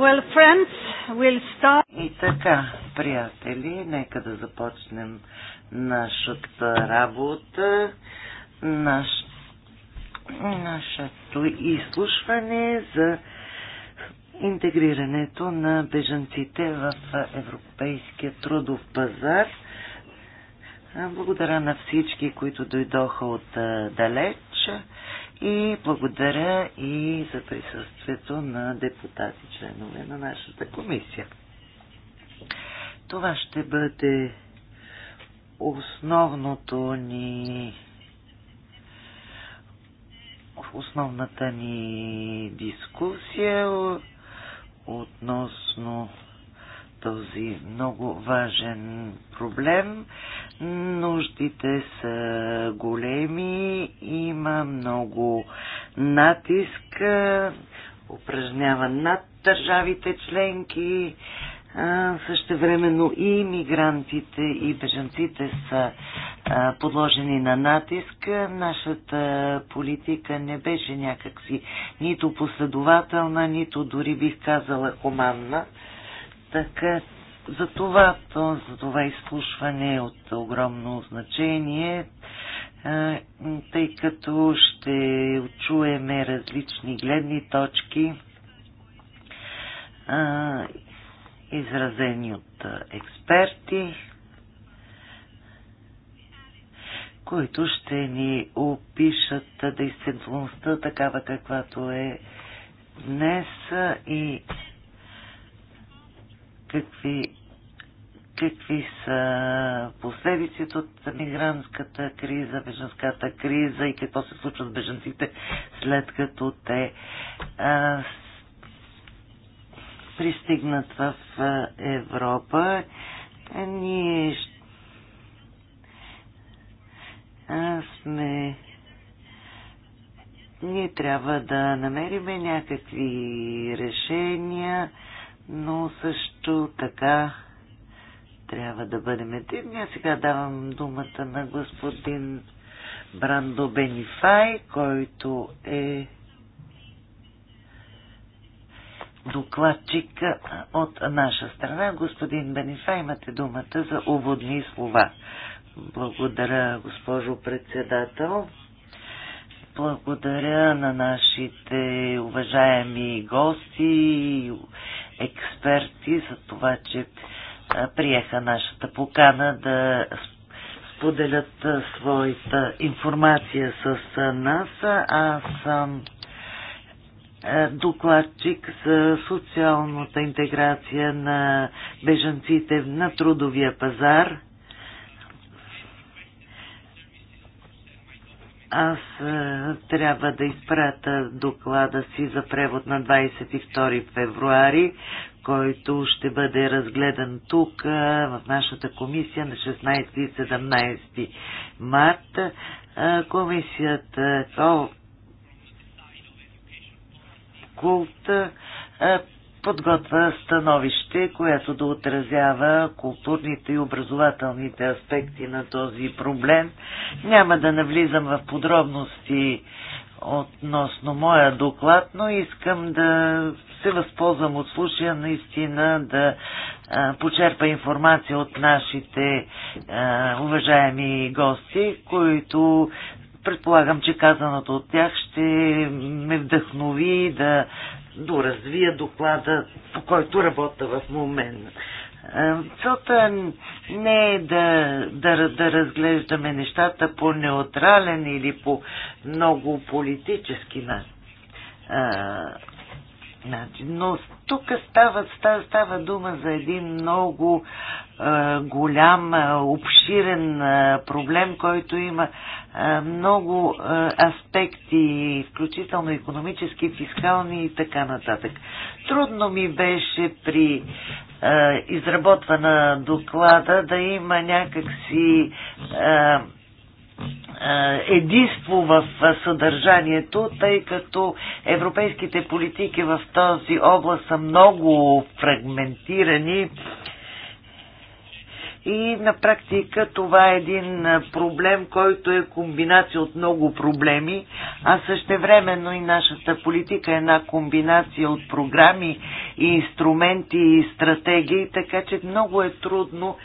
Well, friends, we'll start... И така, приятели, нека да започнем нашата работа, наш, нашето изслушване за интегрирането на бежанците в европейския трудов пазар. Благодаря на всички, които дойдоха от далеч и благодаря и за присъствието на депутати, членове на нашата комисия. Това ще бъде основното ни основната ни дискусия относно този много важен проблем. Нуждите са големи, има много натиск, упражнява над държавите членки, същевременно и мигрантите и бежанците са подложени на натиск. Нашата политика не беше някакси нито последователна, нито дори бих казала хуманна. Така, за това, то, за това изслушване е от огромно значение, тъй като ще чуеме различни гледни точки, изразени от експерти, които ще ни опишат действителността такава каквато е днес и какви, какви са последиците от мигрантската криза, беженската криза и какво се случва с беженците след като те а, пристигнат в Европа. Ние а, сме ние трябва да намериме някакви решения но също така трябва да бъдем единни. Аз сега давам думата на господин Брандо Бенифай, който е докладчик от наша страна. Господин Бенифай, имате думата за уводни слова. Благодаря, госпожо председател. Благодаря на нашите уважаеми гости и експерти за това, че приеха нашата покана да споделят своята информация с нас. Аз съм докладчик за социалната интеграция на бежанците на трудовия пазар Аз а, е, трябва да изпрата доклада си за превод на 22 февруари, който ще бъде разгледан тук а, е, в нашата комисия на 16 и 17 март. А, е, комисията а, подготвя становище, което да отразява културните и образователните аспекти на този проблем. Няма да навлизам в подробности относно моя доклад, но искам да се възползвам от случая наистина да а, почерпа информация от нашите а, уважаеми гости, които предполагам, че казаното от тях ще ме вдъхнови да доразвия доклада, по който работя в момента. Е, целта не е да, да, да разглеждаме нещата по неутрален или по много политически начин. Е, Значи, но тук става, става, става дума за един много е, голям, е, обширен е, проблем, който има е, много е, аспекти, включително економически, фискални и така нататък. Трудно ми беше при е, изработвана доклада да има някакси. Е, е, единство в е, съдържанието, тъй като европейските политики в този област са много фрагментирани и на практика това е един е, проблем, който е комбинация от много проблеми, а същевременно и нашата политика е една комбинация от програми и инструменти и стратегии, така че много е трудно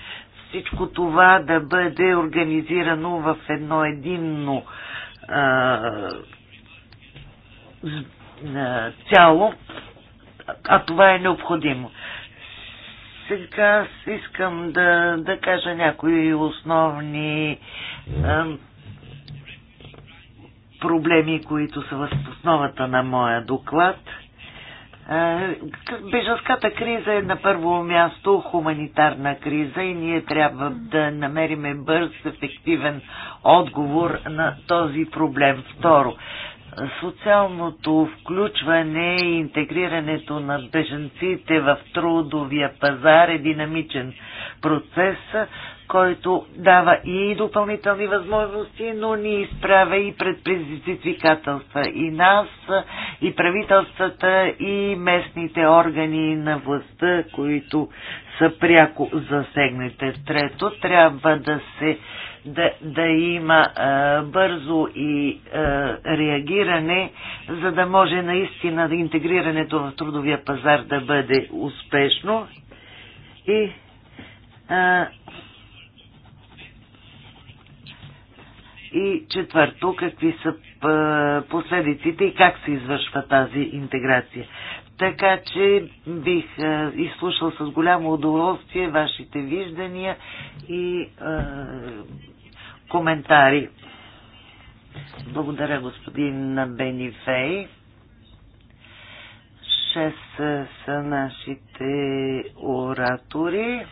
всичко това да бъде организирано в едно единно а, цяло, а това е необходимо. Сега искам да, да кажа някои основни а, проблеми, които са в основата на моя доклад – е, бежанската криза е на първо място хуманитарна криза и ние трябва да намериме бърз, ефективен отговор на този проблем. Второ, социалното включване и интегрирането на беженците в трудовия пазар е динамичен процес, който дава и допълнителни възможности, но ни изправя и пред предизвикателства. И нас, и правителствата, и местните органи на властта, които са пряко засегнете. Трето, трябва да се да, да има а, бързо и а, реагиране, за да може наистина интегрирането в трудовия пазар да бъде успешно. И а, И четвърто, какви са последиците и как се извършва тази интеграция. Така че бих изслушал с голямо удоволствие вашите виждания и е, коментари. Благодаря, господин Бенифей. Шест са нашите оратори.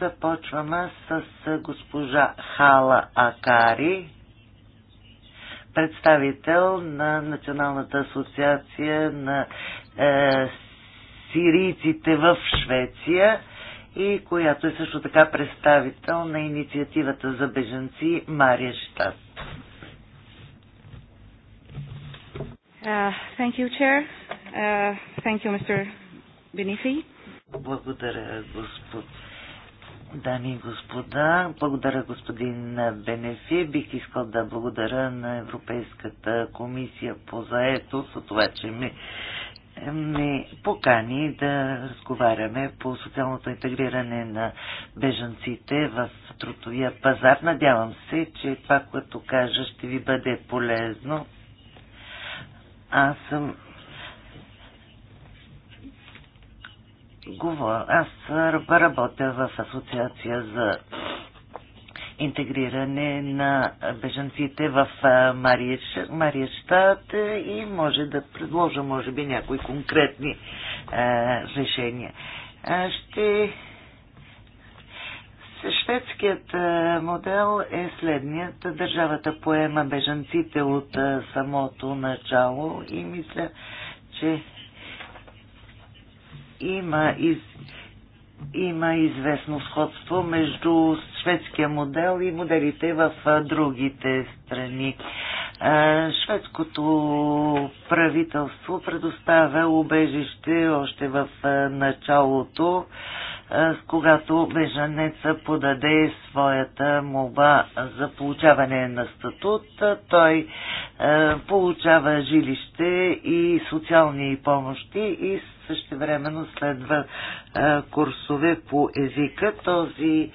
Започваме с госпожа Хала Акари, представител на Националната асоциация на е, сирийците в Швеция и която е също така представител на инициативата за беженци Мария Штат. Uh, thank you, Chair. Uh, thank you, Mr. Benifi. Благодаря, господ, Дами и господа, благодаря господин Бенефи. Бих искал да благодаря на Европейската комисия по заето за това, че ми ме покани да разговаряме по социалното интегриране на бежанците в трудовия пазар. Надявам се, че това, което кажа, ще ви бъде полезно. Аз съм говоря. Аз работя в асоциация за интегриране на бежанците в Мариещат и може да предложа, може би, някои конкретни е, решения. Ще... Шведският модел е следният. Държавата поема бежанците от самото начало и мисля, че има, из, има известно сходство между шведския модел и моделите в другите страни. Шведското правителство предоставя убежище още в началото когато бежанеца подаде своята молба за получаване на статут, той получава жилище и социални помощи и същевременно следва курсове по езика. Този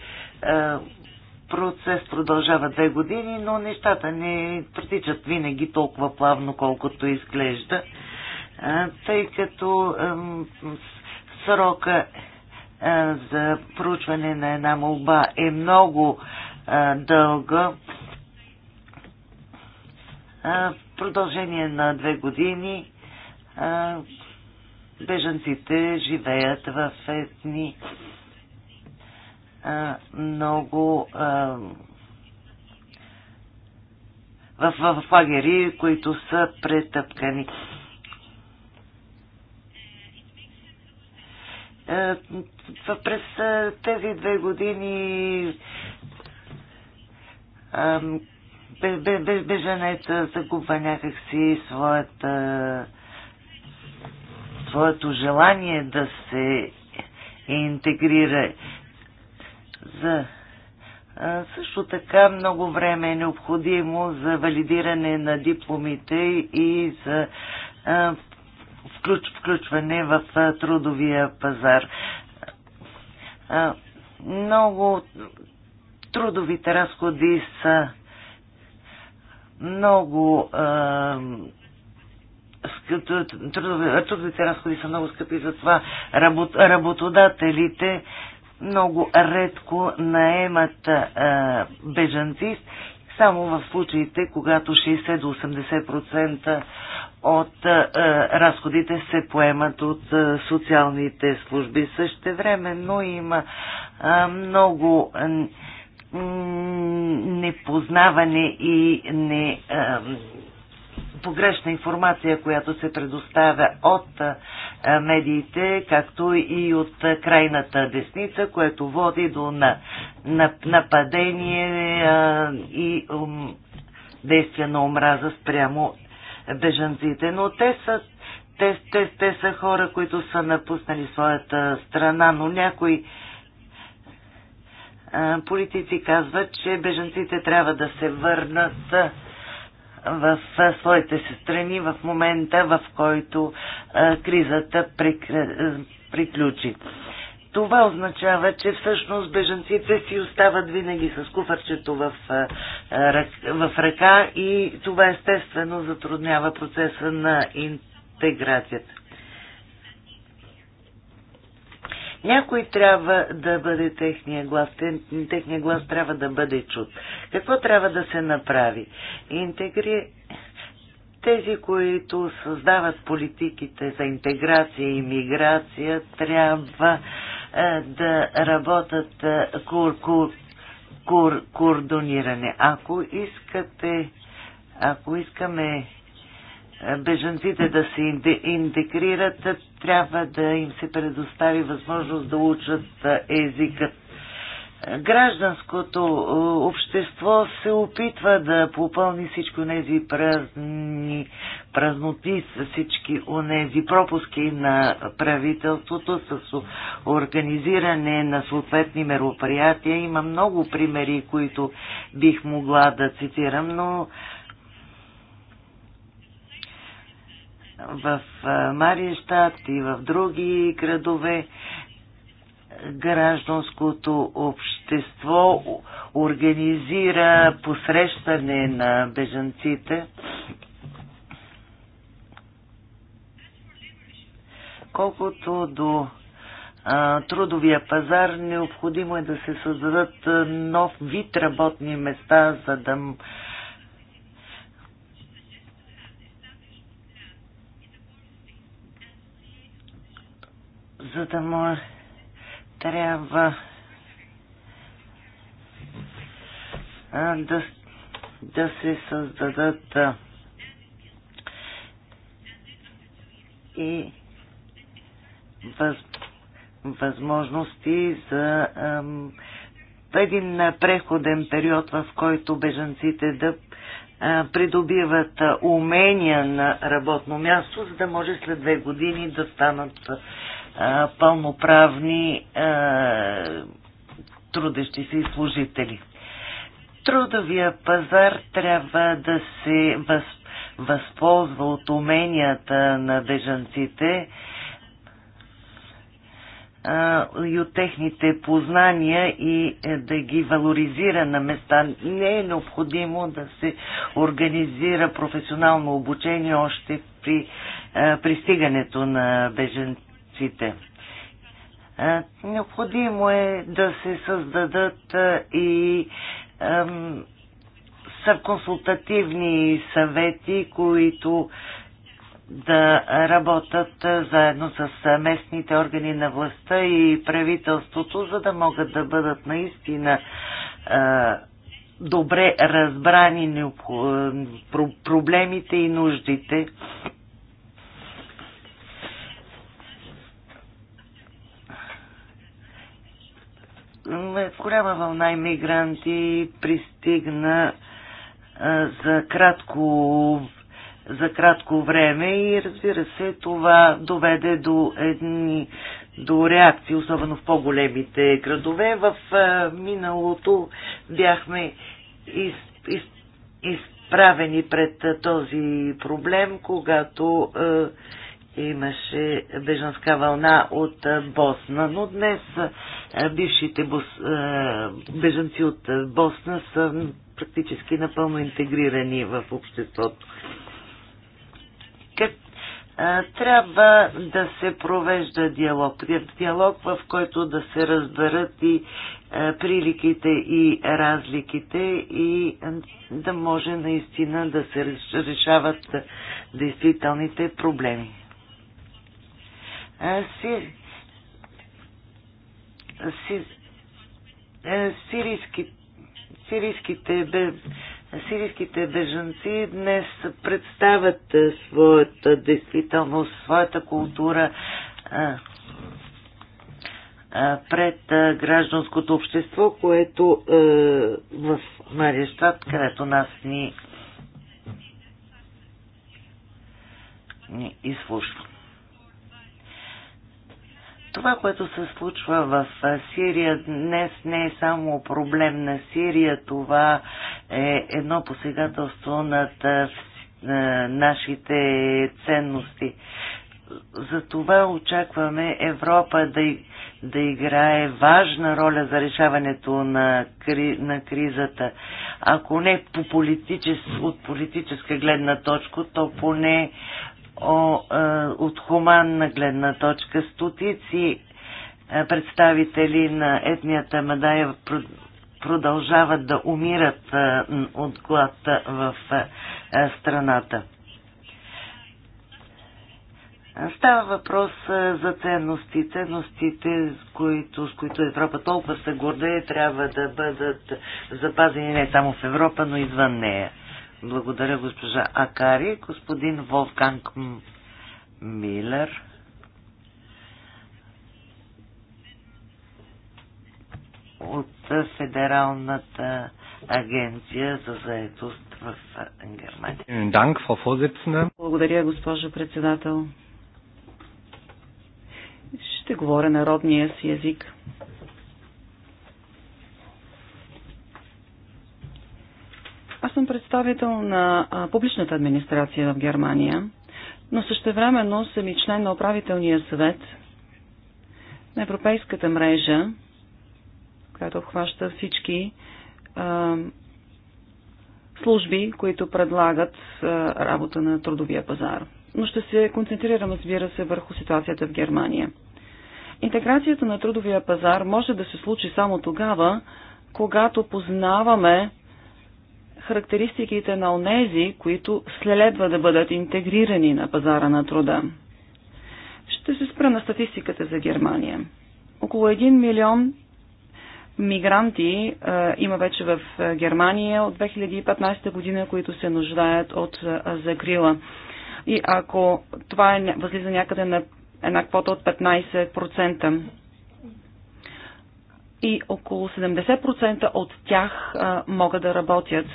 процес продължава две години, но нещата не протичат винаги толкова плавно, колкото изглежда, тъй като срока е, за проучване на една молба е много е, дълга. В е, продължение на две години бежанците живеят в едни много в, в, в лагери, които са претъпкани. Е, през е, тези две години беженеца загубва някакси своята, е, своето желание да се интегрира. За също така много време е необходимо за валидиране на дипломите и за включ, включване в трудовия пазар. Много трудовите разходи са много трудовите разходи са много скъпи, затова работ, работодателите много редко наемат а, бежанци само в случаите, когато 60 до 80% от е, разходите се поемат от е, социалните служби. Същевременно има е, много непознаване и не, погрешна информация, която се предоставя от медиите, както и от крайната десница, което води до на, на, нападение а, и ум, действие на омраза спрямо бежанците. Но те са те, те, те са хора, които са напуснали своята страна, но някои а, политици казват, че бежанците трябва да се върнат в своите се страни в момента, в който кризата приключи. Това означава, че всъщност бежанците си остават винаги с куфарчето в, в ръка и това естествено затруднява процеса на интеграцията. Някой трябва да бъде техния глас. Техния глас трябва да бъде чут. Какво трябва да се направи? Интегри... Тези, които създават политиките за интеграция и миграция, трябва е, да работят е, кур, кур, кур, координиране. Ако искате, ако искаме бежанците да се интегрират, трябва да им се предостави възможност да учат езикът. Гражданското общество се опитва да попълни всичко тези празни, празноти, всички онези пропуски на правителството с организиране на съответни мероприятия. Има много примери, които бих могла да цитирам, но в Мариенщад и в други градове гражданското общество организира посрещане на бежанците. Колкото до а, трудовия пазар, необходимо е да се създадат нов вид работни места, за да за да му трябва да, да се създадат и въз, възможности за а, един преходен период, в който бежанците да а, придобиват умения на работно място, за да може след две години да станат пълноправни трудещи се и служители. Трудовия пазар трябва да се възползва от уменията на бежанците и от техните познания и е, да ги валоризира на места. Не е необходимо да се организира професионално обучение още при пристигането на бежанците институциите. Необходимо е да се създадат и са консултативни съвети, които да работят заедно с местните органи на властта и правителството, за да могат да бъдат наистина добре разбрани проблемите и нуждите в голяма вълна иммигранти пристигна за кратко за кратко време и разбира се това доведе до едни до реакции, особено в по-големите градове. В а, миналото бяхме из, из, изправени пред а, този проблем, когато а, имаше бежанска вълна от а, Босна. Но днес а, е, бившите бос, е, бежанци от е, Босна са практически напълно интегрирани в обществото. Как трябва да се провежда диалог. Диалог, в който да се разберат и приликите и разликите и да може наистина да се решават действителните проблеми. Е, сирийски, сирийските, бе, сирийските бежанци днес представят е, своята действителност, своята култура е, пред гражданското общество, което в Мариещат, където нас ни, ни изслушва. Това, което се случва в Сирия днес не е само проблем на Сирия, това е едно посегателство над нашите ценности. Затова очакваме Европа да, да играе важна роля за решаването на, кри, на кризата. Ако не по политичес, от политическа гледна точка, то поне о, е, от хуманна гледна точка. Стотици е, представители на етнията Мадая продължават да умират е, от глад в страната. Става въпрос за ценности. Ценностите, с които, с които Европа толкова се гордее, трябва да бъдат запазени не само в Европа, но и извън нея. Благодаря, госпожа Акари. Господин Волфганг Милер. от Федералната агенция за заедост в Германия. Благодаря, госпожо председател. Ще говоря народния си език. Аз съм представител на публичната администрация в Германия, но същевременно съм и член на управителния съвет на Европейската мрежа, която обхваща всички а, служби, които предлагат а, работа на трудовия пазар. Но ще се концентрирам, разбира се, върху ситуацията в Германия. Интеграцията на трудовия пазар може да се случи само тогава, когато познаваме характеристиките на онези, които следва да бъдат интегрирани на пазара на труда. Ще се спра на статистиката за Германия. Около 1 милион мигранти а, е, има вече в Германия от 2015 година, които се нуждаят от а, е, закрила. И ако това е, възлиза някъде на една квота от 15%, и около 70% от тях а, е, могат да работят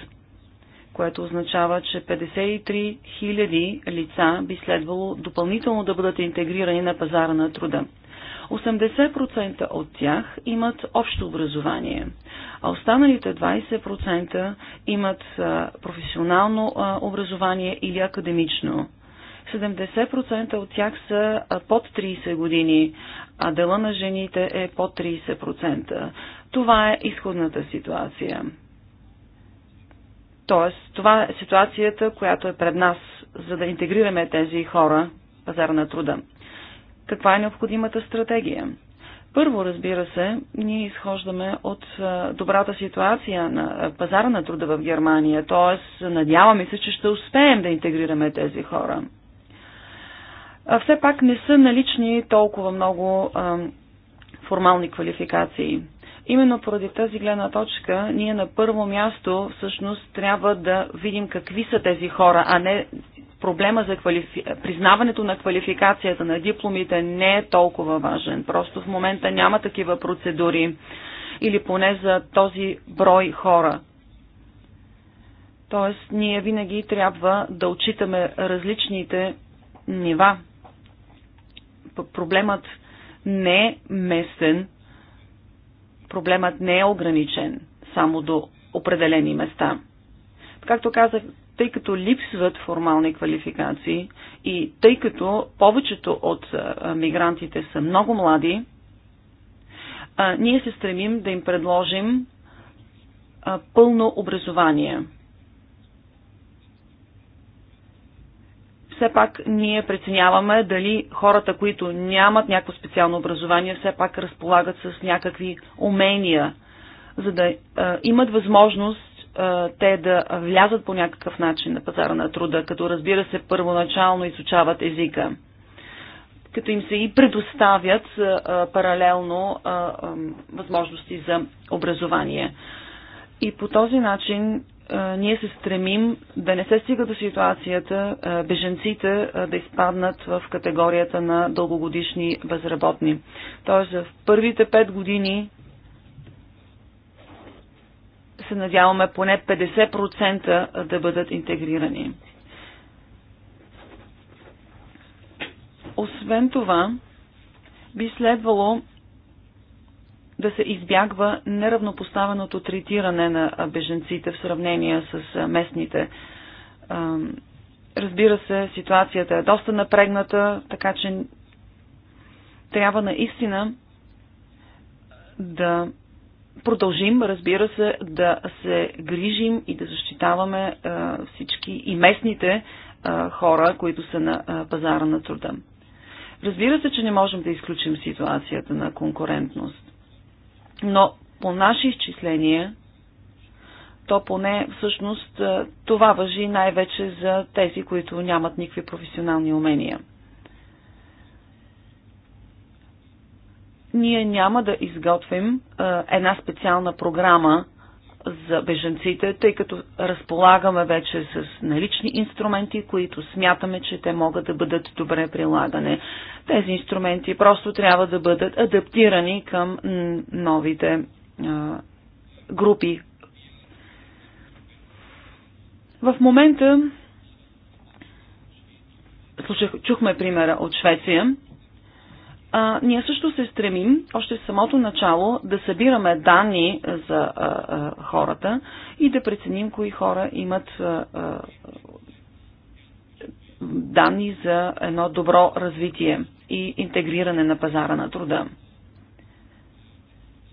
което означава, че 53 000 лица би следвало допълнително да бъдат интегрирани на пазара на труда. 80% от тях имат общо образование, а останалите 20% имат професионално образование или академично. 70% от тях са под 30 години, а дела на жените е под 30%. Това е изходната ситуация. Тоест, това е ситуацията, която е пред нас, за да интегрираме тези хора в пазара на труда. Каква е необходимата стратегия? Първо, разбира се, ние изхождаме от добрата ситуация на пазара на труда в Германия, т.е. надяваме се, че ще успеем да интегрираме тези хора. Все пак не са налични толкова много формални квалификации. Именно поради тази гледна точка ние на първо място всъщност трябва да видим какви са тези хора, а не проблема за квалифи... признаването на квалификацията на дипломите не е толкова важен. Просто в момента няма такива процедури или поне за този брой хора. Тоест, ние винаги трябва да отчитаме различните нива. Проблемът не е местен, проблемът не е ограничен само до определени места. Както казах, тъй като липсват формални квалификации и тъй като повечето от мигрантите са много млади, ние се стремим да им предложим пълно образование. все пак ние преценяваме дали хората, които нямат някакво специално образование, все пак разполагат с някакви умения, за да е, имат възможност е, те да влязат по някакъв начин на пазара на труда, като разбира се първоначално изучават езика, като им се и предоставят е, паралелно е, е, възможности за образование. И по този начин ние се стремим да не се стига до ситуацията беженците да изпаднат в категорията на дългогодишни безработни. Тоест в първите пет години се надяваме поне 50% да бъдат интегрирани. Освен това, би следвало да се избягва неравнопоставеното третиране на беженците в сравнение с местните. Разбира се, ситуацията е доста напрегната, така че трябва наистина да продължим, разбира се, да се грижим и да защитаваме всички и местните хора, които са на пазара на труда. Разбира се, че не можем да изключим ситуацията на конкурентност но по наши изчисления, то поне всъщност това въжи най-вече за тези, които нямат никакви професионални умения. Ние няма да изготвим една специална програма за беженците, тъй като разполагаме вече с налични инструменти, които смятаме, че те могат да бъдат добре прилагане. Тези инструменти просто трябва да бъдат адаптирани към новите групи. В момента слушах, чухме примера от Швеция а, ние също се стремим още в самото начало да събираме данни за а, а, хората и да преценим кои хора имат а, а, данни за едно добро развитие и интегриране на пазара на труда.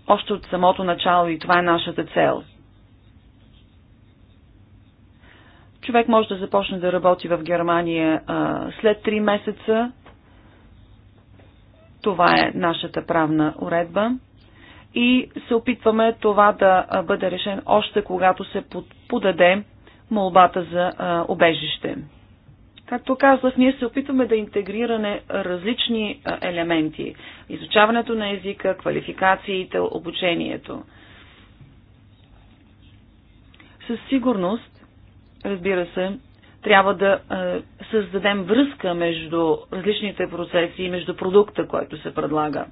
Още от самото начало и това е нашата цел. Човек може да започне да работи в Германия а, след 3 месеца това е нашата правна уредба и се опитваме това да бъде решен още когато се подаде молбата за обежище. Както казах, ние се опитваме да интегрираме различни елементи. Изучаването на езика, квалификациите, обучението. Със сигурност, разбира се, трябва да е, създадем връзка между различните процеси и между продукта, който се предлага.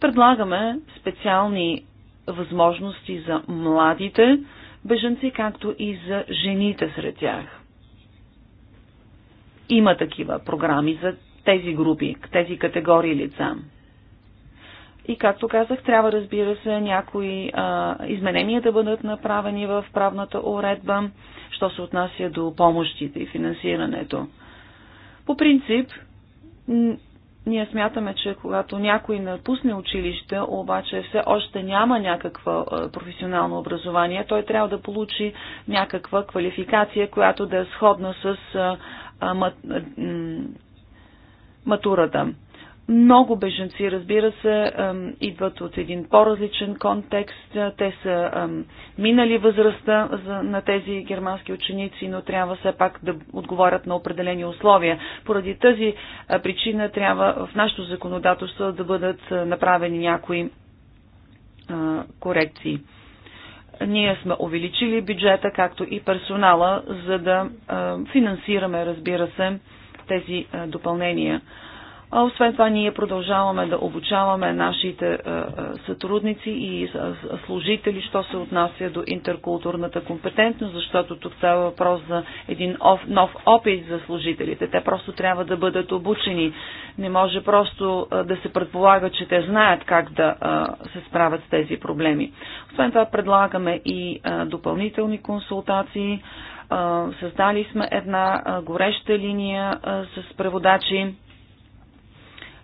Предлагаме специални възможности за младите беженци, както и за жените сред тях. Има такива програми за тези групи, тези категории лица. И както казах, трябва разбира се някои а, изменения да бъдат направени в правната уредба що се отнася до помощите и финансирането. По принцип, ние смятаме, че когато някой напусне училище, обаче все още няма някаква професионално образование, той трябва да получи някаква квалификация, която да е сходна с матурата. Много беженци, разбира се, идват от един по-различен контекст. Те са минали възрастта на тези германски ученици, но трябва все пак да отговарят на определени условия. Поради тази причина трябва в нашето законодателство да бъдат направени някои корекции. Ние сме увеличили бюджета, както и персонала, за да финансираме, разбира се, тези допълнения освен това, ние продължаваме да обучаваме нашите е, е, сътрудници и е, служители, що се отнася до интеркултурната компетентност, защото тук става въпрос за един нов опит за служителите. Те просто трябва да бъдат обучени. Не може просто да се предполага, че те знаят как да се справят с тези проблеми. Освен това, предлагаме и допълнителни консултации. Създали сме една гореща линия с преводачи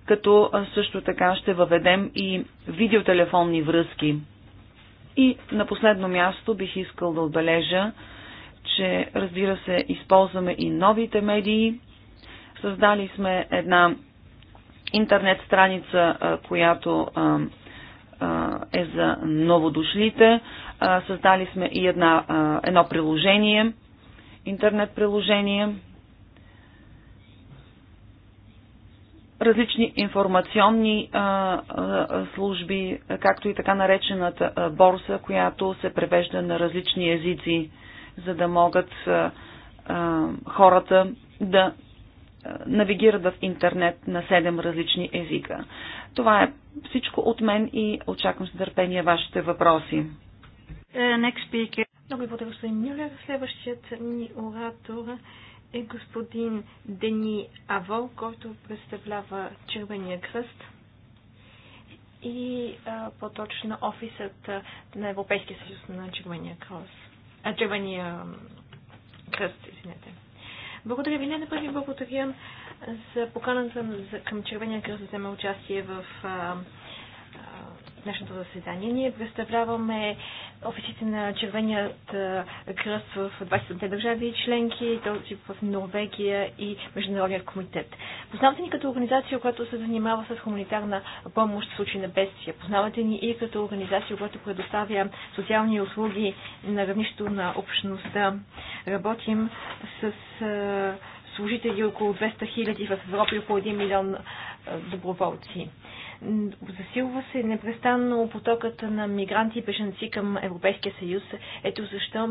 като също така ще въведем и видеотелефонни връзки. И на последно място бих искал да отбележа, че разбира се, използваме и новите медии. Създали сме една интернет страница, която е за новодошлите. Създали сме и една, едно приложение, интернет приложение, различни информационни а, а, служби, както и така наречената а, борса, която се превежда на различни езици, за да могат а, а, хората да навигират в интернет на седем различни езика. Това е всичко от мен и очаквам с търпение вашите въпроси. Е, next speaker. Много ви благодаря, господин Мюллер. Следващият ни оратор е господин Дени Авол, който представлява Червения кръст и по-точно офисът на Европейския съюз на Червения кръст. А, Червения кръст, извинете. Благодаря ви. Не, да първи благодаря за поканата към Червения кръст да вземе участие в а, днешното заседание. Ние представляваме офисите на Червеният кръст в 27 държави и членки, този в Норвегия и Международният комитет. Познавате ни като организация, която се занимава с хуманитарна помощ в случай на бедствия. Познавате ни и като организация, която предоставя социални услуги на равнището на общността. Работим с служители около 200 хиляди в Европа и около 1 милион доброволци. Засилва се непрестанно потокът на мигранти и бежанци към Европейския съюз. Ето защо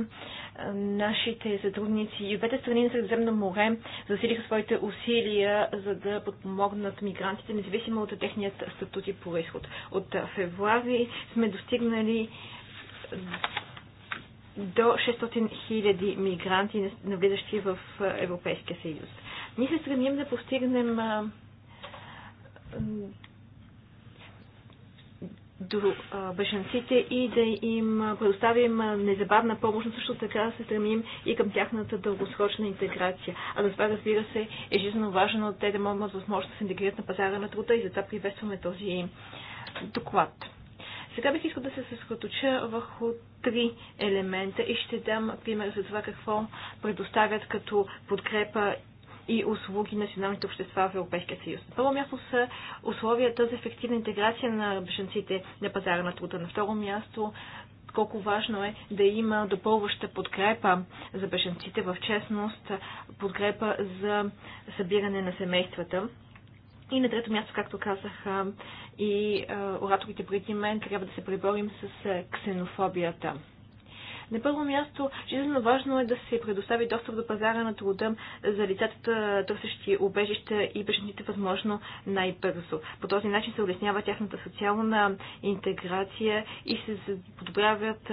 е, нашите сътрудници и двете страни на Средиземно море засилиха своите усилия, за да подпомогнат мигрантите, независимо от техният статут и происход. От февруари сме достигнали до 600 000 мигранти, навлизащи в Европейския съюз. Ние се стремим да постигнем бежанците и да им предоставим незабавна помощ, но също така да се стремим и към тяхната дългосрочна интеграция. А за това, разбира се, е жизненно важно те да могат възможност да се интегрират на пазара на труда и затова приветстваме този доклад. Сега бих искал да се съсредоточа върху три елемента и ще дам пример за това какво предоставят като подкрепа и услуги националните общества в Европейския съюз. На първо място са условията за ефективна интеграция на бешенците на пазара на труда. На второ място колко важно е да има допълваща подкрепа за бешенците в честност подкрепа за събиране на семействата. И на трето място, както казах и ораторите преди мен, трябва да се преборим с ксенофобията. На първо място, жизненно важно е да се предостави достъп до пазара на труда за лицата, търсещи убежища и бежаните възможно най-бързо. По този начин се улеснява тяхната социална интеграция и се подобряват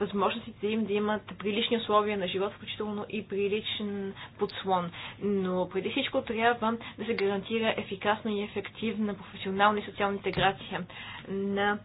възможностите им да имат прилични условия на живот, включително и приличен подслон. Но преди всичко трябва да се гарантира ефикасна и ефективна професионална и социална интеграция на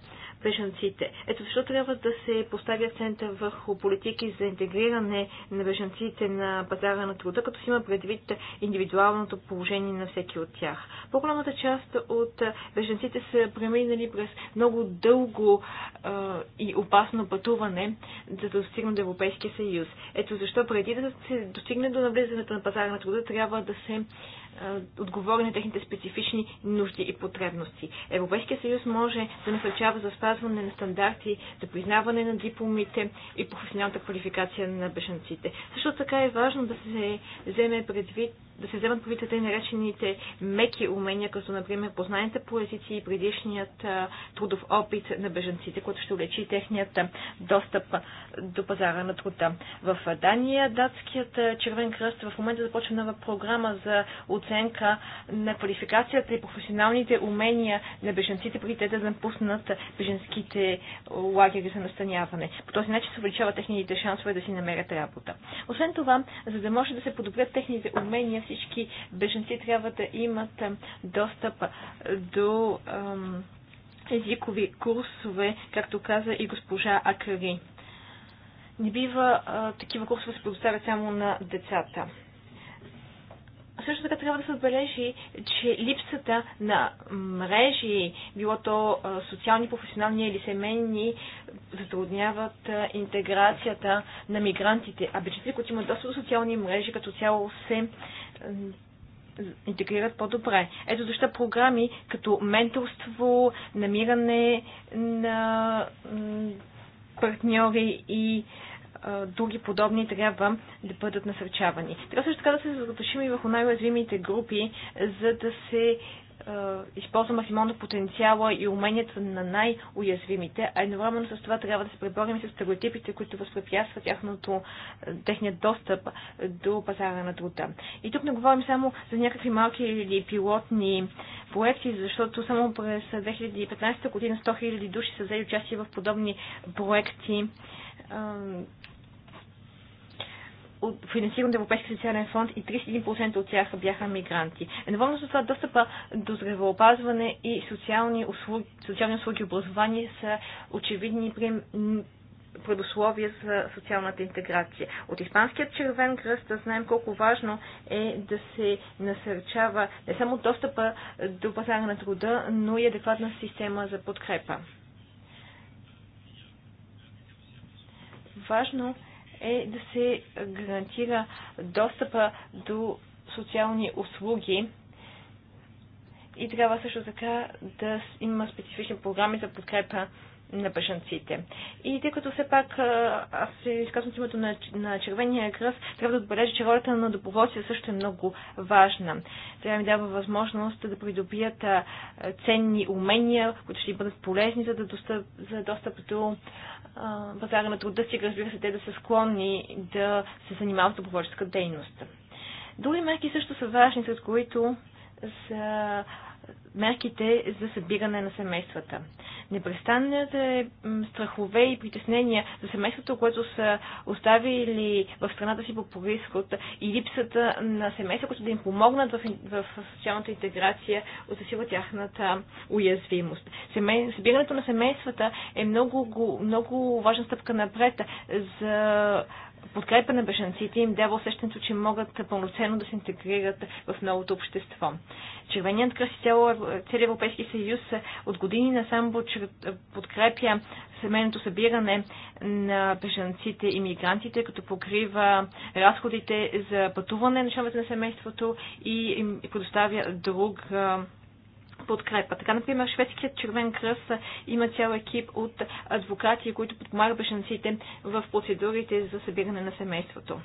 бежанците. Ето защо трябва да се поставя акцента върху политики за интегриране на бежанците на пазара на труда, като си има предвид индивидуалното положение на всеки от тях. По-голямата част от бежанците са преминали през много дълго а, и опасно пътуване, за да достигнат до Европейския съюз. Ето защо преди да се достигне до навлизането на пазара на труда, трябва да се отговори на техните специфични нужди и потребности. Европейския съюз може да насърчава за спазване на стандарти, за признаване на дипломите и професионалната квалификация на бешенците. Също така е важно да се вземе предвид да се вземат предвид и наречените меки умения, като например познанията по езици и предишният трудов опит на бежанците, което ще улечи техният достъп до пазара на труда. В Дания датският Червен кръст в момента започва нова програма за от оценка на квалификацията и професионалните умения на беженците, преди те да напуснат беженските лагери за настаняване. По този начин се увеличава техните шансове да си намерят работа. Освен това, за да може да се подобрят техните умения, всички беженци трябва да имат достъп до езикови курсове, както каза и госпожа Акари. Не бива а, такива курсове се предоставят само на децата също така трябва да се отбележи, че липсата на мрежи, било то социални, професионални или семейни, затрудняват интеграцията на мигрантите. А бежанците, които имат доста социални мрежи, като цяло се интегрират по-добре. Ето защо програми като менторство, намиране на партньори и други подобни трябва да бъдат насърчавани. Трябва също така да се съсредоточим и върху най-уязвимите групи, за да се използва максимално потенциала и уменията на най-уязвимите, а едновременно с това трябва да се преборим с стереотипите, които възпрепятстват тяхното, техният достъп до пазара на труда. И тук не говорим само за някакви малки или пилотни проекти, защото само през 2015 година 100 000 души са взели участие в подобни проекти финансиран от Европейския социален фонд и 31% от тях бяха мигранти. Едновременно с това достъпа до здравеопазване и социални услуги, социални услуги и образование са очевидни при предусловия за социалната интеграция. От Испанският червен кръст да знаем колко важно е да се насърчава не само достъпа до пазара на труда, но и адекватна система за подкрепа. Важно е е да се гарантира достъпа до социални услуги и трябва също така да има специфични програми за подкрепа на бежанците. И тъй като все пак аз се изказвам от името на, на Червения кръст, трябва да отбележа, че ролята на доброволците също е много важна. Трябва ми дава възможност да придобият ценни умения, които ще бъдат полезни за, да достъп, за достъп до пазара на труда си, разбира се, те да са склонни да се занимават с доброволческа дейност. Други мерки също са важни, сред които за мерките за събиране на семействата. Непрестанните страхове и притеснения за семейството, което са оставили в страната си по происход и липсата на семейства, които да им помогнат в, в социалната интеграция, засила тяхната уязвимост. Семей... Събирането на семействата е много, много важна стъпка напред за подкрепа на бежанците им дава усещането, че могат пълноценно да се интегрират в новото общество. Червеният кръст и целият Европейски съюз от години насам подкрепя семейното събиране на бежанците и мигрантите, като покрива разходите за пътуване на членовете на семейството и им предоставя друг подкрепа. Така, например, Шведският червен кръст има цял екип от адвокати, които подпомагат бежанците в процедурите за събиране на семейството.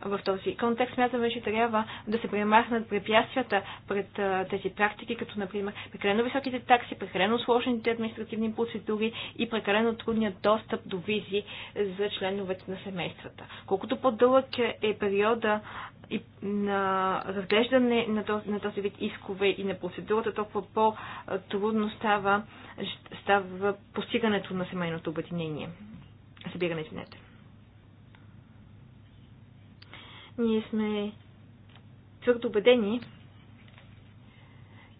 В този контекст смятаме, че трябва да се премахнат препятствията пред тези практики, като например прекалено високите такси, прекалено сложните административни процедури и прекалено трудният достъп до визи за членовете на семействата. Колкото по-дълъг е, е периода и на разглеждане на този, на този вид искове и на процедурата, толкова по-трудно става, става постигането на семейното обединение. Събиране, извинете. Ние сме твърдо убедени,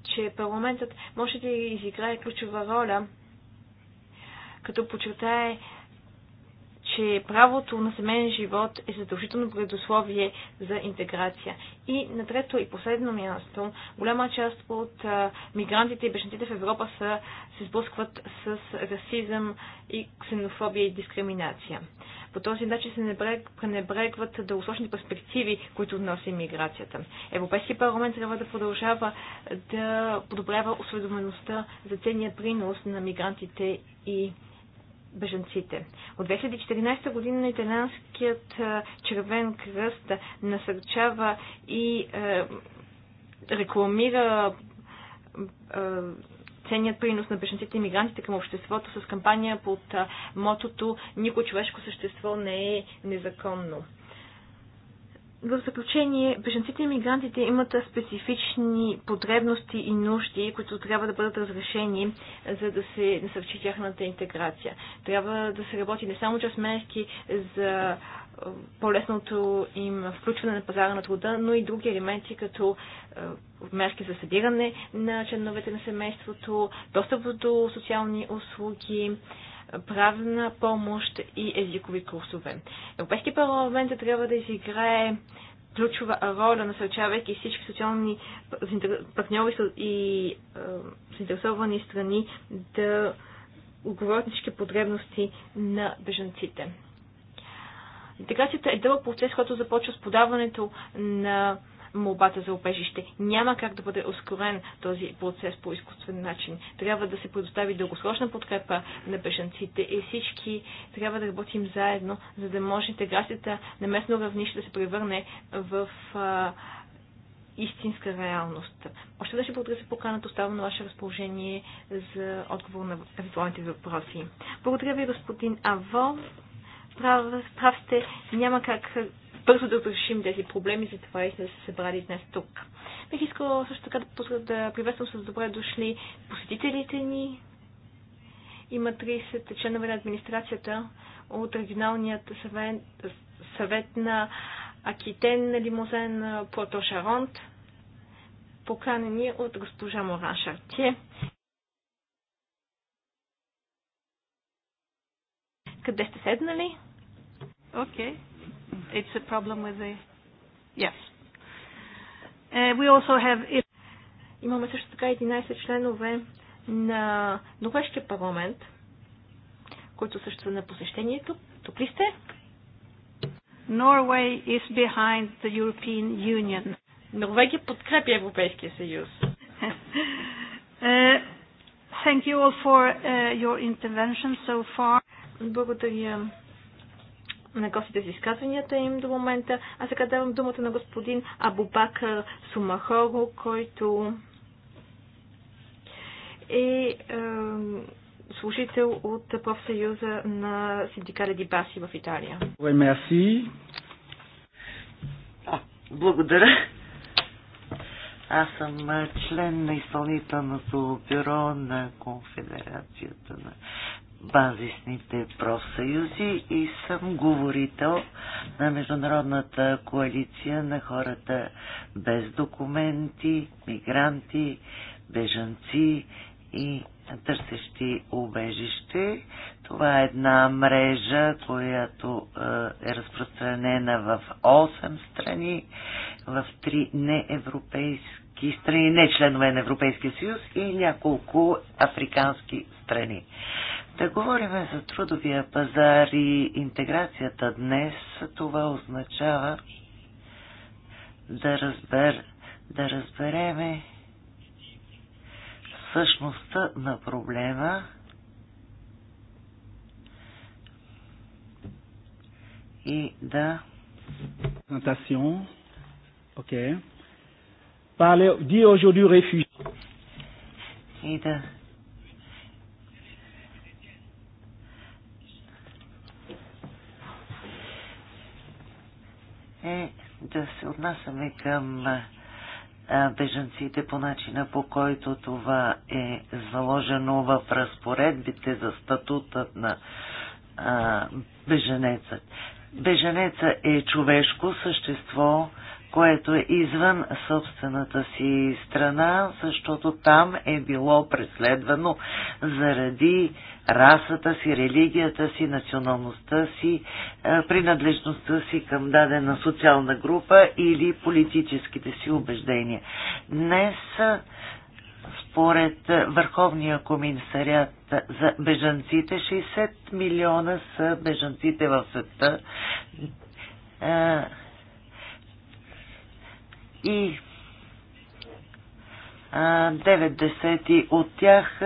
че парламентът може да изиграе ключова роля, като подчертае че правото на семейен живот е задължително предусловие за интеграция. И на трето и последно място, голяма част от мигрантите и бежанците в Европа са, се сблъскват с расизъм и ксенофобия и дискриминация. По този начин се пренебрегват дългосрочни перспективи, които носи миграцията. Европейския парламент трябва да продължава да подобрява осведомеността за ценния принос на мигрантите и беженците. От 2014 година италианският червен кръст насърчава и е, рекламира е, ценният принос на беженците и мигрантите към обществото с кампания под мотото Никой човешко същество не е незаконно. В заключение, беженците и мигрантите имат специфични потребности и нужди, които трябва да бъдат разрешени, за да се насърчи тяхната интеграция. Трябва да се работи не само чрез мерки за по-лесното им включване на пазара на труда, но и други елементи, като мерки за събиране на членовете на семейството, достъп до социални услуги, правна помощ и езикови курсове. Европейски парламент трябва да изиграе ключова роля, насърчавайки всички социални партньори и заинтересовани страни да отговорят всички потребности на бежанците. Интеграцията е дълъг процес, който започва с подаването на молбата за обежище. Няма как да бъде ускорен този процес по изкуствен начин. Трябва да се предостави дългосрочна подкрепа на бежанците и всички трябва да работим заедно, за да може интеграцията на местно равнище да се превърне в а, истинска реалност. Още да ще благодаря за поканата, оставам на ваше разположение за отговор на евентуалните въпроси. Благодаря ви, господин Аво. Прав, прав сте, няма как бързо да разрешим тези проблеми, затова и сме се събрали днес тук. Бих искала също така да, да приветствам с добре дошли посетителите ни. Има 30 членове на администрацията от регионалният съвет, съвет на Акитен, Лимозен, Плато Шаронт, поканени от госпожа Моран Шартие. Къде сте седнали? Окей. Okay. It's a problem with the... Yes. Uh, we also have... E- Имаме също така 11 членове на Норвежкия парламент, които също са на посещението. Тук ли сте? Norway is behind the European Union. Норвегия подкрепя Европейския съюз. uh, thank you all for uh, your intervention so far. Благодаря на гостите с изказванията им до момента. А сега давам думата на господин Абубакър Сумахоро, който е, служител от профсъюза на синдикали Дибаси в Италия. Мерси. Благодаря. Аз съм член на изпълнителното бюро на Конфедерацията на базисните профсъюзи и съм говорител на Международната коалиция на хората без документи, мигранти, бежанци и търсещи убежище. Това е една мрежа, която е, е разпространена в 8 страни, в 3 неевропейски страни, не членове на Европейския съюз и няколко африкански страни. Да говорим за трудовия пазар и интеграцията днес, това означава да, разбер, да разбереме същността на проблема и да Présentation. Ok. Parler, ди aujourd'hui réfugié. И да е да се отнасяме към бежанците по начина по който това е заложено в разпоредбите за статутът на беженеца. Беженеца е човешко същество, което е извън собствената си страна, защото там е било преследвано заради расата си, религията си, националността си, е, принадлежността си към дадена социална група или политическите си убеждения. Днес според Върховния комисарят за бежанците, 60 милиона са бежанците в света. Е, и 9 десети от тях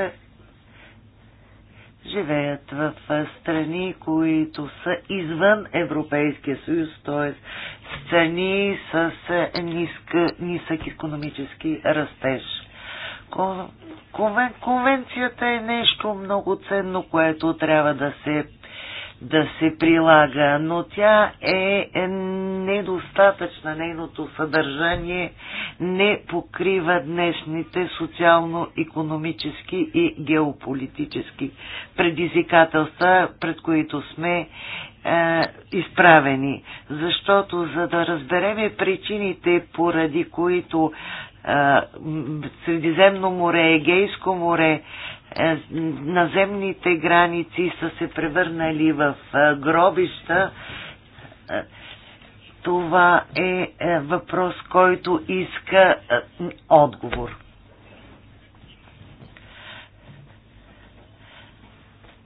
живеят в страни, които са извън Европейския съюз, т.е. страни с нисък, нисък економически растеж. Конвенцията е нещо много ценно, което трябва да се да се прилага, но тя е, е недостатъчна. Нейното съдържание не покрива днешните социално-економически и геополитически предизвикателства, пред които сме е, изправени. Защото за да разбереме причините, поради които е, Средиземно море, Егейско море е, наземните граници са се превърнали в е, гробища. Е, това е въпрос, който иска отговор.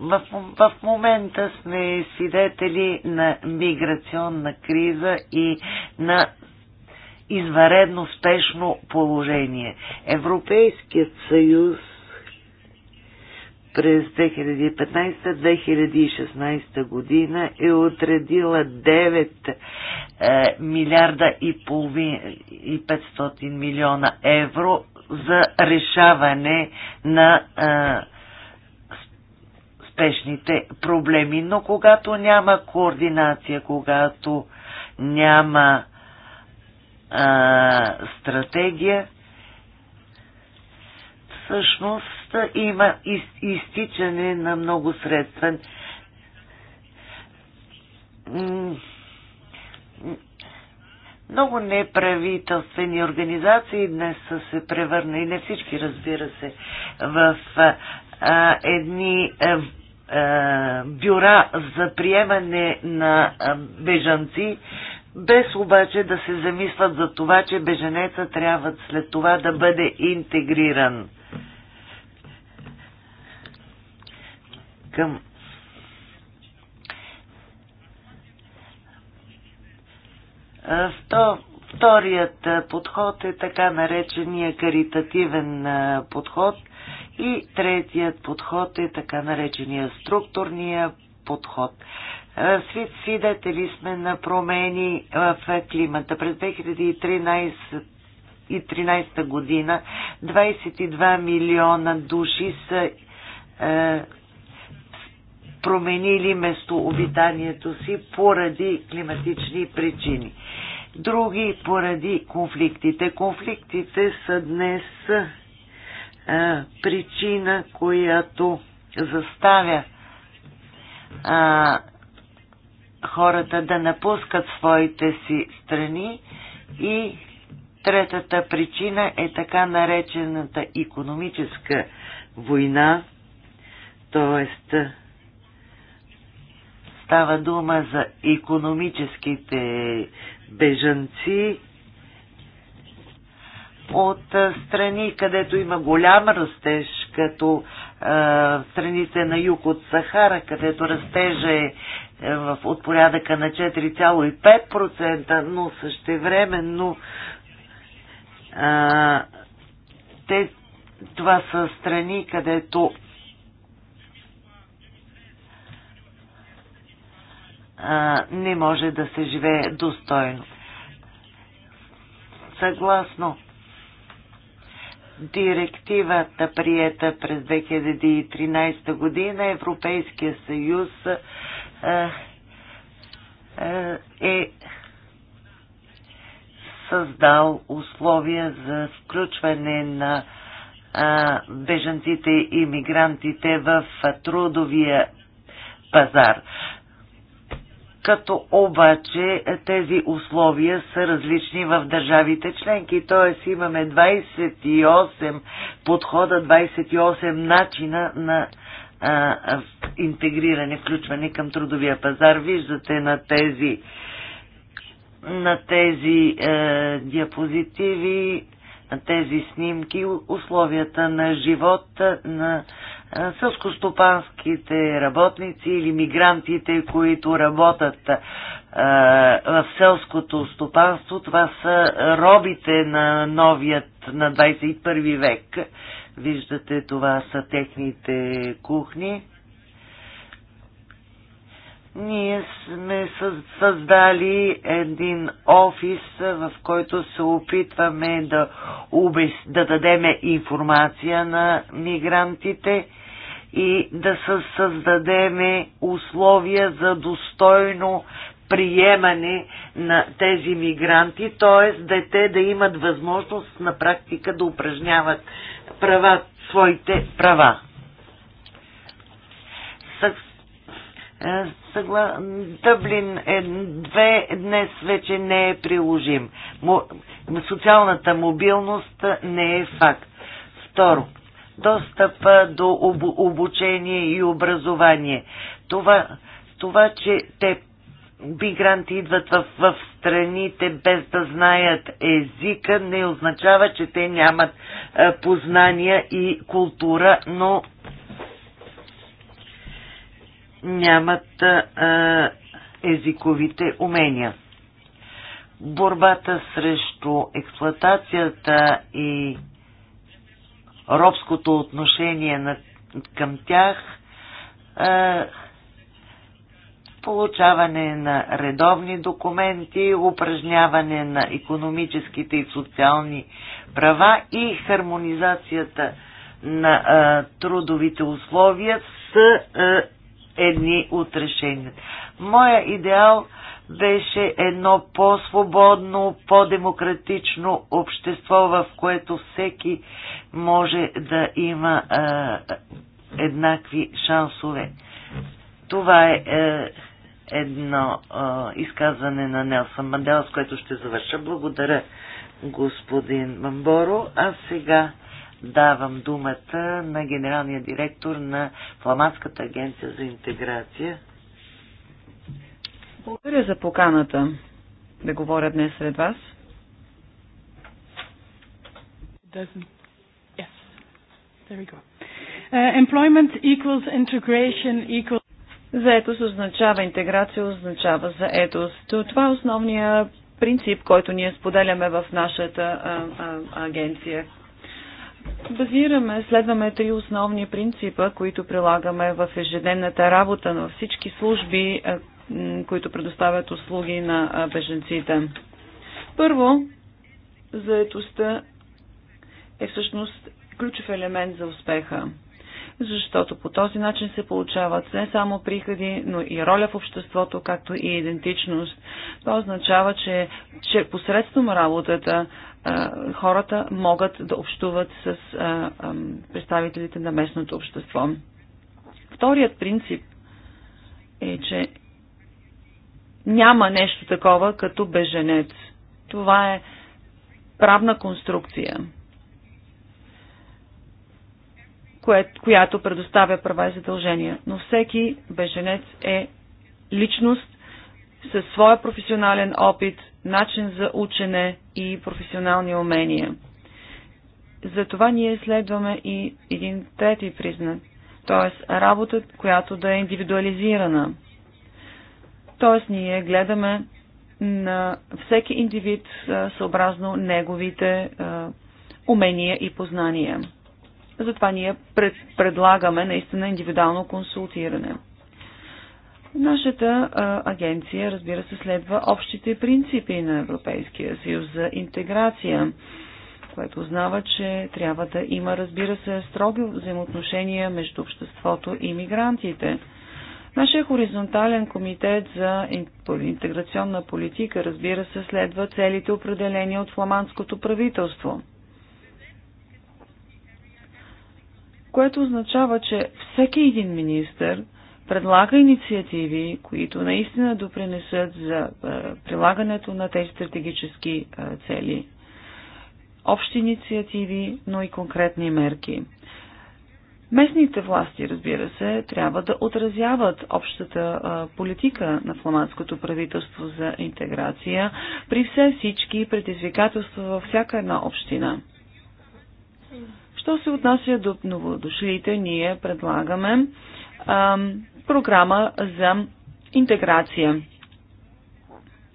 В, в момента сме свидетели на миграционна криза и на изваредно спешно положение. Европейският съюз през 2015-2016 година е отредила 9 е, милиарда и, половин, и 500 милиона евро за решаване на е, спешните проблеми. Но когато няма координация, когато няма е, стратегия, всъщност има изтичане на много средства. Много неправителствени организации днес са се превърнали, не всички разбира се, в а, едни а, бюра за приемане на бежанци, без обаче да се замислят за това, че беженеца трябва след това да бъде интегриран към Вторият подход е така наречения каритативен подход и третият подход е така наречения структурния подход. Е, свидетели сме на промени е, в климата. През 2013 2013 година 22 милиона души са е, променили местообитанието си поради климатични причини. Други поради конфликтите. Конфликтите са днес е, причина, която заставя е, хората да напускат своите си страни и третата причина е така наречената економическа война, т.е. става дума за економическите бежанци от страни, където има голям растеж, като страните на юг от Сахара, където растежа е в, отпорядъка на 4,5%, но същевременно а, те, това са страни, където а, не може да се живее достойно. Съгласно директивата, приета през 2013 година, Европейския съюз е, е създал условия за включване на бежанците и мигрантите в трудовия пазар. Като обаче тези условия са различни в държавите членки, т.е. имаме 28 подхода, 28 начина на а, интегриране, включване към трудовия пазар. Виждате на тези, на тези е, диапозитиви, на тези снимки, условията на живот на е, сълскостопанските работници или мигрантите, които работят е, в селското стопанство. Това са робите на новият, на 21 век Виждате, това са техните кухни. Ние сме създали един офис, в който се опитваме да, обес... да дадеме информация на мигрантите и да създадеме условия за достойно приемане на тези мигранти, т.е. дете да имат възможност на практика да упражняват права, своите права. Е, съгла... Дъблин е, две днес вече не е приложим. Мо... Социалната мобилност не е факт. Второ, достъп до об... обучение и образование. Това, това че те мигранти идват в, в страните без да знаят езика, не означава, че те нямат е, познания и култура, но нямат е, е езиковите умения. Борбата срещу експлоатацията и робското отношение на, към тях е, получаване на редовни документи, упражняване на економическите и социални права и хармонизацията на а, трудовите условия с а, едни от решенията. Моя идеал беше едно по-свободно, по-демократично общество, в което всеки може да има а, еднакви шансове. Това е, е едно а, изказване на Нелсън Мандела, с което ще завърша. Благодаря, господин Мамборо. А сега давам думата на генералния директор на Фламандската агенция за интеграция. Благодаря за поканата да говоря днес сред вас. Yes. There we go. Uh, employment equals integration equals Заетост означава интеграция, означава заетост. Това е основният принцип, който ние споделяме в нашата а, а, агенция. Базираме, следваме три основни принципа, които прилагаме в ежедневната работа на всички служби, които предоставят услуги на беженците. Първо, заетостта е всъщност ключов елемент за успеха защото по този начин се получават не само приходи, но и роля в обществото, както и идентичност. Това означава, че, че посредством работата хората могат да общуват с представителите на местното общество. Вторият принцип е, че няма нещо такова като беженец. Това е правна конструкция която предоставя права и задължения. Но всеки беженец е личност със своя професионален опит, начин за учене и професионални умения. Затова ние следваме и един трети признак, т.е. работа, която да е индивидуализирана. Т.е. ние гледаме на всеки индивид съобразно неговите умения и познания. Затова ние пред, предлагаме наистина индивидуално консултиране. Нашата а, агенция, разбира се, следва общите принципи на Европейския съюз за интеграция, което означава, че трябва да има, разбира се, строги взаимоотношения между обществото и мигрантите. Нашия хоризонтален комитет за интеграционна политика, разбира се, следва целите определени от фламандското правителство. което означава, че всеки един министр предлага инициативи, които наистина допринесат за е, прилагането на тези стратегически е, цели. Общи инициативи, но и конкретни мерки. Местните власти, разбира се, трябва да отразяват общата е, политика на фламандското правителство за интеграция при все всички предизвикателства във всяка една община. Що се отнася до новодошлите, ние предлагаме а, програма за интеграция.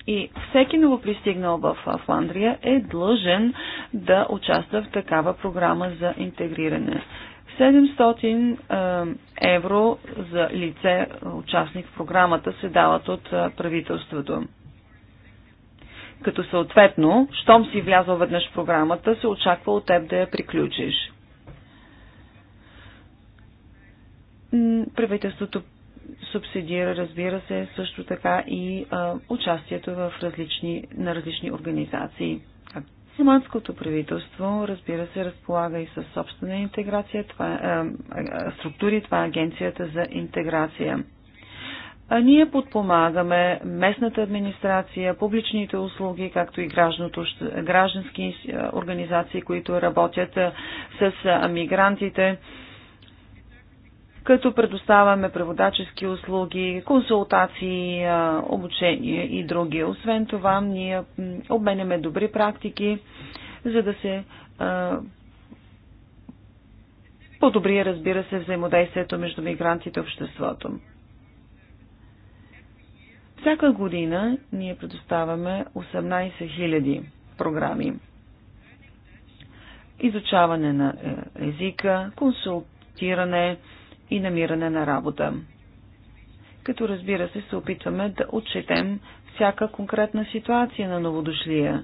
И всеки новопристигнал в Фландрия е длъжен да участва в такава програма за интегриране. 700 евро за лице, участник в програмата, се дават от правителството. Като съответно, щом си влязъл веднъж в програмата, се очаква от теб да я приключиш. Правителството субсидира, разбира се, също така и а, участието в различни, на различни организации. Румънското правителство, разбира се, разполага и със собствена интеграция, това, е, а, а, структури, това е Агенцията за интеграция. А ние подпомагаме местната администрация, публичните услуги, както и граждански организации, които работят с мигрантите като предоставяме преводачески услуги, консултации, обучение и други. Освен това, ние обменяме добри практики, за да се подобри, разбира се, взаимодействието между мигрантите и обществото. Всяка година ние предоставяме 18 000 програми. Изучаване на е, езика, консултиране, и намиране на работа. Като разбира се, се опитваме да отчетем всяка конкретна ситуация на новодошлия.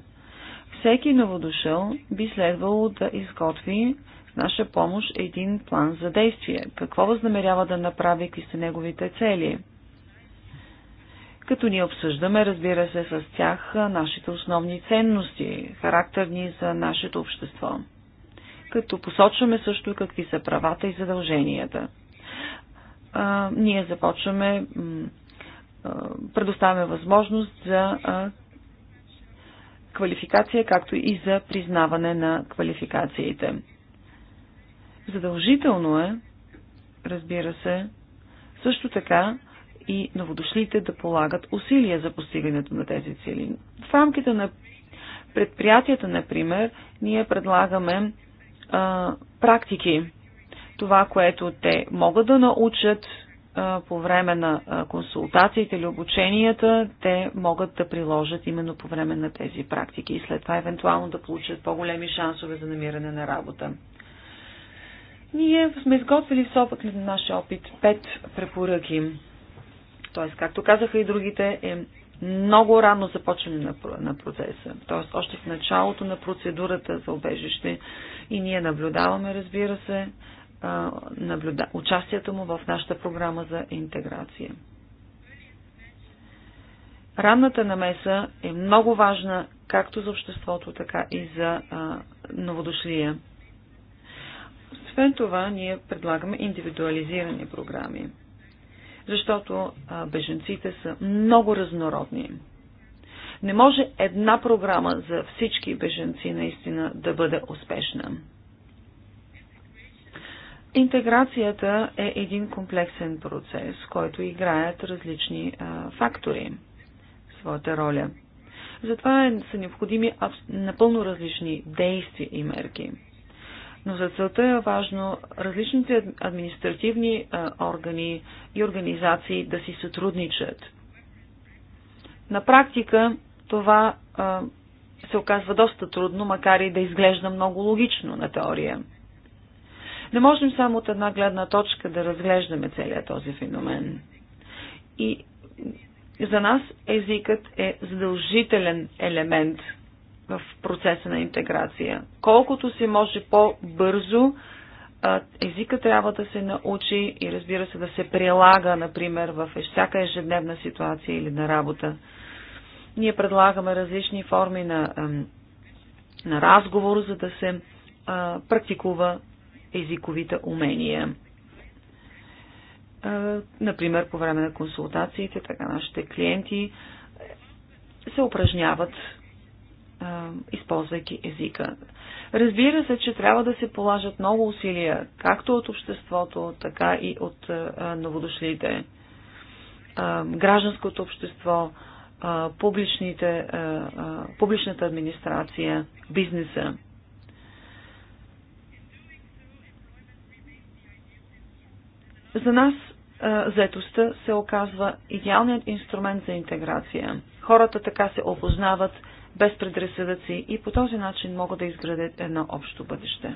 Всеки новодошъл би следвало да изготви с наша помощ един план за действие. Какво възнамерява да направи, какви са неговите цели. Като ние обсъждаме, разбира се, с тях нашите основни ценности, характерни за нашето общество. Като посочваме също какви са правата и задълженията а, ние започваме, а, предоставяме възможност за а, квалификация, както и за признаване на квалификациите. Задължително е, разбира се, също така и новодошлите да полагат усилия за постигането на тези цели. В рамките на предприятията, например, ние предлагаме а, практики, това, което те могат да научат по време на консултациите или обученията, те могат да приложат именно по време на тези практики и след това евентуално да получат по-големи шансове за намиране на работа. Ние сме изготвили в собак на нашия опит пет препоръки. Тоест, както казаха и другите, е много рано започване на, на процеса. Тоест, още в началото на процедурата за обежище и ние наблюдаваме, разбира се, наблюда... участието му в нашата програма за интеграция. Ранната намеса е много важна както за обществото, така и за а, новодошлия. Освен това, ние предлагаме индивидуализирани програми, защото а, беженците са много разнородни. Не може една програма за всички беженци наистина да бъде успешна. Интеграцията е един комплексен процес, който играят различни а, фактори своята роля. Затова са необходими напълно различни действия и мерки. Но за целта е важно различните административни а, органи и организации да си сътрудничат. На практика това а, се оказва доста трудно, макар и да изглежда много логично на теория. Не можем само от една гледна точка да разглеждаме целият този феномен. И за нас езикът е задължителен елемент в процеса на интеграция. Колкото се може по-бързо, езика трябва да се научи и разбира се да се прилага, например, в всяка ежедневна ситуация или на работа. Ние предлагаме различни форми на, на разговор, за да се а, практикува езиковите умения. Например, по време на консултациите, така нашите клиенти се упражняват, използвайки езика. Разбира се, че трябва да се положат много усилия, както от обществото, така и от новодошлите. Гражданското общество, публичните, публичната администрация, бизнеса. За нас заетостта се оказва идеалният инструмент за интеграция. Хората така се опознават без предразсъдъци и по този начин могат да изградят едно общо бъдеще.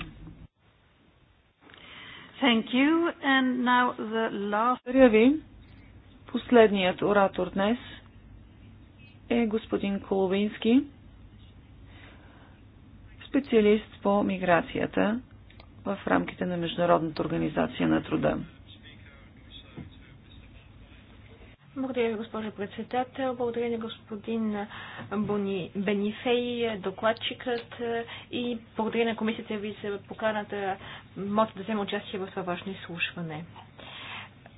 Thank you. And now the last... Благодаря ви. Последният оратор днес е господин Коловински, специалист по миграцията в рамките на Международната организация на труда. Благодаря ви, госпожа председател. Благодаря на господин Бони, Бенифей, докладчикът е, и благодаря на комисията ви за поканата може да вземе участие в това важно изслушване.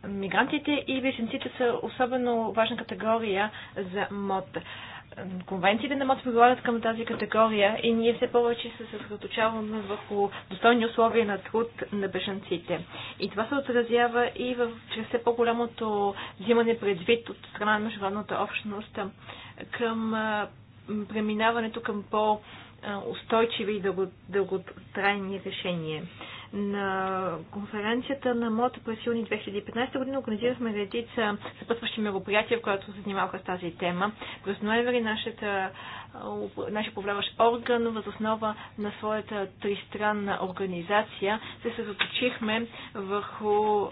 Мигрантите и беженците са особено важна категория за МОД конвенциите не могат да прилагат към тази категория и ние все повече се съсредоточаваме върху достойни условия на труд на бежанците. И това се отразява и в, чрез все по-голямото взимане предвид от страна на международната общност към преминаването към по- устойчиви и дълготрайни решения. На конференцията на Мото през юни 2015 година организирахме редица съпътващи мероприятия, в която се занимаваха с тази тема. През ноември нашата, нашия управляващ орган, възоснова на своята тристранна организация, се съсредоточихме върху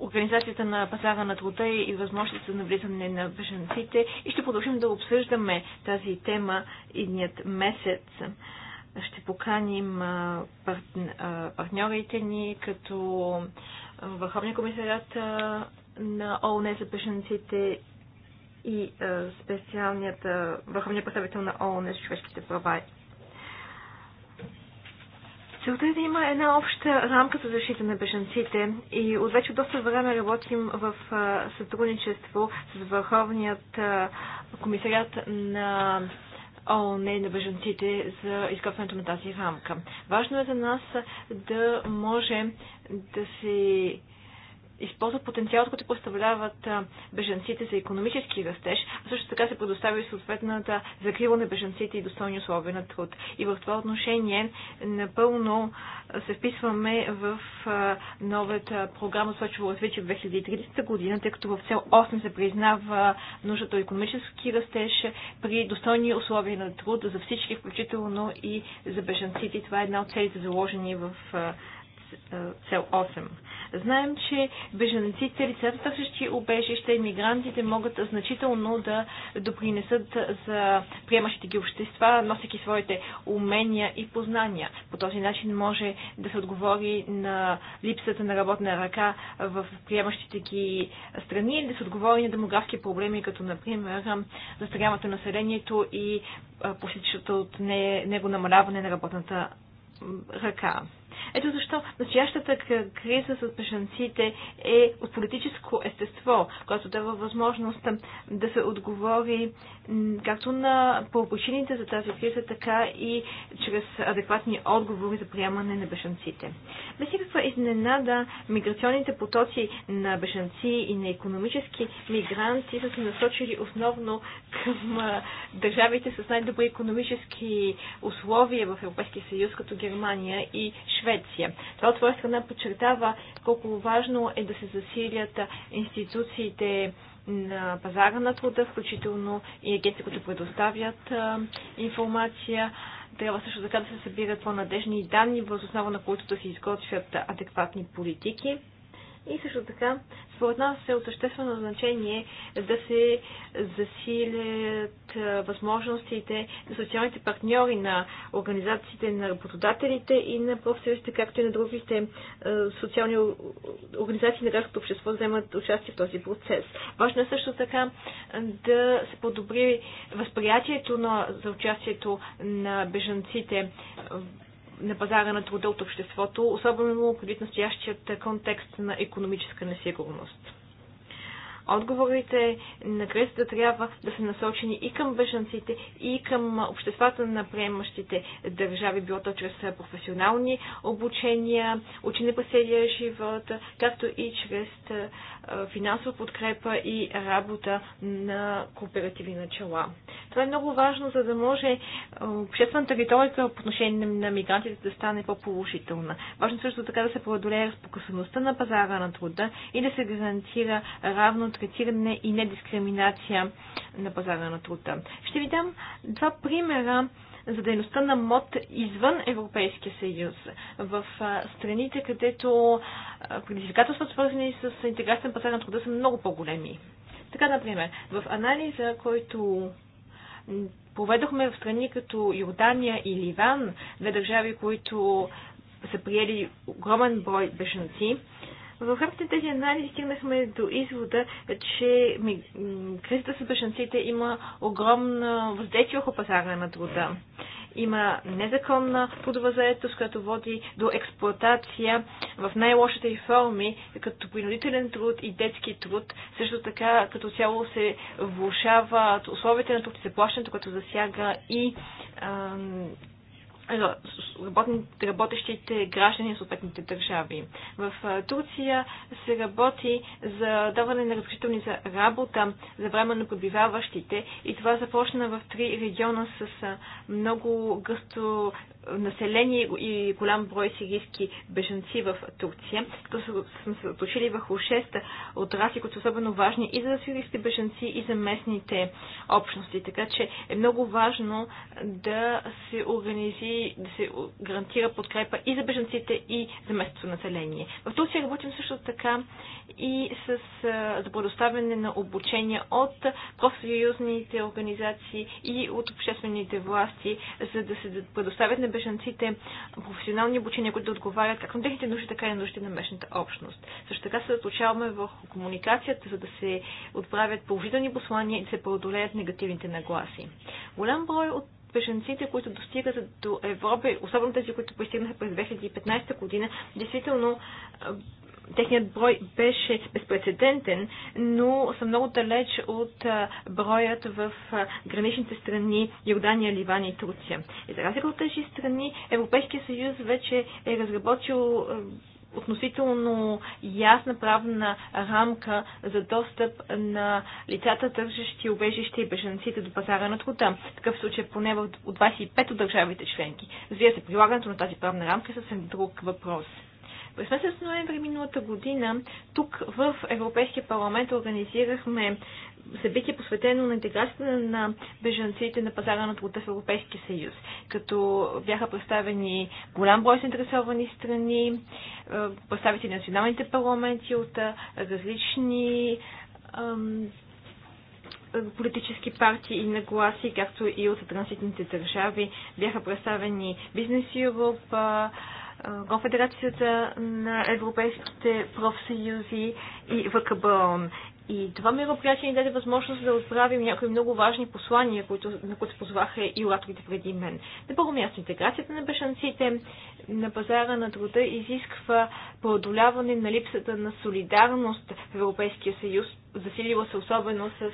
организацията на пазара на труда и възможността за навлизане на бежанците и ще продължим да обсъждаме тази тема идният месец ще поканим партньорите ни, като Върховния комисарят на ООН за бежанците и специалният върховния представител на ООН за човешките права. Целта е да има една обща рамка за защита на бежанците и от вече доста време работим в сътрудничество с Върховният комисарят на ООН на бежанците за изготвянето на тази рамка. Важно е за нас да можем да се използват потенциалът, който представляват беженците за економически растеж, а също така се предоставя и съответната закрива на беженците и достойни условия на труд. И в това отношение напълно се вписваме в новата програма Сочево развитие в 2030 година, тъй като в цел 8 се признава нуждата от економически растеж при достойни условия на труд за всички, включително и за беженците. И това е една от целите заложени в цел 8. Знаем, че беженците лицата търсещи убежище, мигрантите могат значително да допринесат за приемащите ги общества, носики своите умения и познания. По този начин може да се отговори на липсата на работна ръка в приемащите ги страни да се отговори на демографски проблеми, като например застаряването населението и посещата от него намаляване на работната ръка. Ето защо настоящата криза с бежанците е от политическо естество, което дава възможност да се отговори както на причините за тази криза, така и чрез адекватни отговори за приемане на бежанците. Без никаква изненада миграционните потоци на бежанци и на економически мигранти са се насочили основно към държавите с най-добри економически условия в Европейския съюз, като Германия и Швеция. Швеция. Това от своя страна подчертава колко важно е да се засилят институциите на пазара на труда, включително и агенти, които предоставят информация. Трябва също така да се събират по-надежни данни, въз основа на които да се изготвят адекватни политики. И също така, според нас е от съществено значение да се засилят възможностите на социалните партньори, на организациите на работодателите и на профсъюзите, както и на другите социални организации на гражданското общество вземат участие в този процес. Важно е също така да се подобри възприятието на, за участието на бежанците на пазара на труда от обществото, особено предвид настоящият контекст на економическа несигурност. Отговорите на кризата трябва да са насочени и към бежанците, и към обществата на приемащите държави, било то чрез професионални обучения, учени през целия живот, както и чрез финансова подкрепа и работа на кооперативни начала. Това е много важно, за да може обществената риторика по отношение на мигрантите да стане по-положителна. Важно също така да се преодолее разпокъсаността на пазара на труда и да се гарантира равно третиране и недискриминация на пазара на труда. Ще ви дам два примера за дейността на МОД извън Европейския съюз, в страните, където предизвикателствата, свързани с интеграция на пазара на труда, са много по-големи. Така, например, в анализа, който проведохме в страни като Йордания и Ливан, две държави, които са приели огромен брой бежанци, в рамките на тези анализи стигнахме до извода, че кризата с бешенците има огромно въздействие върху пазара на труда. Има незаконна трудова заетост, която води до експлоатация в най-лошите форми, като принудителен труд и детски труд. Също така, като цяло се влушават условията на труд и заплащането, като засяга и работещите граждани на съответните държави. В Турция се работи за даване на разрешителни за работа за време на пребиваващите и това започна в три региона с много гъсто население и голям брой сирийски беженци в Турция, като сме се заточили върху 6 отрасли, които са особено важни и за сирийските беженци, и за местните общности. Така че е много важно да се организи, да се гарантира подкрепа и за беженците, и за местното население. В Турция работим също така и с, за предоставяне на обучение от профсъюзните организации и от обществените власти, за да се предоставят на бежанците професионални обучения, които да отговарят както на техните нужди, така и на нуждите на местната общност. Също така се заключаваме в комуникацията, за да се отправят положителни послания и да се преодолеят негативните нагласи. Голям брой от беженците, които достигат до Европа, особено тези, които пристигнаха през 2015 година, действително Техният брой беше безпредседентен, но са много далеч от броят в граничните страни Йордания, Ливан и Турция. И за разлика от тези страни, Европейския съюз вече е разработил относително ясна правна рамка за достъп на лицата, държащи обежище и беженците до пазара на труда. Такъв случай е поне от 25 от държавите членки. Звия се, прилагането на тази правна рамка е съвсем друг въпрос. През месец ноември миналата година тук в Европейския парламент организирахме събитие посветено на интеграцията на бежанците на пазара на труда в Европейския съюз, като бяха представени голям брой заинтересовани страни, е, представители на националните парламенти от е, различни политически партии и нагласи, както и от транситните държави. Бяха представени Бизнес Европа, Конфедерацията на европейските профсъюзи и ВКБОН. И това мероприятие ни даде възможност да отправим някои много важни послания, които, на които позваха и ораторите преди мен. На първо място, интеграцията на бешанците на пазара на труда изисква преодоляване на липсата на солидарност в Европейския съюз засилила се особено с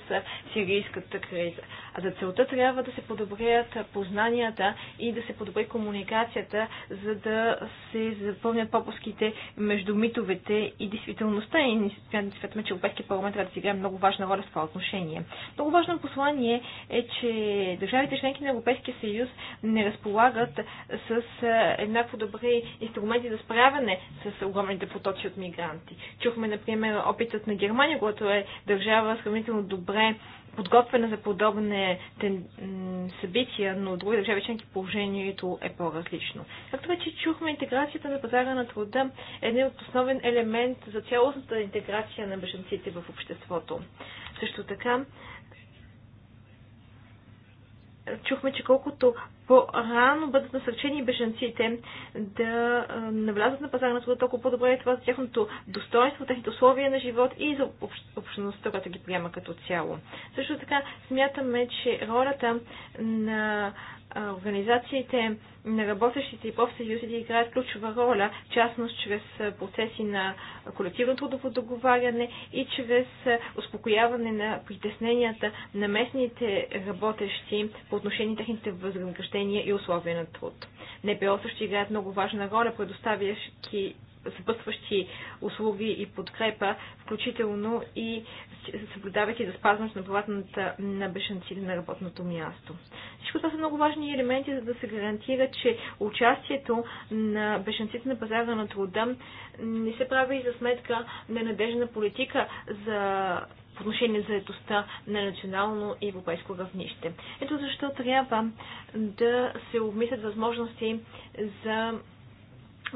сирийската криза. А за целта трябва да се подобрят познанията и да се подобри комуникацията, за да се запълнят попуските между митовете и действителността. И смятаме, че Европейския парламент трябва да играе много важна роля в това отношение. Много важно послание е, че държавите членки на Европейския съюз не разполагат с еднакво добри инструменти за справяне с огромните потоци от мигранти. Чухме, например, опитът на Германия, която е държава сравнително добре подготвена за подобни събития, но от други държави членки положението е по-различно. Както вече чухме, интеграцията на пазара на труда е един от основен елемент за цялостната интеграция на бежанците в обществото. Също така, чухме, че колкото по-рано бъдат насърчени бежанците да навлязат на пазара на труда, толкова по-добре е това за тяхното достоинство, техните условия на живот и за общността, която ги приема като цяло. Също така смятаме, че ролята на организациите на работещите и профсъюзите играят ключова роля, частност чрез процеси на колективно трудово договаряне и чрез успокояване на притесненията на местните работещи по отношение на техните възнаграждения положение и условия на труд. НПО също играят много важна роля, предоставящи съпътстващи услуги и подкрепа, включително и съблюдавайки за спазването на правата на бешенците на работното място. Всичко това са много важни елементи, за да се гарантира, че участието на бешенците на пазара на труда не се прави и за сметка на надежна политика за отношение за заедостта на национално и европейско равнище. Ето защо трябва да се обмислят възможности за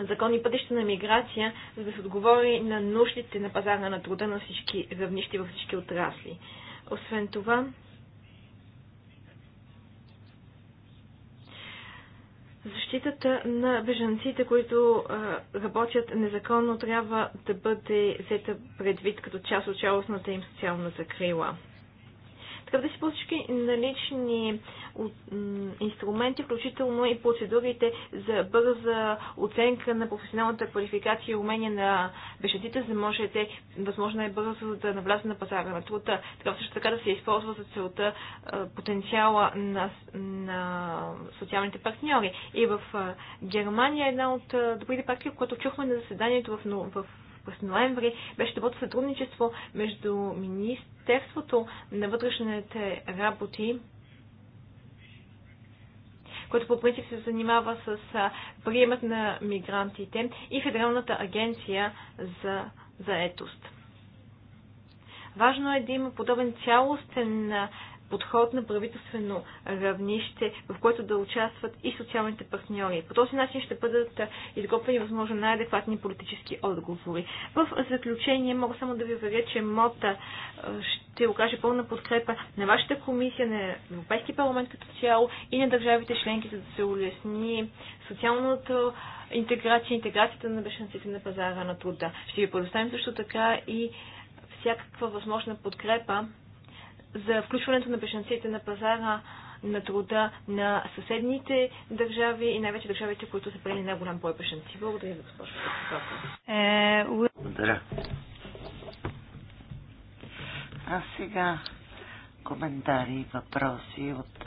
законни пътища на миграция, за да се отговори на нуждите на пазара на труда на всички равнищи, във всички отрасли. Освен това, Защитата на бежанците, които а, работят незаконно, трябва да бъде взета предвид като част от цялостната им социална закрила. Трябва да си ползват всички налични инструменти, включително и процедурите за бърза оценка на професионалната квалификация и умения на бежанците, за да може те възможно е бързо да навлязат на пазара на труда. така също така да се използва за целта потенциала на, на социалните партньори. И в Германия е една от добрите практики, която чухме на заседанието в, в през ноември, беше доброто сътрудничество между Министерството на вътрешните работи, което по принцип се занимава с приемът на мигрантите и Федералната агенция за заетост. Важно е да има подобен цялостен подход на правителствено равнище, в което да участват и социалните партньори. По този начин ще бъдат изготвени възможно най-адекватни политически отговори. В заключение мога само да ви уверя, че МОТА ще окаже пълна подкрепа на вашата комисия, на Европейски парламент като цяло и на държавите членки, за да се улесни социалното интеграция, интеграцията на бешенците на пазара на труда. Ще ви предоставим също така и всякаква възможна подкрепа за включването на бежанците на пазара на труда на съседните държави и най-вече държавите, които са приели най-голям бой бежанци. Благодаря ви, госпожо председател. Благодаря. А сега коментари, въпроси от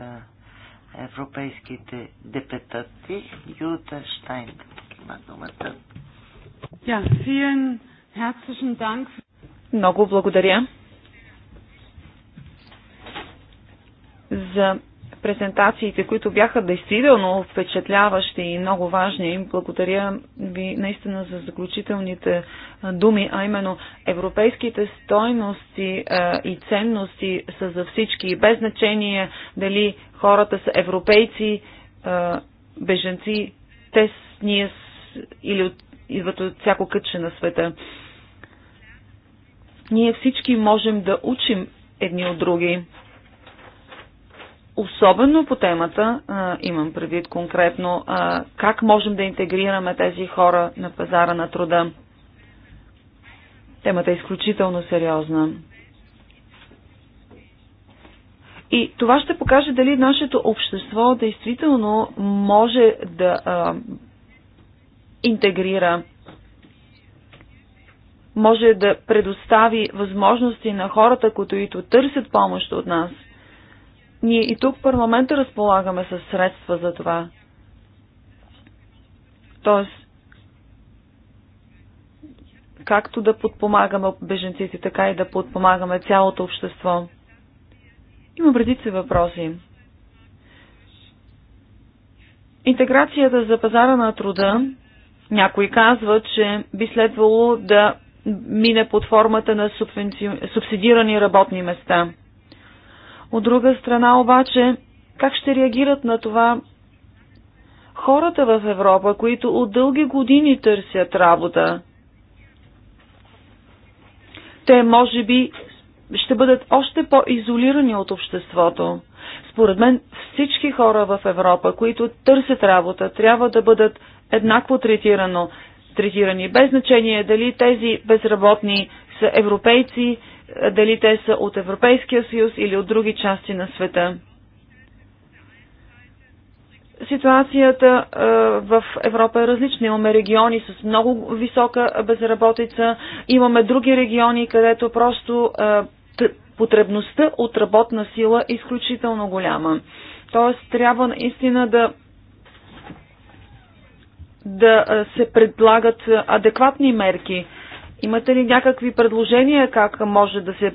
европейските депетати Юта Штайн има думата. Ja, vielen herzlichen Dank. Много благодаря за презентациите, които бяха действително впечатляващи и много важни. Благодаря ви наистина за заключителните думи, а именно европейските стойности и ценности са за всички, без значение дали хората са европейци, беженци, те ние или от, идват от всяко кътче на света. Ние всички можем да учим едни от други. Особено по темата а, имам предвид конкретно а, как можем да интегрираме тези хора на пазара на труда. Темата е изключително сериозна. И това ще покаже дали нашето общество действително може да а, интегрира, може да предостави възможности на хората, които търсят помощ от нас – ние и тук в парламента разполагаме с средства за това. Тоест, както да подпомагаме беженците, така и да подпомагаме цялото общество. Има редица въпроси. Интеграцията за пазара на труда, някой казва, че би следвало да мине под формата на субсидирани работни места. От друга страна обаче, как ще реагират на това хората в Европа, които от дълги години търсят работа? Те, може би, ще бъдат още по-изолирани от обществото. Според мен всички хора в Европа, които търсят работа, трябва да бъдат еднакво третирано, третирани, без значение дали тези безработни са европейци дали те са от Европейския съюз или от други части на света. Ситуацията е, в Европа е различна. Имаме региони с много висока безработица, имаме други региони, където просто е, потребността от работна сила е изключително голяма. Тоест трябва наистина да да е, се предлагат адекватни мерки Имате ли някакви предложения как може да се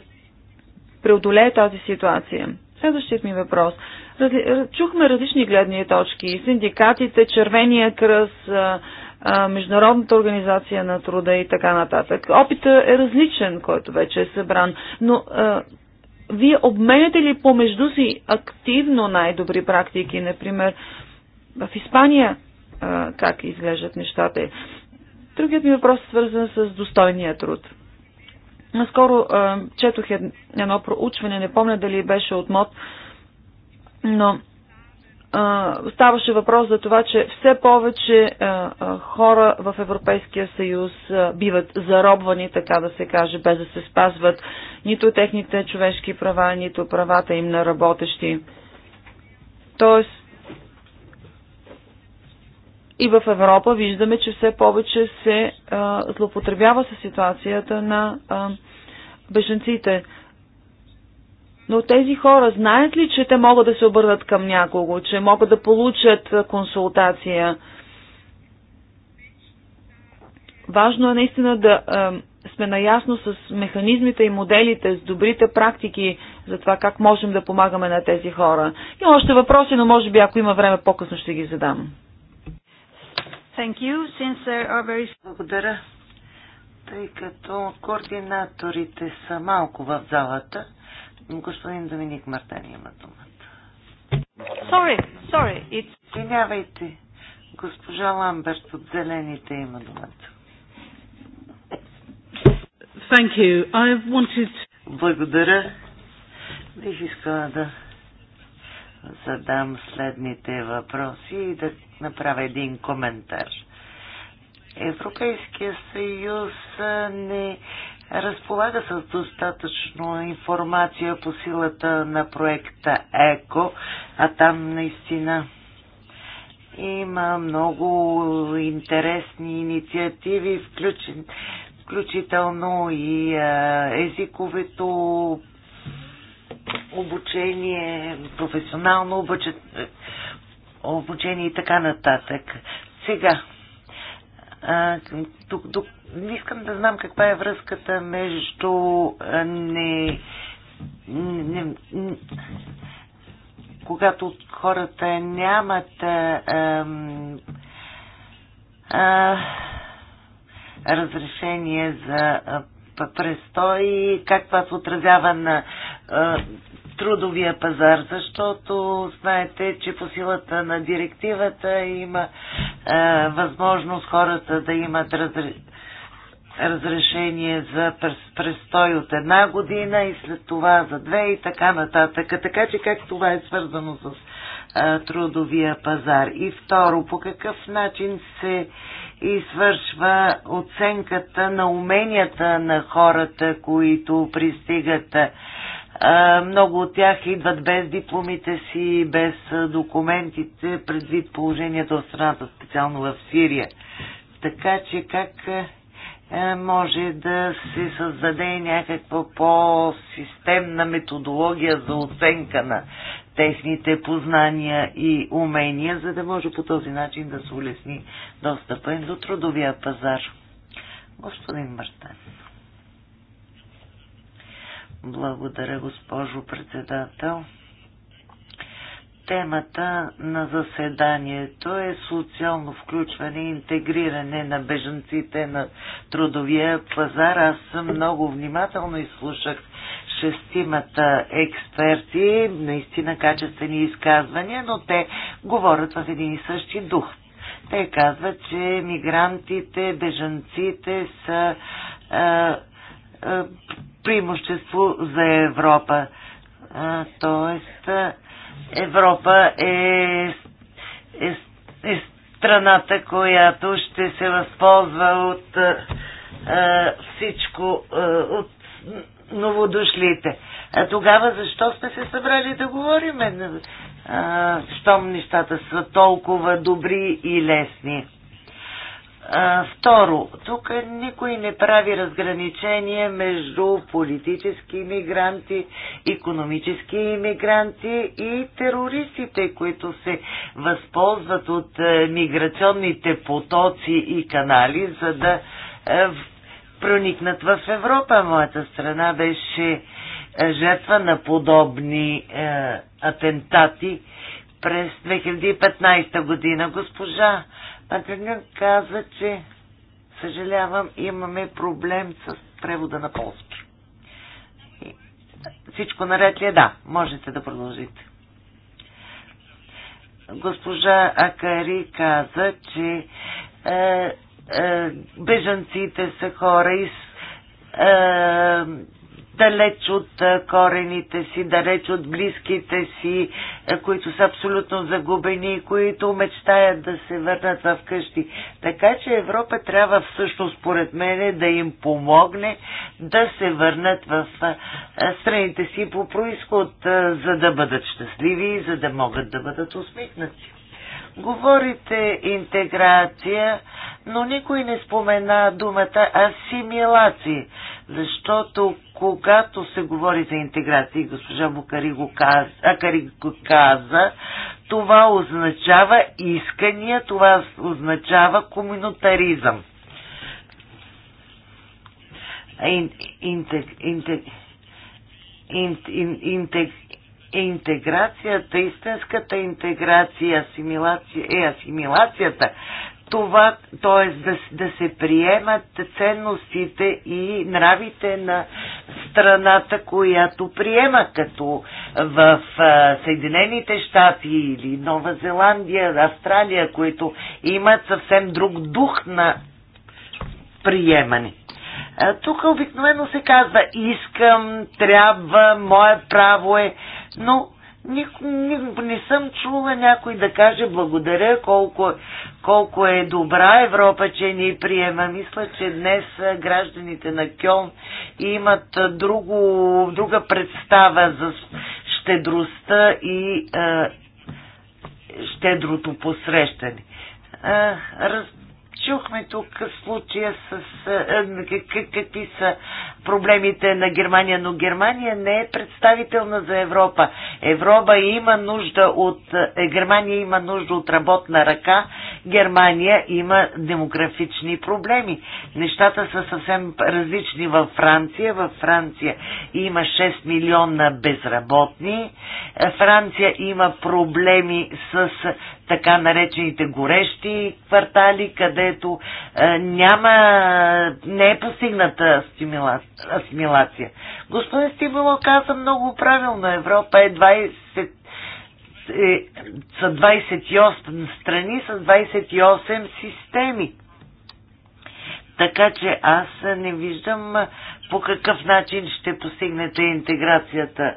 преодолее тази ситуация? Следващият ми въпрос. Разли... Чухме различни гледни точки. Синдикатите, Червения кръс, Международната организация на труда и така нататък. Опитът е различен, който вече е събран, но а, вие обменяте ли помежду си активно най-добри практики, например в Испания а, как изглеждат нещата? Другият ми въпрос е свързан с достойния труд. Наскоро а, четох едно проучване, не помня дали беше от МОД, но а, ставаше въпрос за това, че все повече а, а, хора в Европейския съюз а, биват заробвани, така да се каже, без да се спазват нито техните човешки права, нито правата им на работещи. Тоест, и в Европа виждаме, че все повече се а, злоупотребява с ситуацията на а, беженците. Но тези хора знаят ли, че те могат да се обърнат към някого, че могат да получат консултация? Важно е наистина да а, сме наясно с механизмите и моделите, с добрите практики за това как можем да помагаме на тези хора. Има още въпроси, но може би ако има време по-късно ще ги задам. Thank you, since there are very... Благодаря. Тъй като координаторите са малко в залата, господин Доминик Мартен има думата. Sorry, sorry. It's... Извинявайте, госпожа Ламберт от Зелените има думата. Thank you. I wanted... Благодаря. Бих искала да задам следните въпроси и да направя един коментар. Европейския съюз не разполага с достатъчно информация по силата на проекта ЕКО, а там наистина има много интересни инициативи, включен, включително и езиковето обучение, професионално обучение, обучение и така нататък. Сега, а, тук, тук, не искам да знам каква е връзката между а, не, не, не когато хората нямат а, а, разрешение за престой, как това се отразява на трудовия пазар, защото знаете, че по силата на директивата има е, възможност хората да имат разри... разрешение за престой от една година и след това за две и така нататък. Така че как това е свързано с е, трудовия пазар? И второ, по какъв начин се е, извършва оценката на уменията на хората, които пристигат. Много от тях идват без дипломите си, без документите, предвид положението в страната, специално в Сирия. Така че как е, може да се създаде някаква по-системна методология за оценка на техните познания и умения, за да може по този начин да се улесни достъпа им до трудовия пазар. Господин Мартен. Благодаря, госпожо председател. Темата на заседанието е социално включване и интегриране на бежанците на трудовия пазар. Аз съм много внимателно изслушах шестимата експерти, наистина качествени изказвания, но те говорят в един и същи дух. Те казват, че мигрантите, бежанците са а, а, преимущество за Европа. А, тоест, Европа е, е, е страната, която ще се възползва от а, всичко, а, от новодошлите. А тогава защо сме се събрали да говорим, а, щом нещата са толкова добри и лесни? А, второ, тук никой не прави разграничение между политически иммигранти, економически иммигранти и терористите, които се възползват от миграционните потоци и канали, за да проникнат в Европа. Моята страна беше е, жертва на подобни е, атентати през 2015 година. Госпожа Матенюк каза, че съжалявам, имаме проблем с превода на полски. Всичко наред ли е? Да, можете да продължите. Госпожа Акари каза, че е, е, бежанците са хора из е, далеч от е, корените си, далеч от близките си, които са абсолютно загубени и които мечтаят да се върнат в къщи. Така че Европа трябва всъщност, според мен, да им помогне да се върнат в страните си по происход, за да бъдат щастливи и за да могат да бъдат усмихнати. Говорите интеграция, но никой не спомена думата асимилации, защото когато се говори за интеграция, госпожа Букари го каза, Акари го каза, това означава искания, това означава комунитаризъм. Интег, интег, интег, интег, интеграцията, истинската интеграция асимилация, е асимилацията. Това, т.е. Да, да се приемат ценностите и нравите на страната, която приема, като в а, Съединените щати или Нова Зеландия, Австралия, които имат съвсем друг дух на приемане. Тук обикновено се казва искам, трябва, мое право е но не, не, не съм чула някой да каже благодаря колко, колко е добра Европа, че ни приема. Мисля, че днес гражданите на Кьон имат друго, друга представа за щедростта и а, щедрото посрещане. А, раз, чухме тук случая с а, как, какви са проблемите на Германия, но Германия не е представителна за Европа. Европа има нужда от, е, Германия има нужда от работна ръка, Германия има демографични проблеми. Нещата са съвсем различни във Франция. Във Франция има 6 милиона безработни. Франция има проблеми с така наречените горещи квартали, където е, няма, не е постигната стимулация асимилация. Господин Стивело каза много правилно. Европа е 20 е, са 28 страни с 28 системи. Така че аз не виждам по какъв начин ще постигнете интеграцията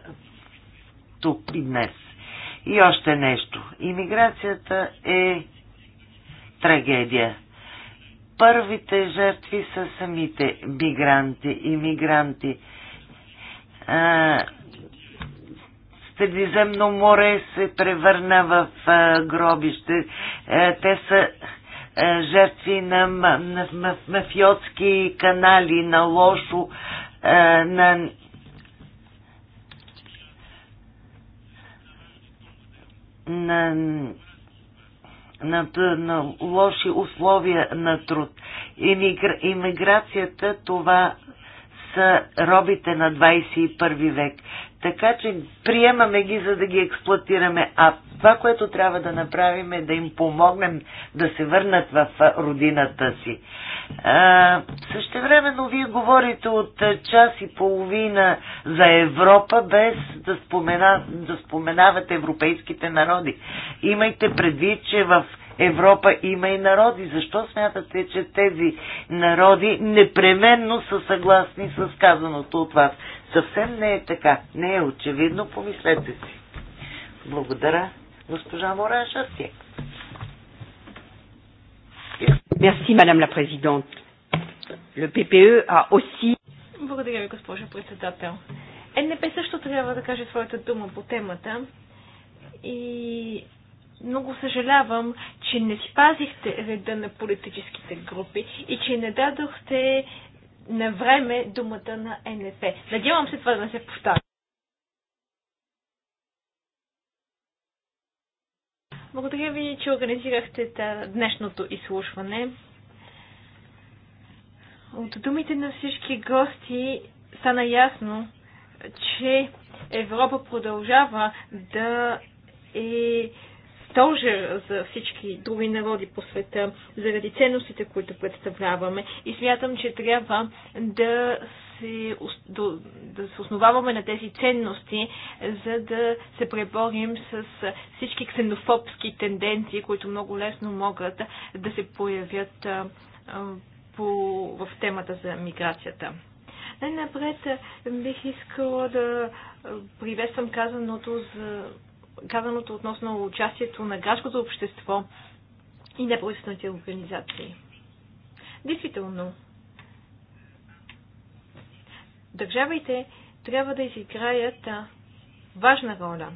тук и днес. И още нещо. Имиграцията е трагедия първите жертви са самите мигранти и мигранти. Средиземно море се превърна в а, гробище. А, е, те са а, е, жертви на, на, на мафиотски канали, на лошо, а, е, на на на, на лоши условия на труд. имиграцията това са робите на 21 век. Така че приемаме ги, за да ги експлуатираме. А това, което трябва да направим е да им помогнем да се върнат в родината си. А, времено, вие говорите от час и половина за Европа, без да, спомена, да споменавате европейските народи. Имайте предвид, че в Европа има и народи. Защо смятате, че тези народи непременно са съгласни с казаното от вас? Съвсем не е така. Не е очевидно. Помислете си. Благодаря, госпожа мораша Шартия. Merci, Madame la Présidente. Le PPE a Благодаря ви, госпожа председател. Е, НП също трябва да каже своята дума по темата. И много съжалявам, че не спазихте реда на политическите групи и че не дадохте на време думата на НФ. Надявам се това да не се повтаря. Благодаря ви, че организирахте днешното изслушване. От думите на всички гости стана ясно, че Европа продължава да е стожер за всички други народи по света, заради ценностите, които представляваме. И смятам, че трябва да се, да, се основаваме на тези ценности, за да се преборим с всички ксенофобски тенденции, които много лесно могат да се появят по, в темата за миграцията. Най-напред бих искала да приветствам казаното за казаното относно участието на гражданското общество и неправителствените организации. Действително, държавите трябва да изиграят важна роля,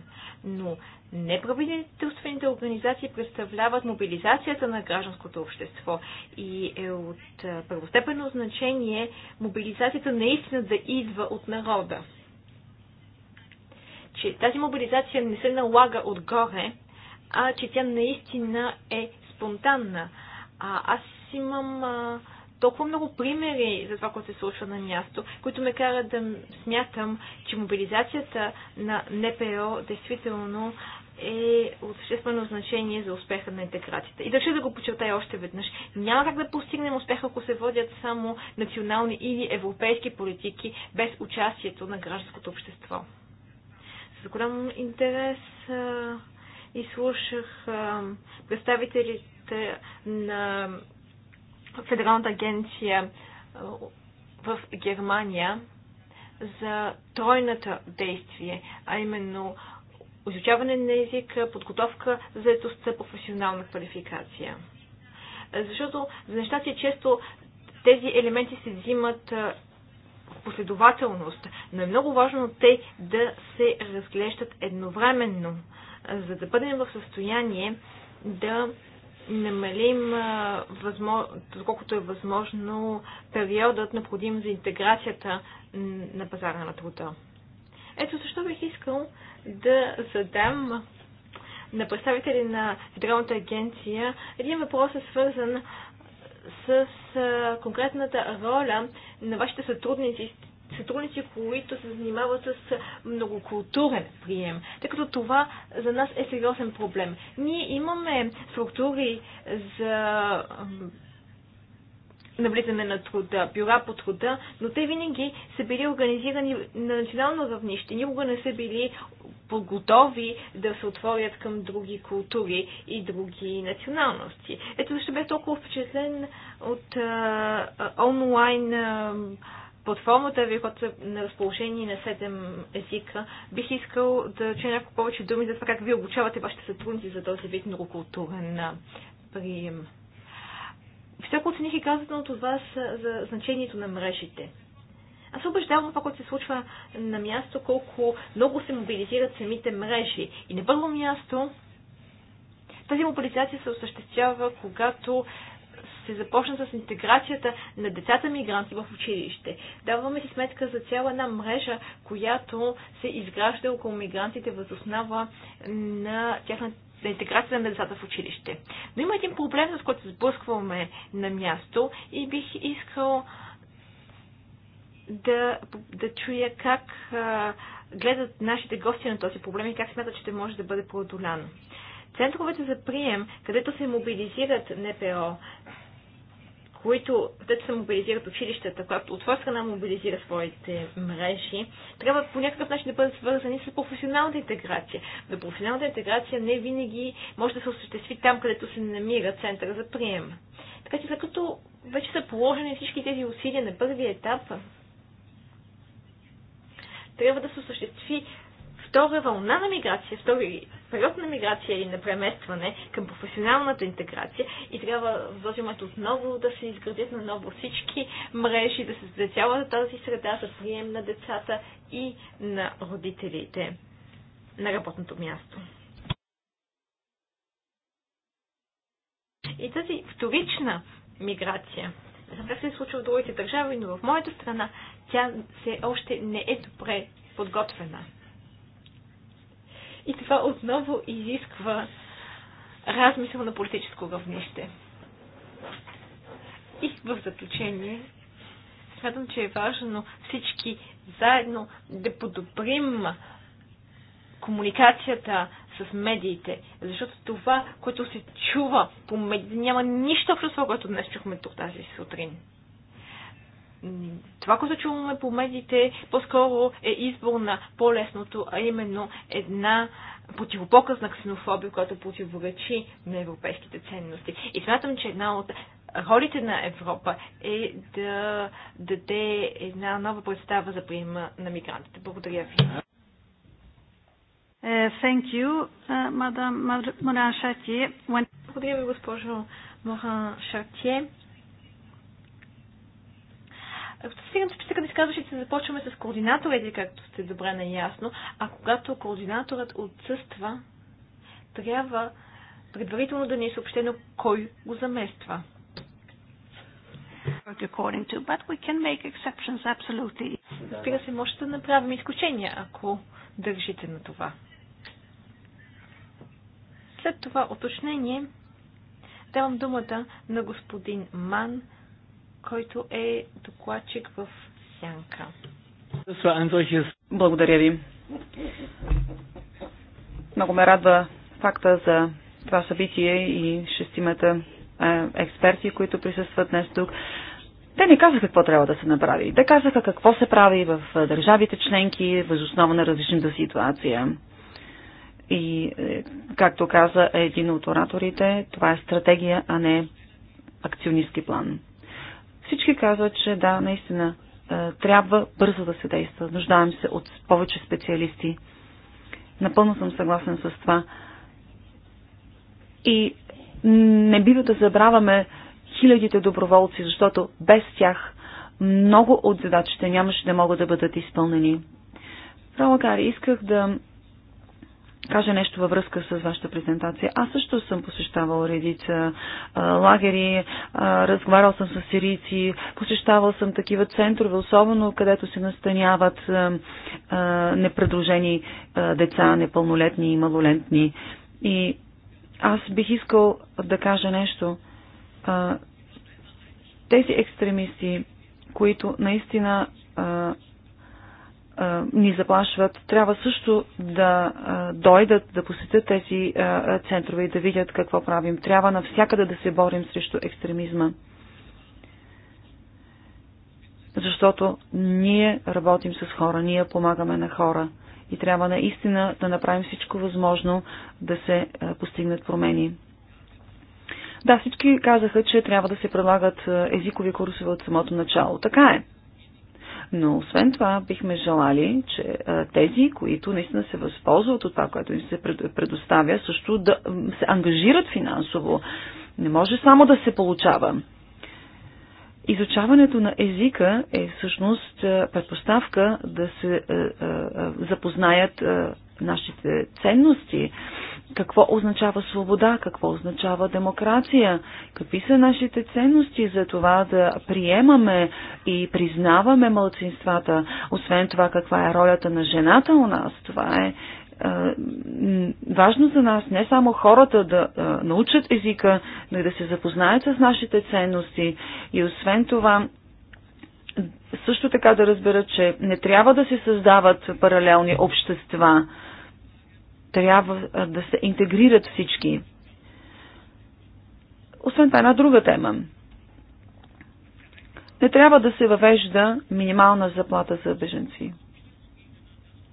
но неправителствените организации представляват мобилизацията на гражданското общество и е от първостепенно значение мобилизацията наистина да идва от народа че тази мобилизация не се налага отгоре, а че тя наистина е спонтанна. А, аз имам а, толкова много примери за това, което се случва на място, които ме карат да смятам, че мобилизацията на НПО действително е от съществено значение за успеха на интеграцията. И държа да го подчертая още веднъж. Няма как да постигнем успеха, ако се водят само национални или европейски политики без участието на гражданското общество. С голям интерес а, представителите на Федералната агенция в Германия за тройната действие, а именно изучаване на езика, подготовка, за етостта, професионална квалификация. Защото за нещата често тези елементи се взимат последователност, но е много важно те да се разглеждат едновременно, за да бъдем в състояние да намалим, доколкото е възможно, периодът необходим за интеграцията на пазара на труда. Ето защо бих искал да задам на представители на Федералната агенция един въпрос е свързан с конкретната роля на вашите сътрудници, сътрудници, които се занимават с многокултурен прием, тъй като това за нас е сериозен проблем. Ние имаме структури за навлизане на труда, бюра по труда, но те винаги са били организирани на национално равнище, никога не са били готови да се отворят към други култури и други националности. Ето защо бях толкова впечатлен от а, онлайн а, платформата ви, която на разположение на 7 езика, бих искал да че няколко повече думи за това как ви обучавате вашите сътрудници за този вид многокултурен прием. Високо оцених и казаното от вас за значението на мрежите. Аз убеждавам това, което се случва на място, колко много се мобилизират самите мрежи. И на първо място тази мобилизация се осъществява, когато се започна с интеграцията на децата мигранти в училище. Даваме си сметка за цяла една мрежа, която се изгражда около мигрантите възоснава на тяхната за интеграция на децата в училище. Но има един проблем, с който сблъскваме на място и бих искал да, да чуя как а, гледат нашите гости на този проблем и как смятат, че те може да бъде преодолян. Центровете за прием, където се мобилизират НПО, които те се мобилизират училищата, когато от своя страна мобилизира своите мрежи, трябва по някакъв начин да бъдат свързани с професионалната интеграция. Но професионалната интеграция не винаги може да се осъществи там, където се намира центъра за прием. Така че, като вече са положени всички тези усилия на първия етап, трябва да се осъществи втора вълна на миграция, втори период на миграция и на преместване към професионалната интеграция и трябва в този момент отново да се изградят на ново всички мрежи, да се създаде цялата тази среда за прием на децата и на родителите на работното място. И тази вторична миграция, не знам как се е случва в другите държави, но в моята страна тя все още не е добре подготвена. И това отново изисква размисъл на политическо равнище. И в заключение, смятам, че е важно всички заедно да подобрим комуникацията с медиите, защото това, което се чува по медиите, няма нищо общо с това, което днес чухме тук тази сутрин това, което чуваме по медиите, по-скоро е избор на по-лесното, а именно една противопоказна ксенофобия, която противоречи на европейските ценности. И смятам, че една от ролите на Европа е да даде една нова представа за приема на мигрантите. Благодаря ви. Uh, thank you, мадам uh, Моран Благодаря ви, госпожо Моран Шартие. Ако стигнем до списъка на изказващите, започваме с координаторите, както сте добре наясно. А когато координаторът отсъства, трябва предварително да ни е съобщено кой го замества. Разбира се, може да направим изключения, ако държите на това. След това уточнение давам думата на господин Ман, който е докладчик в Сянка. Благодаря ви. Много ме радва факта за това събитие и шестимата е, експерти, които присъстват днес тук. Те не казаха какво трябва да се направи. Те казаха какво се прави в е, държавите членки, възоснова на различната ситуация. И, е, както каза един от ораторите, това е стратегия, а не акционистски план. Всички казват, че да, наистина, е, трябва бързо да се действа. Нуждаем се от повече специалисти. Напълно съм съгласен с това. И не бива да забравяме хилядите доброволци, защото без тях много от задачите нямаше да могат да бъдат изпълнени. Кари, исках да кажа нещо във връзка с вашата презентация. Аз също съм посещавал редица а, лагери, а, разговарял съм с сирийци, посещавал съм такива центрове, особено където се настаняват а, а, непредружени а, деца, непълнолетни и малолетни. И аз бих искал да кажа нещо. А, тези екстремисти, които наистина а, ни заплашват, трябва също да дойдат, да посетят тези центрове и да видят какво правим. Трябва навсякъде да се борим срещу екстремизма. Защото ние работим с хора, ние помагаме на хора и трябва наистина да направим всичко възможно да се постигнат промени. Да, всички казаха, че трябва да се предлагат езикови курсове от самото начало. Така е. Но освен това бихме желали, че тези, които наистина се възползват от това, което им се предоставя, също да се ангажират финансово. Не може само да се получава. Изучаването на езика е всъщност предпоставка да се запознаят нашите ценности, какво означава свобода, какво означава демокрация, какви са нашите ценности за това да приемаме и признаваме мълцинствата, освен това каква е ролята на жената у нас. Това е важно за нас не само хората да научат езика, но и да се запознаят с нашите ценности и освен това също така да разберат, че не трябва да се създават паралелни общества, трябва да се интегрират всички. Освен това, една друга тема. Не трябва да се въвежда минимална заплата за беженци.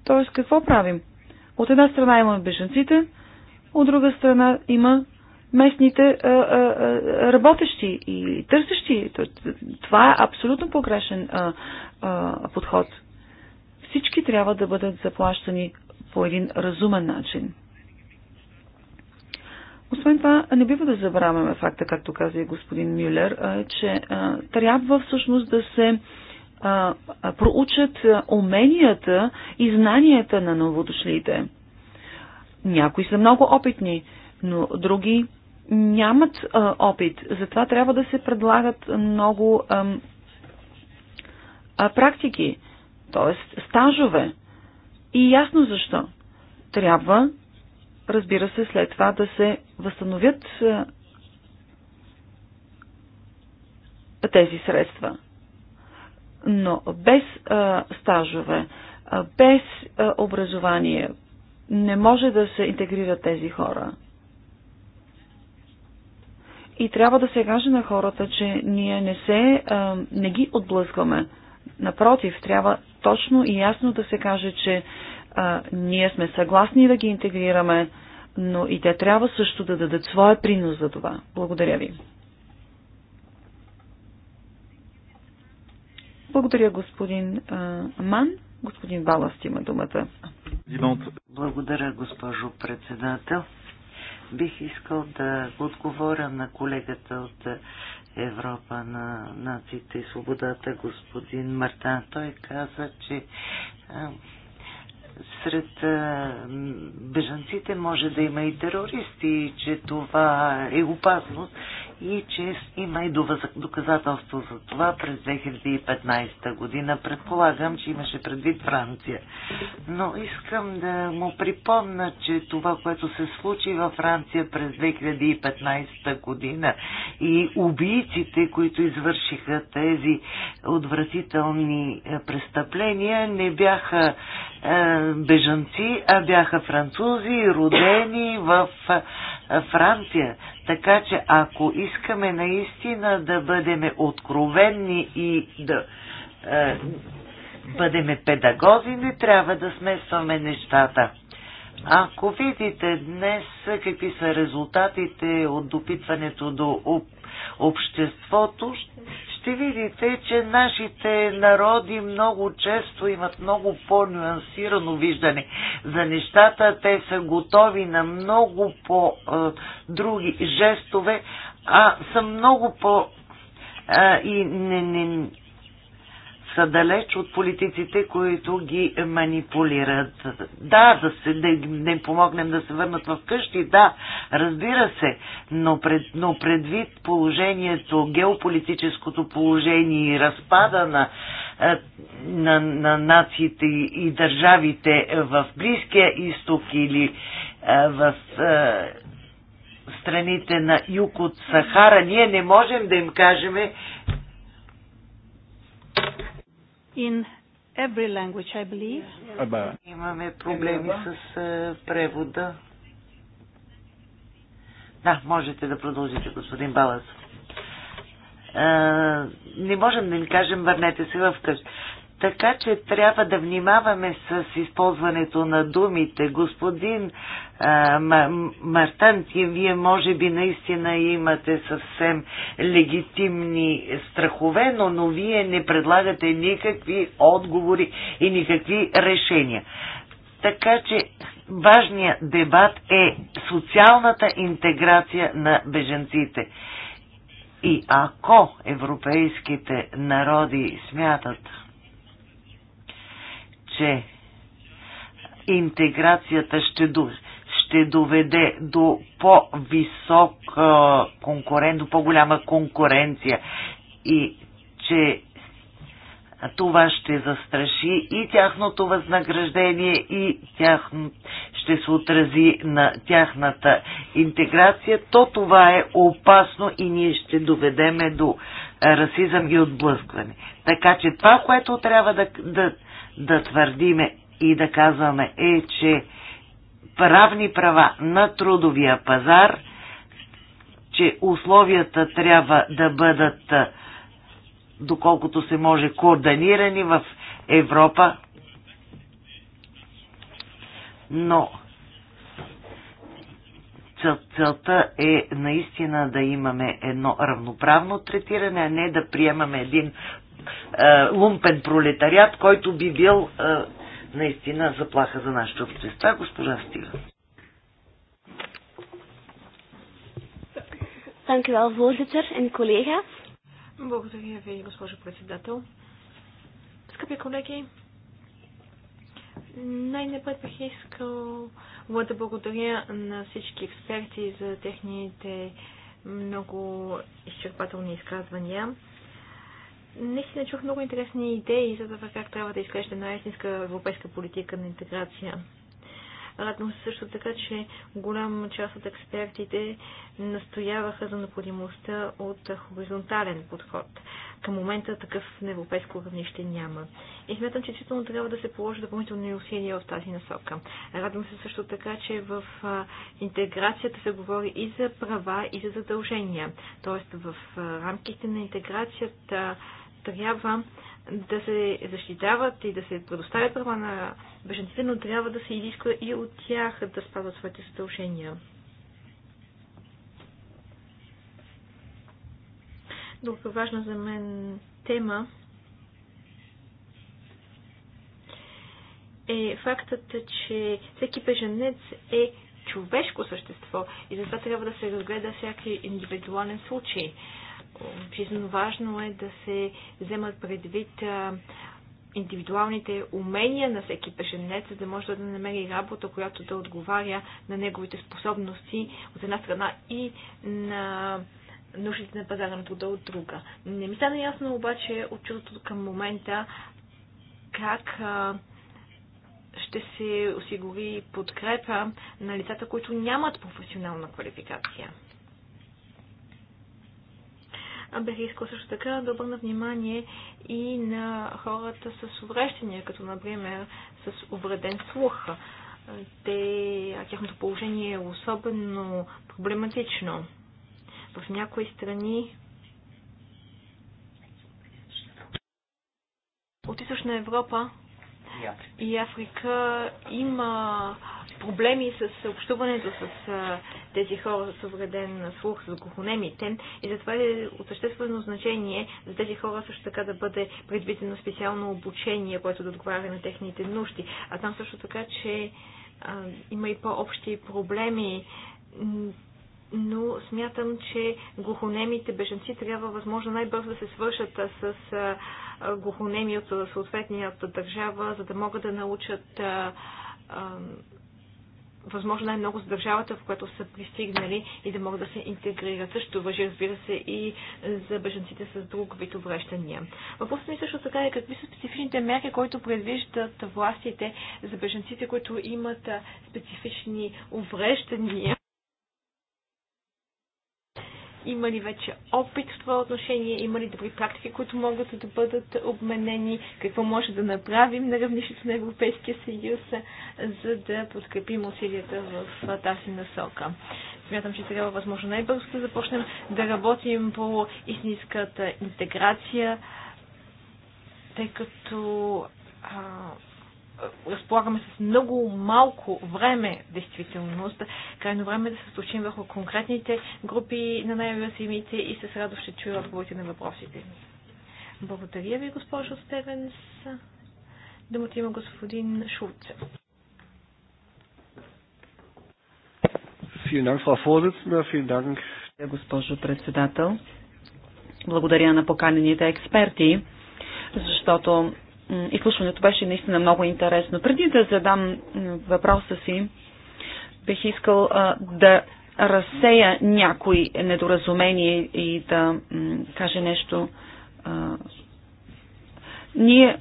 Тоест, какво правим? От една страна имаме беженците, от друга страна има местните а, а, работещи и търсещи. Това е абсолютно погрешен а, а, подход. Всички трябва да бъдат заплащани по един разумен начин. Освен това, не бива да забравяме факта, както каза и господин Мюллер, че трябва всъщност да се проучат уменията и знанията на новодошлите. Някои са много опитни, но други нямат опит. Затова трябва да се предлагат много практики, т.е. стажове. И ясно защо. Трябва, разбира се, след това да се възстановят е, тези средства. Но без а, е, стажове, а, без а, е, образование не може да се интегрират тези хора. И трябва да се каже на хората, че ние не, се, а, не ги отблъскваме. Напротив, трябва точно и ясно да се каже, че а, ние сме съгласни да ги интегрираме, но и те трябва също да дадат своя принос за това. Благодаря ви. Благодаря, господин а, Ман. Господин Баласт има думата. Благодаря, госпожо председател. Бих искал да отговоря на колегата от Европа на нациите и свободата, господин Мартан. Той каза, че сред бежанците може да има и терористи, че това е опасност и че има и доказателство за това през 2015 година. Предполагам, че имаше предвид Франция. Но искам да му припомна, че това, което се случи във Франция през 2015 година и убийците, които извършиха тези отвратителни е, престъпления, не бяха е, бежанци, а бяха французи, родени в е, Франция. Така че ако искаме наистина да бъдем откровенни и да е, бъдеме педагози, не трябва да смесваме нещата. Ако видите днес какви са резултатите от допитването до обществото, ще видите, че нашите народи много често имат много по-нюансирано виждане за нещата. Те са готови на много по-други жестове, а са много по- и не, не, са далеч от политиците, които ги манипулират. Да, да, се, да, да им помогнем да се върнат в къщи, да, разбира се, но, пред, но предвид положението, геополитическото положение и разпада на, е, на, на нациите и държавите в Близкия изток или е, в е, страните на юг от Сахара, ние не можем да им кажем in every language, I believe. Имаме проблеми с е, превода. Да, можете да продължите, господин Балас. Е, не можем да ни кажем, върнете се в къщ. Така че трябва да внимаваме с използването на думите. Господин а, Мартан, вие може би наистина имате съвсем легитимни страхове, но, но вие не предлагате никакви отговори и никакви решения. Така че важният дебат е социалната интеграция на беженците. И ако европейските народи смятат, че интеграцията ще, ще доведе до по-висок конкурент, до по-голяма конкуренция и че това ще застраши и тяхното възнаграждение и тях, ще се отрази на тяхната интеграция, то това е опасно и ние ще доведеме до расизъм и отблъскване. Така че това, което трябва да, да да твърдиме и да казваме е, че правни права на трудовия пазар, че условията трябва да бъдат доколкото се може координирани в Европа, но целта е наистина да имаме едно равноправно третиране, а не да приемаме един е, лумпен пролетариат, който би бил е, наистина заплаха за нашите общества. Госпожа Стига. Dank u wel, voorzitter en Благодаря ви, госпожо председател. Скъпи колеги, най-напред бих искал да благодаря на всички експерти за техните много изчерпателни изказвания наистина чух много интересни идеи за това как трябва да изглежда една истинска европейска политика на интеграция. Радвам се също така, че голяма част от експертите настояваха за необходимостта от хоризонтален подход. Към момента такъв на европейско равнище няма. И смятам, че действително трябва да се положи допълнителни усилия в тази насока. Радвам се също така, че в интеграцията се говори и за права, и за задължения. Тоест в рамките на интеграцията трябва да се защитават и да се предоставят права на бежанците, но трябва да се изисква и от тях да спазват своите задължения. Друга важна за мен тема е фактът, че всеки беженец е човешко същество и затова трябва да се разгледа всяки индивидуален случай жизненно важно е да се вземат предвид индивидуалните умения на всеки пешенец, за да може да намери работа, която да отговаря на неговите способности от една страна и на нуждите на пазара на труда от друга. Не ми стана ясно обаче от чудото към момента как ще се осигури подкрепа на лицата, които нямат професионална квалификация бих искал също така да обърна внимание и на хората с увреждания, като например с увреден слух. Те, тяхното положение е особено проблематично. В някои страни от Източна Европа и Африка има проблеми с общуването с тези хора с увреден слух, с глухонемите. И затова е от съществено значение за тези хора също така да бъде предвидено специално обучение, което да отговаря на техните нужди. А там също така, че а, има и по-общи проблеми но смятам, че глухонемите беженци трябва възможно най-бързо да се свършат с глухонеми от съответния държава, за да могат да научат възможно най-много за държавата, в която са пристигнали и да могат да се интегрират. Също въжи, разбира се, и за бежанците с друг вид обращания. Въпросът ми също така е какви са специфичните мерки, които предвиждат властите за бежанците, които имат специфични увреждания има ли вече опит в това отношение? Има ли добри практики, които могат да бъдат обменени? Какво може да направим на равнището на Европейския съюз, за да подкрепим усилията в тази насока? Смятам, че трябва възможно най-бързо да започнем да работим по истинската интеграция, тъй като е, разполагаме с много малко време, действителност. Крайно време е да се случим върху конкретните групи на най-уязвимите и с радост ще чуя отговорите на въпросите ми. Благодаря ви, госпожо Стевенс. Думата има господин Шулце. Госпожо председател, благодаря на поканените експерти, защото изслушването беше наистина много интересно. Преди да задам въпроса си, бих искал да разсея някои недоразумения и да каже нещо. ние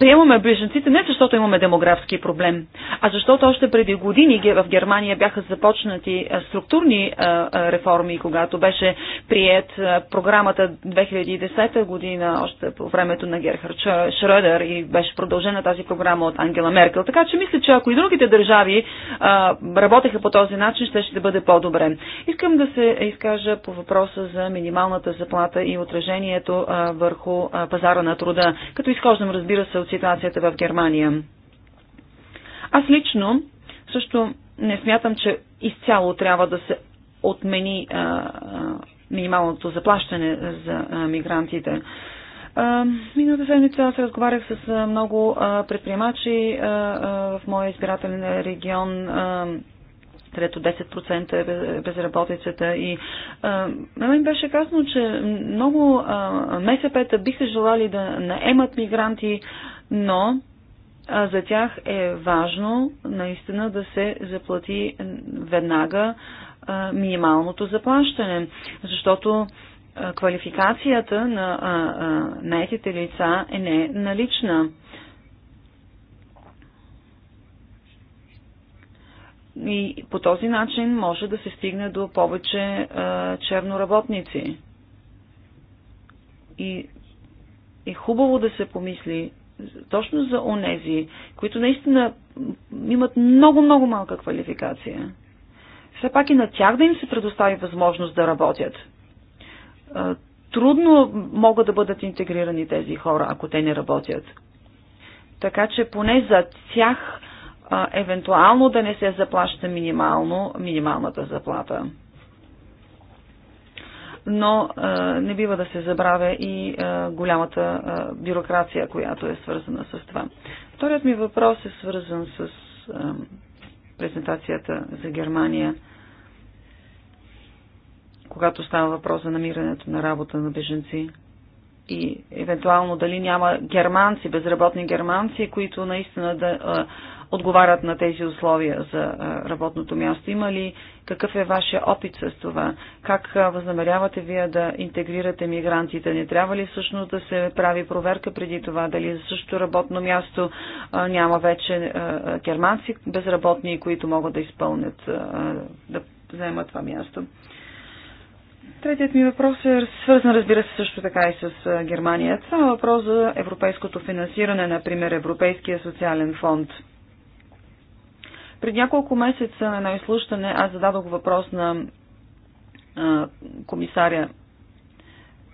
приемаме беженците не защото имаме демографски проблем, а защото още преди години в Германия бяха започнати структурни реформи, когато беше прият програмата 2010 година, още по времето на Герхард Шрöдер и беше продължена тази програма от Ангела Меркел. Така че мисля, че ако и другите държави работеха по този начин, ще ще бъде по-добре. Искам да се изкажа по въпроса за минималната заплата и отражението върху пазара на труда, като изхождам, разбира се, от ситуацията в Германия. Аз лично също не смятам, че изцяло трябва да се отмени а, а, минималното заплащане за а, мигрантите. Миналата седмица аз разговарях с много предприемачи в моя избирателен регион, където 10% е безработицата и на мен беше казано, че много МСП-та биха желали да наемат мигранти но а, за тях е важно наистина да се заплати веднага а, минималното заплащане, защото а, квалификацията на наетите лица е не налична. И по този начин може да се стигне до повече а, черноработници. И е хубаво да се помисли точно за онези, които наистина имат много-много малка квалификация. Все пак и на тях да им се предостави възможност да работят. Трудно могат да бъдат интегрирани тези хора, ако те не работят. Така че поне за тях евентуално да не се заплаща минимално, минималната заплата но не бива да се забравя и голямата бюрокрация, която е свързана с това. Вторият ми въпрос е свързан с презентацията за Германия, когато става въпрос за намирането на работа на беженци и евентуално дали няма германци, безработни германци, които наистина да отговарят на тези условия за работното място. Има ли, какъв е вашия опит с това? Как възнамерявате вие да интегрирате мигрантите? Не трябва ли всъщност да се прави проверка преди това, дали за същото работно място няма вече германци безработни, които могат да изпълнят, да вземат това място? Третият ми въпрос е свързан, разбира се, също така и с Германия. Това е въпрос за европейското финансиране, например Европейския социален фонд – пред няколко месеца на едно изслушване аз зададох въпрос на а, комисаря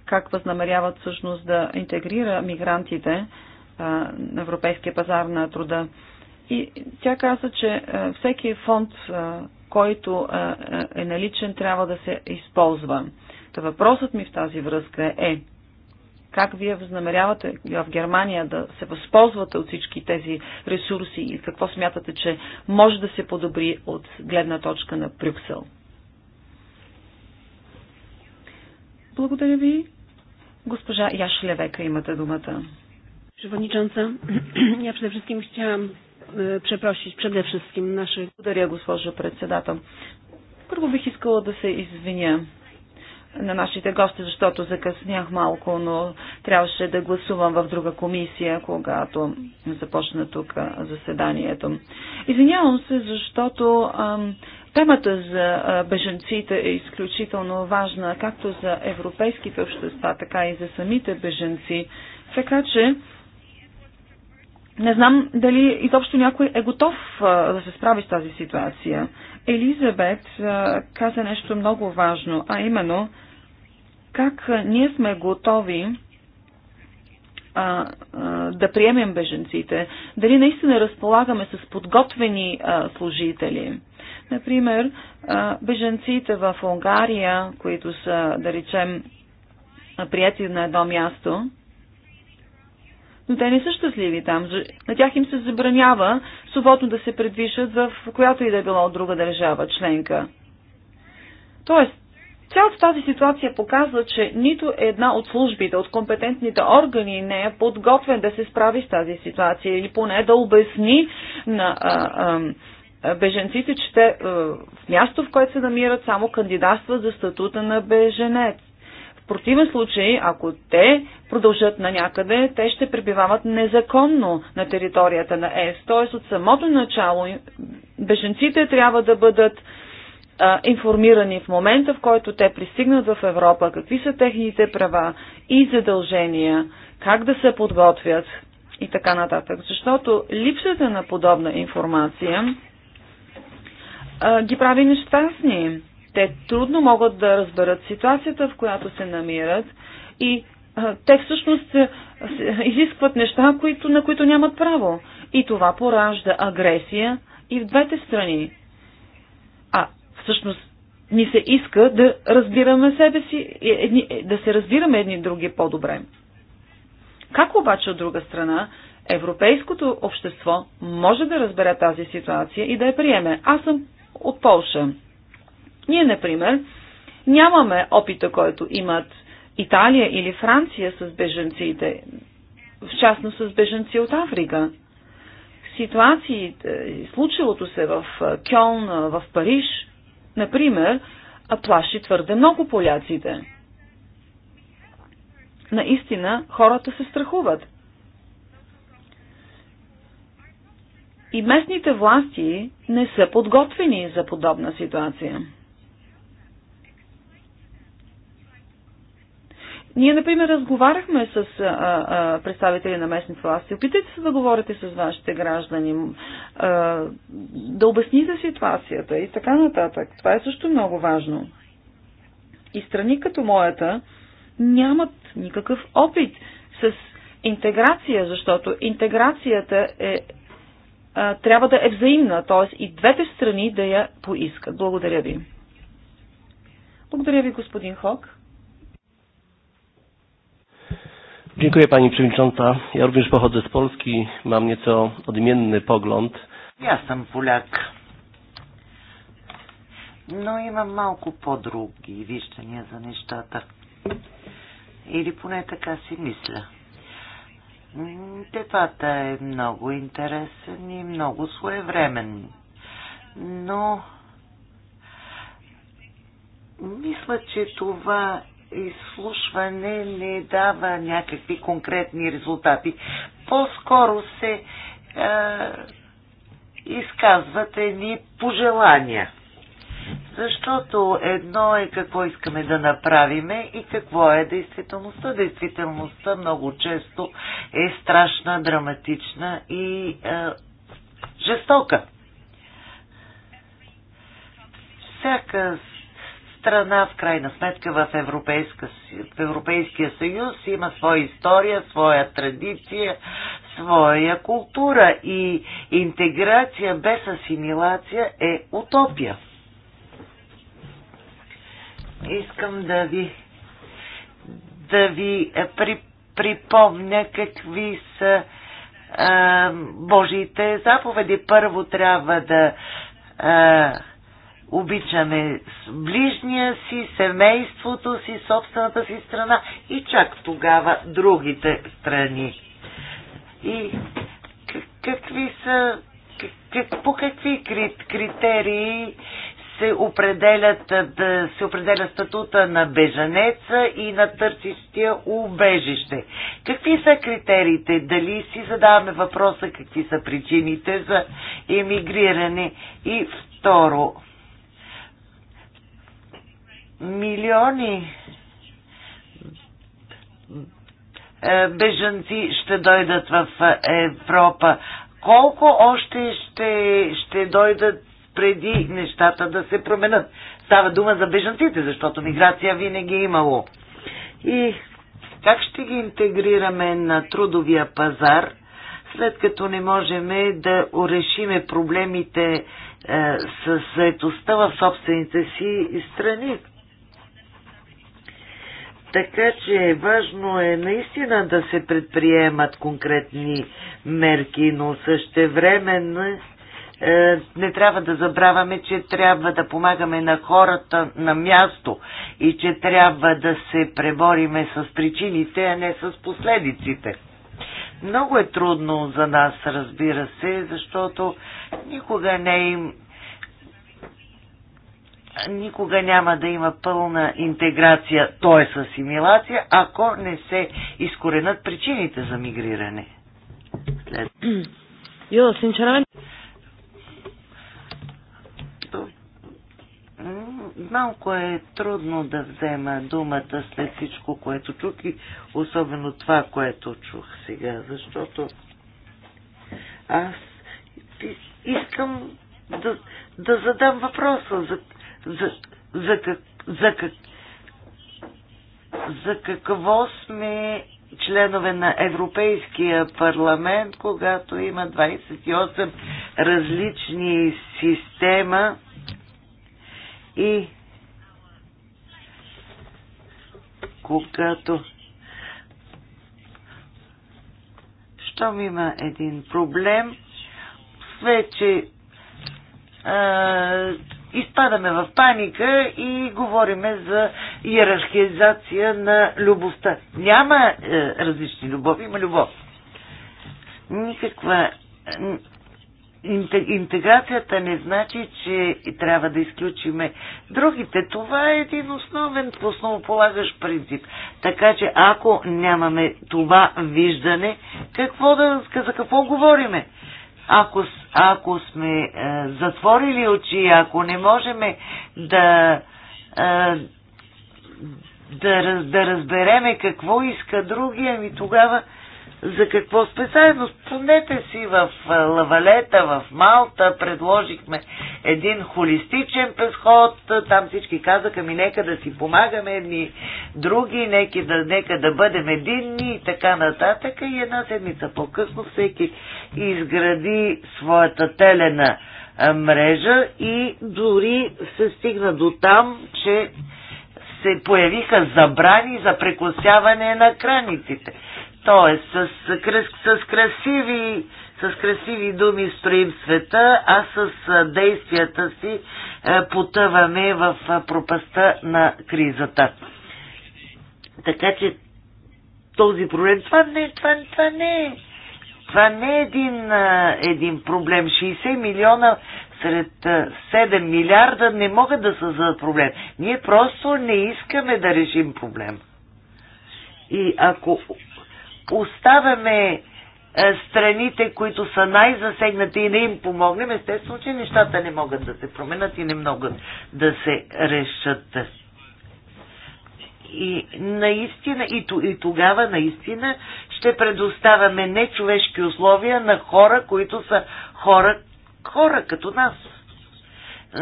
как възнамеряват всъщност да интегрира мигрантите а, на европейския пазар на труда. И тя каза, че а, всеки фонд, а, който а, е наличен, трябва да се използва. Та въпросът ми в тази връзка е как вие възнамерявате в Германия да се възползвате от всички тези ресурси и какво смятате, че може да се подобри от гледна точка на Брюксел? Благодаря ви. Госпожа Яшлевека, имате думата. Przewodnicząca, ja przede wszystkim chciałam e, przeprosić przede wszystkim naszych... Благодаря, госпожо председател. Първо бих искала да се извиня на нашите гости, защото закъснях малко, но трябваше да гласувам в друга комисия, когато започна тук заседанието. Извинявам се, защото ам, темата за беженците е изключително важна, както за европейските общества, така и за самите беженци. Така че не знам дали изобщо някой е готов а, да се справи с тази ситуация. Елизабет а, каза нещо много важно, а именно, как ние сме готови а, а, да приемем беженците, дали наистина разполагаме с подготвени а, служители. Например, а, беженците в Унгария, които са, да речем, прияти на едно място, но те не са щастливи там. На тях им се забранява свободно да се предвижат в която и да е било друга държава членка. Тоест, Цялата тази ситуация показва, че нито една от службите, от компетентните органи не е подготвен да се справи с тази ситуация или поне да обясни на а, а, беженците, че те а, в място, в което се намират, само кандидатстват за статута на беженец. В противен случай, ако те продължат на някъде, те ще пребивават незаконно на територията на ЕС. Т.е. от самото начало беженците трябва да бъдат а, информирани в момента, в който те пристигнат в Европа, какви са техните права и задължения, как да се подготвят и така нататък. Защото липсата на подобна информация а, ги прави нещастни. Те трудно могат да разберат ситуацията, в която се намират и а, те всъщност се, се, изискват неща, които, на които нямат право. И това поражда агресия и в двете страни всъщност ни се иска да разбираме себе си, е, едни, е, да се разбираме едни други по-добре. Как обаче от друга страна европейското общество може да разбере тази ситуация и да я приеме? Аз съм от Полша. Ние, например, нямаме опита, който имат Италия или Франция с беженците, в частност с беженци от Африка. Ситуациите, случилото се в Кьолн, в Париж – например, плаши твърде много поляците. Наистина, хората се страхуват. И местните власти не са подготвени за подобна ситуация. Ние, например, разговаряхме с а, а, представители на местни власти. Опитайте се да говорите с вашите граждани, а, да обясните ситуацията и така нататък. Това е също много важно. И страни като моята нямат никакъв опит с интеграция, защото интеграцията е, а, трябва да е взаимна, т.е. и двете страни да я поискат. Благодаря ви. Благодаря ви, господин Хок. Dziękuję Pani Przewodnicząca. Ja również pochodzę z Polski. Mam nieco odmienny pogląd. Ja jestem Polak. Но имам малко по-други виждания за нещата. Или поне така си мисля. Дебата е много интересен и много своевременен. Но мисля, че това изслушване не дава някакви конкретни резултати. По-скоро се е, изказват едни пожелания. Защото едно е какво искаме да направиме и какво е действителността. Действителността много често е страшна, драматична и е, жестока. Всяка страна, в крайна сметка в, Европейска, в Европейския съюз има своя история, своя традиция, своя култура и интеграция без асимилация е утопия. Искам да ви да ви е, при, припомня какви са а, е, Божиите заповеди. Първо трябва да а, е, обичаме ближния си, семейството си, собствената си страна и чак тогава другите страни. И какви са, как, по какви критерии се определят, да се определя статута на бежанеца и на търсещия убежище. Какви са критериите? Дали си задаваме въпроса какви са причините за емигриране? И второ, милиони е, бежанци ще дойдат в е, Европа. Колко още ще, ще дойдат преди нещата да се променят? Става дума за бежанците, защото миграция винаги е имало. И как ще ги интегрираме на трудовия пазар, след като не можем да решиме проблемите е, с заетостта в собствените си страни? Така че е важно е наистина да се предприемат конкретни мерки, но време е, не трябва да забравяме, че трябва да помагаме на хората на място и че трябва да се пребориме с причините, а не с последиците. Много е трудно за нас, разбира се, защото никога не е им никога няма да има пълна интеграция, т.е. асимилация, ако не се изкоренят причините за мигриране. След. Йо, синчераме... Малко е трудно да взема думата след всичко, което чух и особено това, което чух сега, защото аз искам да, да задам въпроса за за, за, как, за, как, за какво сме членове на Европейския парламент, когато има 28 различни система и когато щом има един проблем, вече а, изпадаме в паника и говориме за иерархизация на любовта. Няма е, различни любови, има любов. Никаква интеграцията не значи, че трябва да изключиме другите. Това е един основен, основополагащ принцип. Така че ако нямаме това виждане, какво да, за какво говориме? Ако ако сме е, затворили очи, ако не можем да, е, да, да разбереме какво иска другия, ми тогава за какво сме заедно. Спомнете си в Лавалета, в Малта, предложихме един холистичен подход. Там всички казаха ми, нека да си помагаме едни други, нека да, нека да бъдем единни и така нататък. И една седмица по-късно всеки изгради своята телена мрежа и дори се стигна до там, че се появиха забрани за прекосяване на краниците. Тоест, с, с, с, красиви, с красиви думи строим света, а с действията си е, потъваме в пропаста на кризата. Така че този проблем, това не, това, това не е. Това не е един, един проблем. 60 милиона сред 7 милиарда не могат да създадат проблем. Ние просто не искаме да решим проблем. И ако оставяме е, страните, които са най-засегнати и не им помогнем, естествено, че нещата не могат да се променят и не могат да се решат. И наистина, и, и тогава наистина ще предоставяме нечовешки условия на хора, които са хора, хора като нас.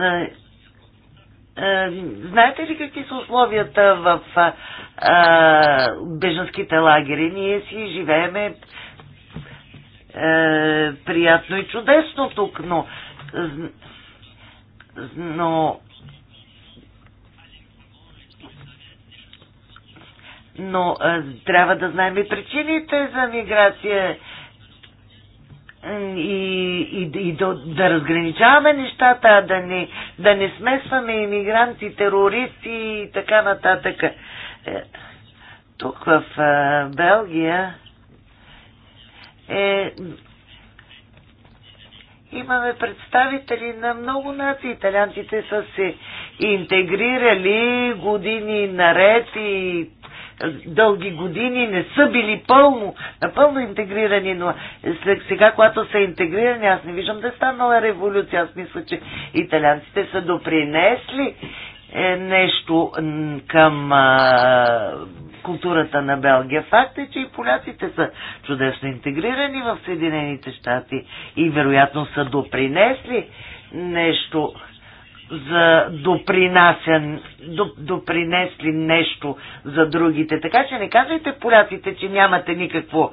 Е, е, знаете ли какви са условията в а, е, е, бежанските лагери? Ние си живееме приятно и чудесно тук, но, но но а, трябва да знаем и причините за миграция и, и, и да, да разграничаваме нещата, да не, да не смесваме иммигранти, терористи и така нататък. Е, тук в а, е, Белгия е, имаме представители на много нации. Италианците са се интегрирали години наред и дълги години не са били пълно, напълно интегрирани, но сега, когато са интегрирани, аз не виждам да е станала революция. Аз мисля, че италианците са допринесли е нещо към а, културата на Белгия. Факт е, че и поляците са чудесно интегрирани в Съединените щати и вероятно са допринесли нещо за допринасен, допринесли нещо за другите. Така че не казвайте поляците, че нямате никакво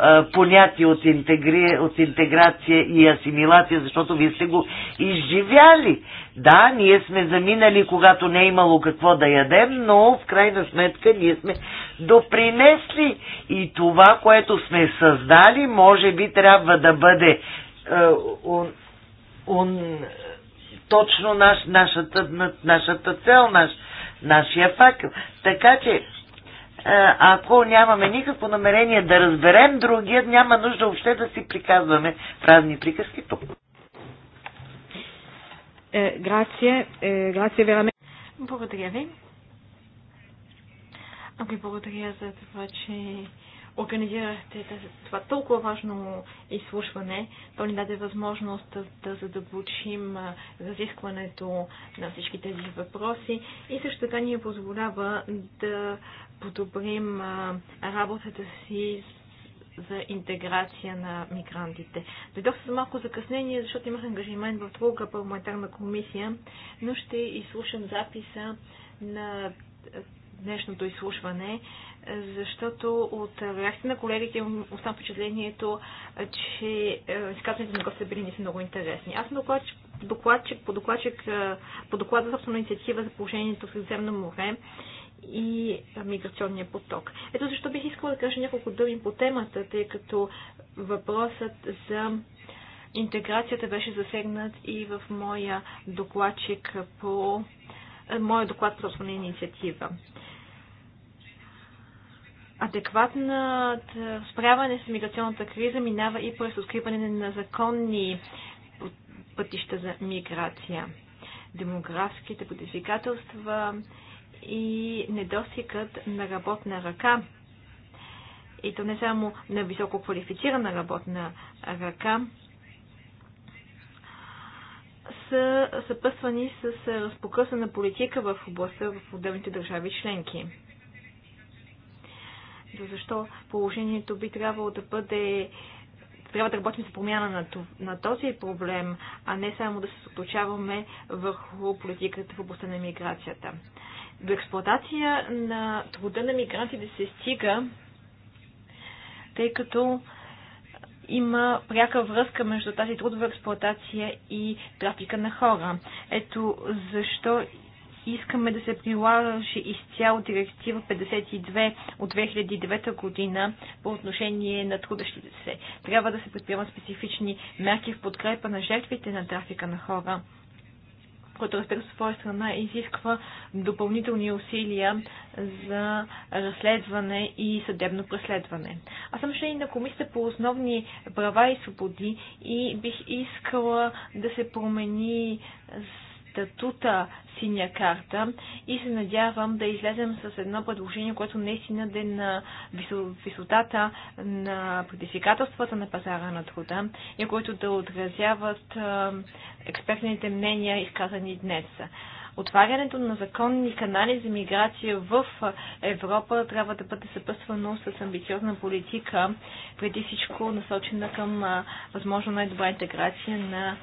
е, понятие от, интегри, от интеграция и асимилация, защото вие сте го изживяли. Да, ние сме заминали, когато не е имало какво да ядем, но в крайна сметка ние сме допринесли и това, което сме създали, може би трябва да бъде е, он, он, точно наш, нашата, нашата цел, наш, нашия факел. Така че, е, ако нямаме никакво намерение да разберем другия, няма нужда въобще да си приказваме празни приказки тук. Е, грация, е, грация вераме. Благодаря ви. Ами благодаря за това, че организирахте това толкова важно изслушване. То ни даде възможност да задълбочим разискването на всички тези въпроси и също така ни е позволява да подобрим работата си за интеграция на мигрантите. Дойдох с малко закъснение, защото имах ангажимент в друга парламентарна комисия, но ще изслушам записа на днешното изслушване защото от реакция на колегите оставам впечатлението, че е, изказването на госта били не са много интересни. Аз съм докладчик, докладчик, по, докладчик, е, по доклада за собствена инициатива за положението в Средиземно море и е, миграционния поток. Ето защо бих искала да кажа няколко думи по темата, тъй като въпросът за интеграцията беше засегнат и в моя докладчик по моя доклад по собствена инициатива. Адекватната справяне с миграционната криза минава и през откриване на законни пътища за миграция. Демографските предизвикателства и недостигът на работна ръка. И то не само на високо квалифицирана работна ръка, са съпъствани с разпокъсана политика в областта в отделните държави членки защо положението би трябвало да бъде трябва да работим за промяна на този проблем, а не само да се съточаваме върху политиката в областта на миграцията. До експлуатация на труда на мигрантите да се стига, тъй като има пряка връзка между тази трудова експлуатация и трафика на хора. Ето защо искаме да се прилагаше изцяло директива 52 от 2009 година по отношение на трудещите се. Трябва да се предприемат специфични мерки в подкрепа на жертвите на трафика на хора което разбира от своя страна изисква допълнителни усилия за разследване и съдебно преследване. Аз съм член на Комисията по основни права и свободи и бих искала да се промени статута синя карта и се надявам да излезем с едно предложение, което наистина да е на висотата на предизвикателствата на пазара на труда и които да отразяват експертните мнения, изказани днес. Отварянето на законни канали за миграция в Европа трябва да бъде съпъсвано с амбициозна политика, преди всичко насочена към възможно най-добра интеграция на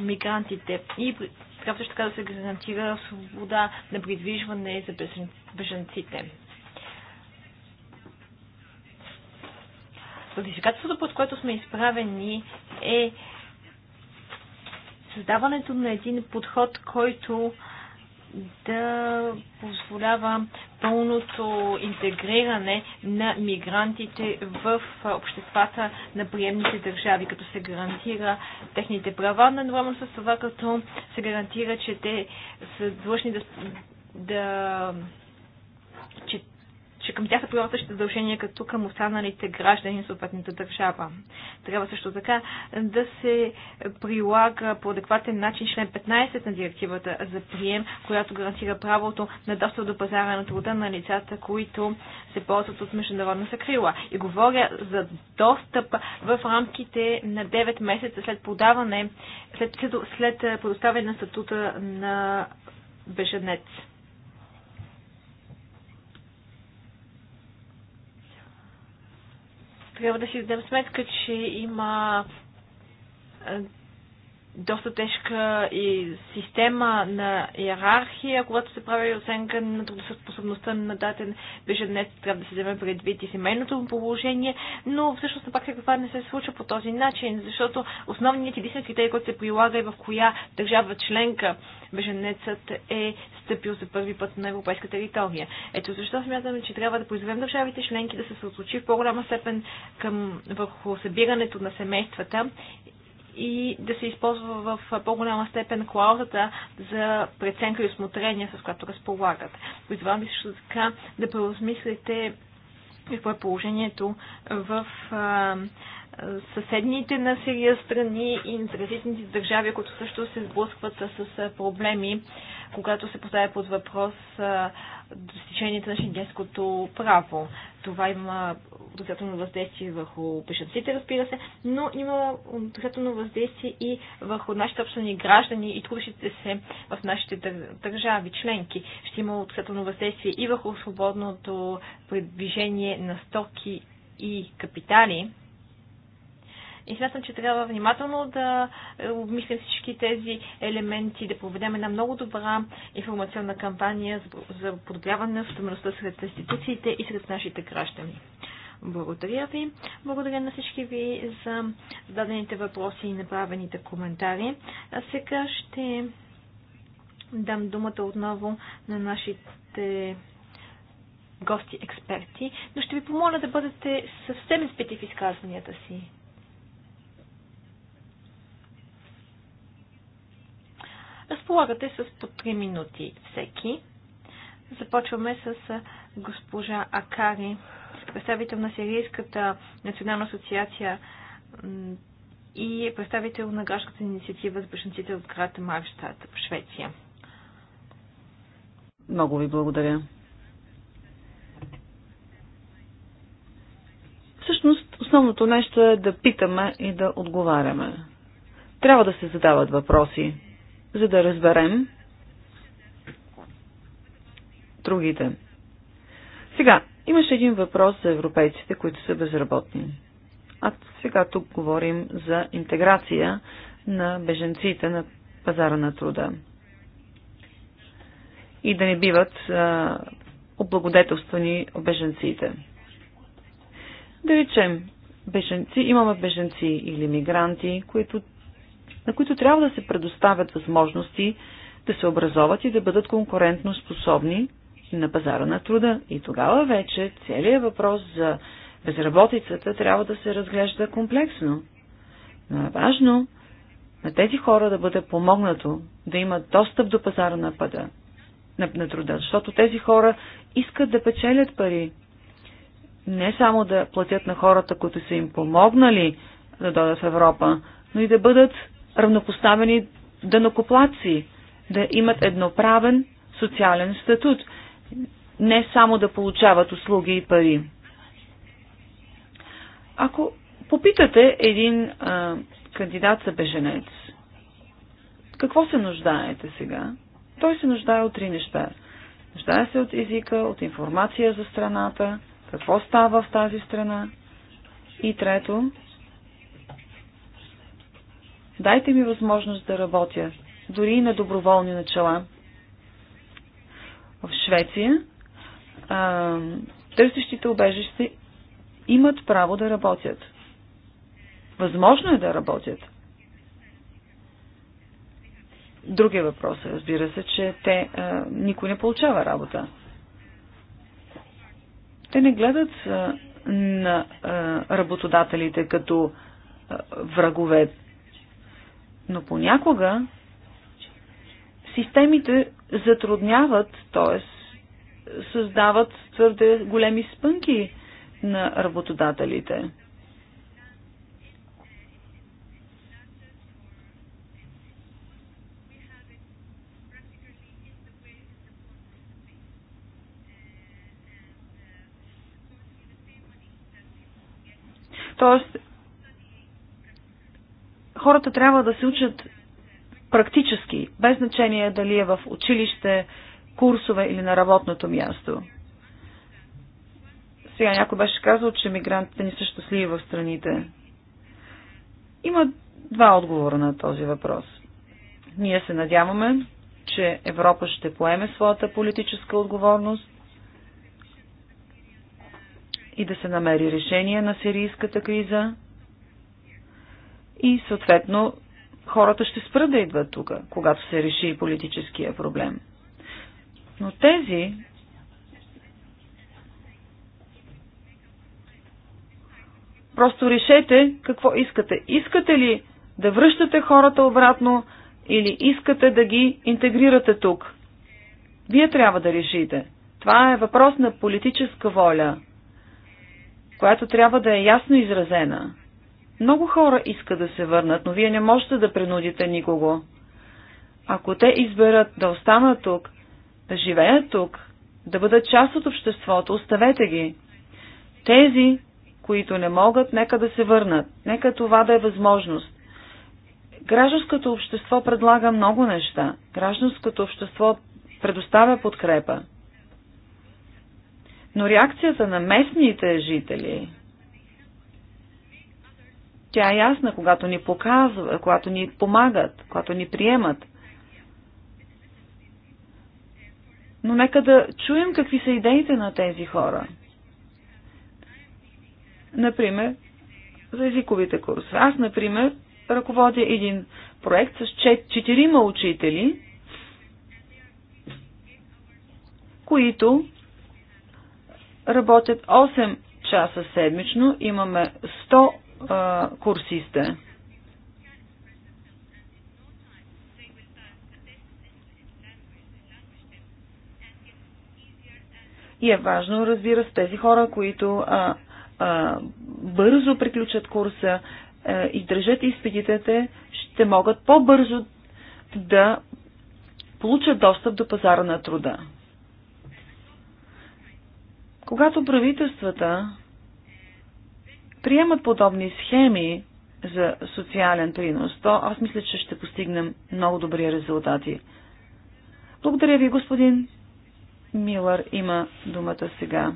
мигрантите. И трябва също така да се гарантира свобода на придвижване за бежанците. Предизвикателството, под което сме изправени, е създаването на един подход, който да позволява пълното интегриране на мигрантите в обществата на приемните държави, като се гарантира техните права, но едновременно с това, като се гарантира, че те са длъжни да, да че че към тях се прилагат същите задължения, като към останалите граждани на съответната държава. Трябва също така да се прилага по адекватен начин член 15 на директивата за прием, която гарантира правото на достъп до пазара на труда на лицата, които се ползват от международна закрила. И говоря за достъп в рамките на 9 месеца след подаване, след, след, след предоставяне на статута на беженец. Трябва да си дадем сметка, че има доста тежка и система на иерархия, когато се прави оценка на трудоспособността на даден беженец, трябва да се вземе предвид и семейното му положение, но всъщност пак сега това не се случва по този начин, защото основният единствен критерий, който се прилага и е в коя държава членка беженецът е стъпил за първи път на европейска територия. Ето защо смятаме, че трябва да произведем държавите членки да се съсочи в по-голяма степен към, върху събирането на семействата и да се използва в по-голяма степен клаузата за преценка и осмотрение, с която разполагат. Призвам ви също така да преосмислите какво е положението в съседните на Сирия страни и на транзитните държави, които също се сблъскват с проблеми, когато се поставя под въпрос достижението на шенгенското право. Това има отрицателно въздействие върху бежанците, разбира се, но има отрицателно въздействие и върху нашите обществени граждани и трудещите се в нашите държави, членки. Ще има отрицателно въздействие и върху свободното предвижение на стоки и капитали, и смятам, че трябва внимателно да е, обмислим всички тези елементи, да проведем една много добра информационна кампания за подобряване на стабилността сред институциите и сред нашите граждани. Благодаря ви. Благодаря на всички ви за зададените въпроси и направените коментари. А сега ще дам думата отново на нашите гости-експерти, но ще ви помоля да бъдете съвсем изпити в изказванията си. Разполагате с по 3 минути всеки. Започваме с госпожа Акари, представител на Сирийската национална асоциация и е представител на гражданската инициатива с бешенците от град Марштад в Швеция. Много ви благодаря. Всъщност, основното нещо е да питаме и да отговаряме. Трябва да се задават въпроси, за да разберем другите. Сега, имаше един въпрос за европейците, които са безработни. А сега тук говорим за интеграция на беженците на пазара на труда. И да не биват а, облагодетелствани беженците. Да речем, беженци, имаме беженци или мигранти, които на които трябва да се предоставят възможности да се образоват и да бъдат конкурентно способни на пазара на труда. И тогава вече целият въпрос за безработицата трябва да се разглежда комплексно. Но е важно на тези хора да бъде помогнато да имат достъп до пазара на, пъда, на, на труда, защото тези хора искат да печелят пари. Не само да платят на хората, които са им помогнали да дойдат в Европа, но и да бъдат равнопоставени дънокоплаци, да имат едноправен социален статут, не само да получават услуги и пари. Ако попитате един а, кандидат за беженец, какво се нуждаете сега? Той се нуждае от три неща. Нуждае се от езика, от информация за страната, какво става в тази страна. И трето, Дайте ми възможност да работя, дори и на доброволни начала. В Швеция а, търсещите обежище имат право да работят. Възможно е да работят. Другия въпрос е, разбира се, че те а, никой не получава работа. Те не гледат а, на а, работодателите като а, врагове. Но понякога системите затрудняват, т.е. създават твърде големи спънки на работодателите. Тоест, хората трябва да се учат практически, без значение дали е в училище, курсове или на работното място. Сега някой беше казал, че мигрантите ни са щастливи в страните. Има два отговора на този въпрос. Ние се надяваме, че Европа ще поеме своята политическа отговорност и да се намери решение на сирийската криза и съответно хората ще спрат да идват тук, когато се реши политическия проблем. Но тези, Просто решете какво искате. Искате ли да връщате хората обратно или искате да ги интегрирате тук? Вие трябва да решите. Това е въпрос на политическа воля, която трябва да е ясно изразена. Много хора искат да се върнат, но вие не можете да принудите никого. Ако те изберат да останат тук, да живеят тук, да бъдат част от обществото, оставете ги. Тези, които не могат, нека да се върнат. Нека това да е възможност. Гражданското общество предлага много неща. Гражданското общество предоставя подкрепа. Но реакцията на местните жители тя е ясна, когато ни показва, когато ни помагат, когато ни приемат. Но нека да чуем какви са идеите на тези хора. Например, за езиковите курсове. Аз, например, ръководя един проект с четирима учители, които работят 8 часа седмично. Имаме 100 а, курсисте. И е важно, разбира се, тези хора, които а, а, бързо приключат курса а, и държат изпитите, ще могат по-бързо да получат достъп до пазара на труда. Когато правителствата приемат подобни схеми за социален принос, то аз мисля, че ще постигнем много добри резултати. Благодаря ви, господин Милър има думата сега.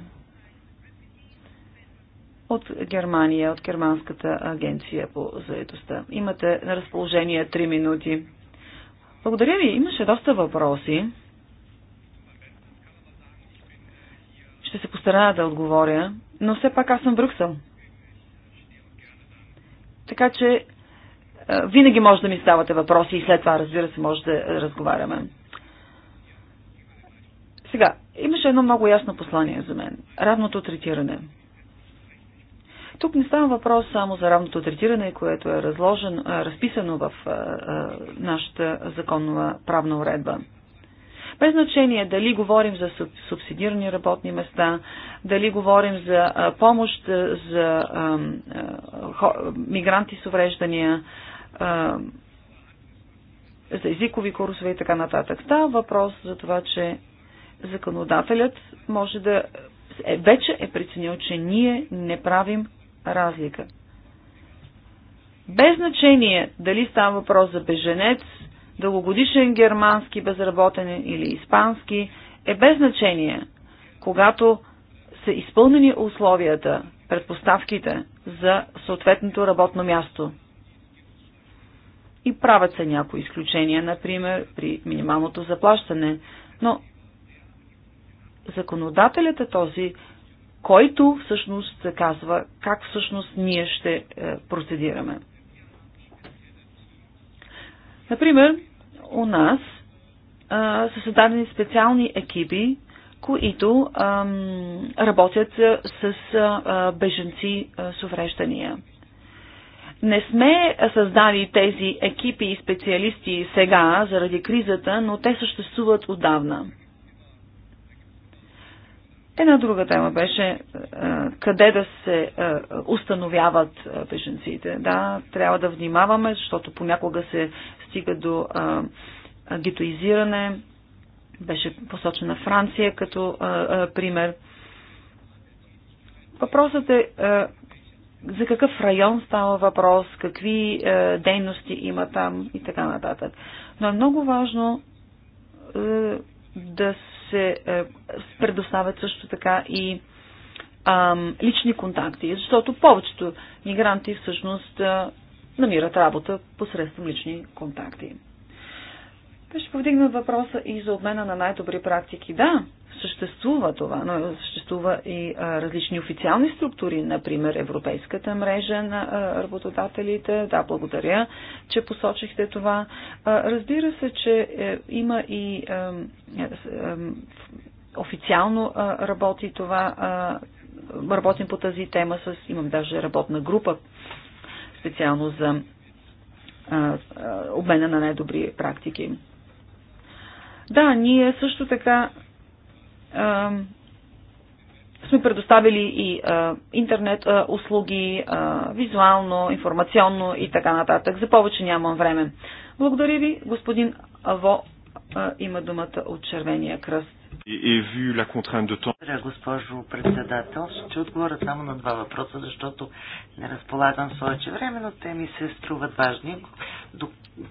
От Германия, от Германската агенция по заедостта. Имате на разположение 3 минути. Благодаря ви, имаше доста въпроси. Ще се постарая да отговоря, но все пак аз съм в Брюксел. Така че е, винаги може да ми ставате въпроси и след това, разбира се, може да разговаряме. Сега, имаше едно много ясно послание за мен. Равното третиране. Тук не става въпрос само за равното третиране, което е разложен, е, разписано в е, нашата законова правна уредба. Без значение дали говорим за субсидирани работни места, дали говорим за помощ за мигранти с увреждания, за езикови курсове и така нататък. Става въпрос за това, че законодателят може да е, вече е преценил, че ние не правим разлика. Без значение дали става въпрос за беженец, дългогодишен германски безработен или испански, е без значение, когато са изпълнени условията, предпоставките за съответното работно място. И правят се някои изключения, например при минималното заплащане, но законодателят е този, който всъщност се казва как всъщност ние ще е, процедираме. Например, у нас а, са създадени специални екипи, които ам, работят с а, беженци а, с увреждания. Не сме създали тези екипи и специалисти сега заради кризата, но те съществуват отдавна. Една друга тема беше къде да се установяват беженците. Да, трябва да внимаваме, защото понякога се стига до а, гетоизиране. Беше посочена Франция като а, а, пример. Въпросът е а, за какъв район става въпрос, какви а, дейности има там и така нататък. Но е много важно а, да се а, предоставят също така и а, лични контакти, защото повечето мигранти всъщност. А, намират работа посредством лични контакти. Беше повдигнат въпроса и за обмена на най-добри практики. Да, съществува това, но съществува и а, различни официални структури, например Европейската мрежа на а, работодателите. Да, благодаря, че посочихте това. А, разбира се, че е, има и е, е, официално работи това, работим по тази тема, с, имам даже работна група специално за обмена на най-добри практики. Да, ние също така а, сме предоставили и а, интернет а, услуги, а, визуално, информационно и така нататък. За повече нямам време. Благодаря ви, господин Аво а, има думата от Червения кръст. Благодаря, госпожо председател. Ще отговоря само на два въпроса, защото не разполагам с повече време, но те ми се струват важни.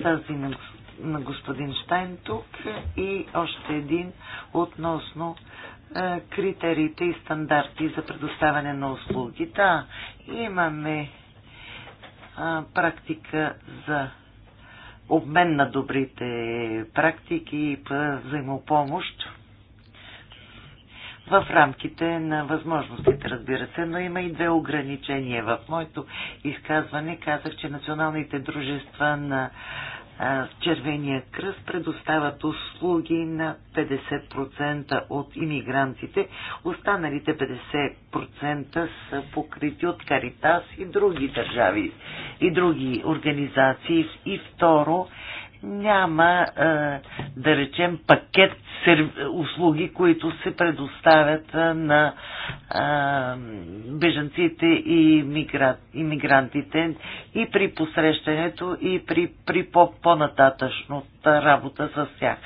Тази на, на господин Штайн тук и още един относно е, критериите и стандарти за предоставяне на услуги. Да, имаме е, практика за обмен на добрите практики и взаимопомощ в рамките на възможностите, разбира се, но има и две ограничения. В моето изказване казах, че националните дружества на Червения кръст предоставят услуги на 50% от иммигрантите. Останалите 50% са покрити от Каритас и други държави и други организации. И второ, няма, е, да речем, пакет услуги, които се предоставят е, на е, бежанците и иммигрантите и при посрещането, и при, при по-нататъчната работа с тях.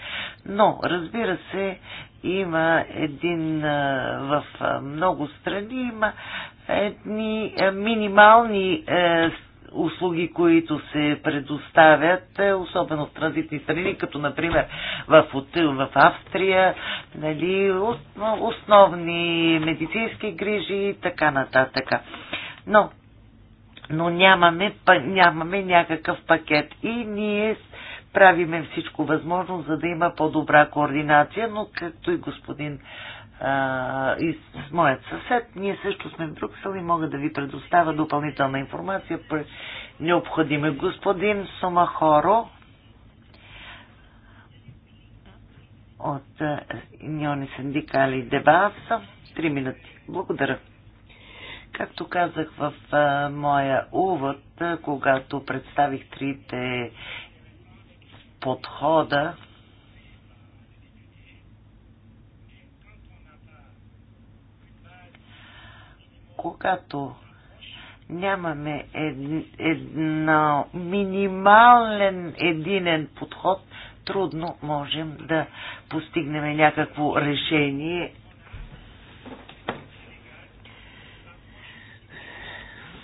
Но, разбира се, има един в много страни, има едни минимални услуги, които се предоставят, е, особено в транзитни страни, като например в, в Австрия, нали, основни медицински грижи и така нататък. Но, но нямаме, нямаме някакъв пакет и ние правиме всичко възможно, за да има по-добра координация, но както и господин и с моят съсед. Ние също сме в Брюксел и мога да ви предоставя допълнителна информация при необходиме. Господин Сомахоро от Ньони Синдикали Дебаса. Три минути. Благодаря. Както казах в а, моя увод, а, когато представих трите подхода, когато нямаме едно минимален единен подход, трудно можем да постигнем някакво решение.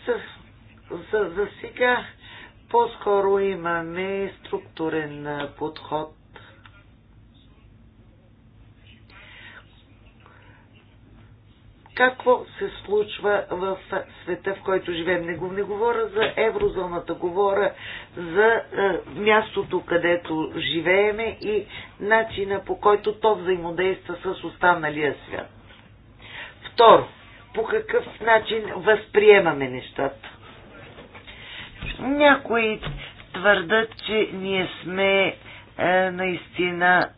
За, за, за сега по-скоро имаме структурен подход какво се случва в света, в който живеем. Не, го, не говоря за еврозоната, говоря за е, мястото, където живееме и начина по който то взаимодейства с останалия свят. Второ, по какъв начин възприемаме нещата. Някои твърдат, че ние сме е, наистина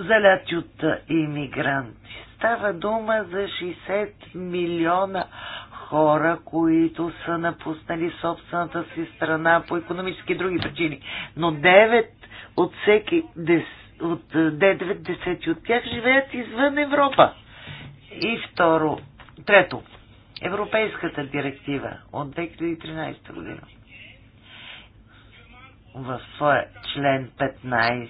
заляти от иммигранти. Става дума за 60 милиона хора, които са напуснали собствената си страна по економически и други причини. Но 9 от всеки 10, от 9 десети от тях живеят извън Европа. И второ, трето, Европейската директива от 2013 година в своя член 15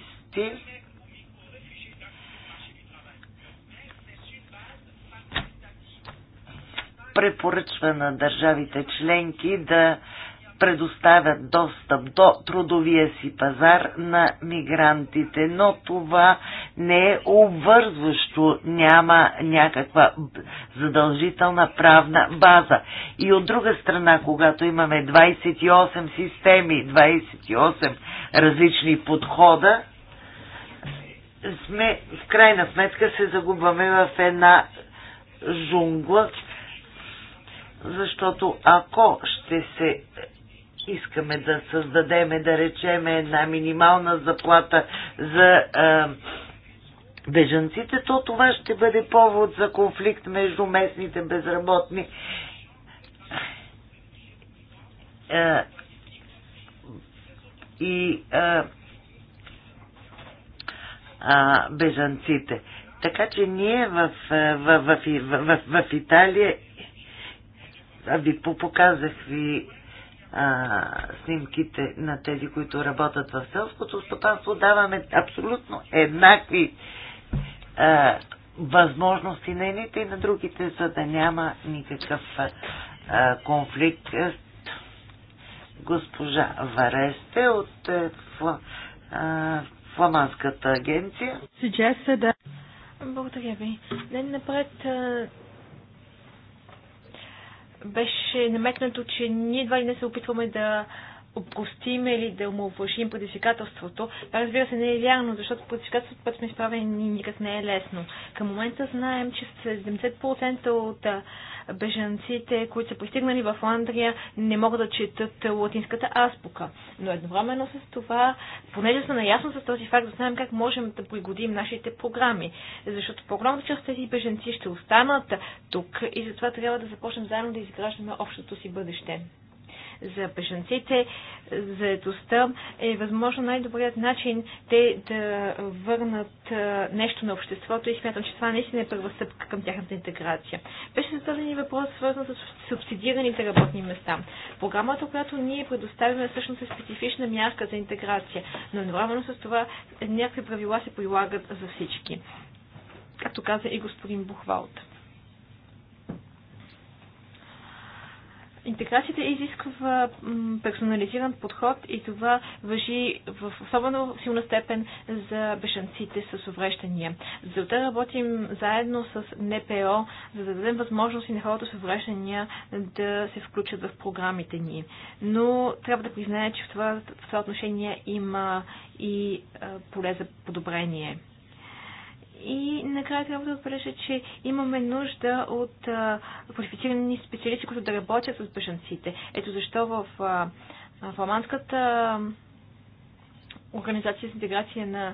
препоръчва на държавите членки да предоставят достъп до трудовия си пазар на мигрантите, но това не е обвързващо, няма някаква задължителна правна база. И от друга страна, когато имаме 28 системи, 28 различни подхода, сме, в крайна сметка се загубваме в една жунгла, в защото ако ще се искаме да създадеме, да речеме, една минимална заплата за а, бежанците, то това ще бъде повод за конфликт между местните безработни. А, и а, а, бежанците. Така че ние в, в, в, в, в, в Италия ви показах ви а, снимките на тези, които работят в селското стопанство, даваме абсолютно еднакви а, възможности на едните и на другите, за да няма никакъв а, конфликт. Госпожа Варесте от е, фла, а, Фламандската агенция. Благодаря ви. Ден напред беше наметнато, че ние едва ли не се опитваме да обгостим или да му уважим предизвикателството. Това разбира се не е вярно, защото предизвикателството, което сме изправени, никак не е лесно. Към момента знаем, че 70% от бежанците, които са пристигнали в Ландрия, не могат да четат латинската азбука. Но едновременно с това, понеже сме наясно с този факт, да знаем как можем да пригодим нашите програми. Защото по-голямата част от тези бежанци ще останат тук и затова трябва да започнем заедно да изграждаме общото си бъдеще за бежанците. Заедостта е възможно най-добрият начин те да върнат нещо на обществото и смятам, че това наистина е първа стъпка към тяхната интеграция. Беше зададен и въпрос, свързан с субсидираните работни места. Програмата, която ние предоставяме, всъщност е специфична мярка за интеграция, но едновременно с това някакви правила се прилагат за всички. Както каза и господин Бухвалт. Интеграцията изисква персонализиран подход и това въжи в особено силна степен за бешанците с увреждания. За да работим заедно с НПО, за да дадем възможност и на хората с увреждания да се включат в програмите ни. Но трябва да призная, че в това, в това отношение има и поле за подобрение. И накрая трябва да отбележа, че имаме нужда от а, квалифицирани специалисти, които да работят с бежанците. Ето защо в а, фламандската организация за интеграция на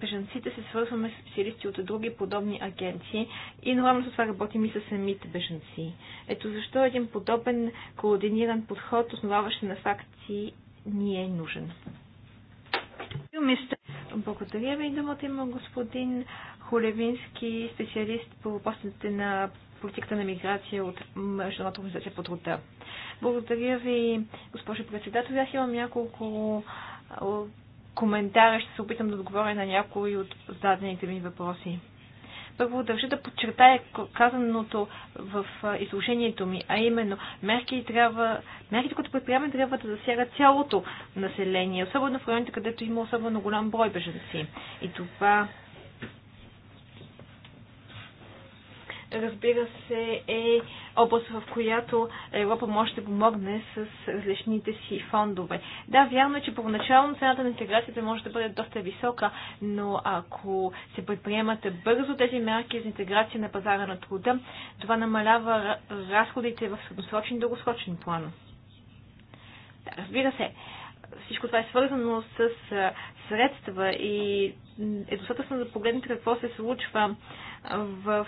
бежанците се свързваме с специалисти от други подобни агенции и нормално с това работим и с самите бежанци. Ето защо един подобен координиран подход, основаващ на факти, ни е нужен. Мистер благодаря ви. Думата има господин Холевински, специалист по въпросите на политиката на миграция от Международната организация по труда. Благодаря ви, госпожо председател. Аз имам няколко коментара. Ще се опитам да отговоря на някои от зададените ми въпроси. Първо държа да подчертая казаното в изложението ми, а именно мерки трябва, мерките, които предприемаме, трябва да засягат цялото население, особено в районите, където има особено голям брой беженци. И това разбира се, е област, в която Европа може да помогне с различните си фондове. Да, вярно е, че първоначално цената на интеграцията може да бъде доста висока, но ако се предприемат бързо тези мерки за интеграция на пазара на труда, това намалява разходите в средносрочен и дългосрочен план. Да, разбира се, всичко това е свързано с средства и е достатъчно да погледнете какво се случва в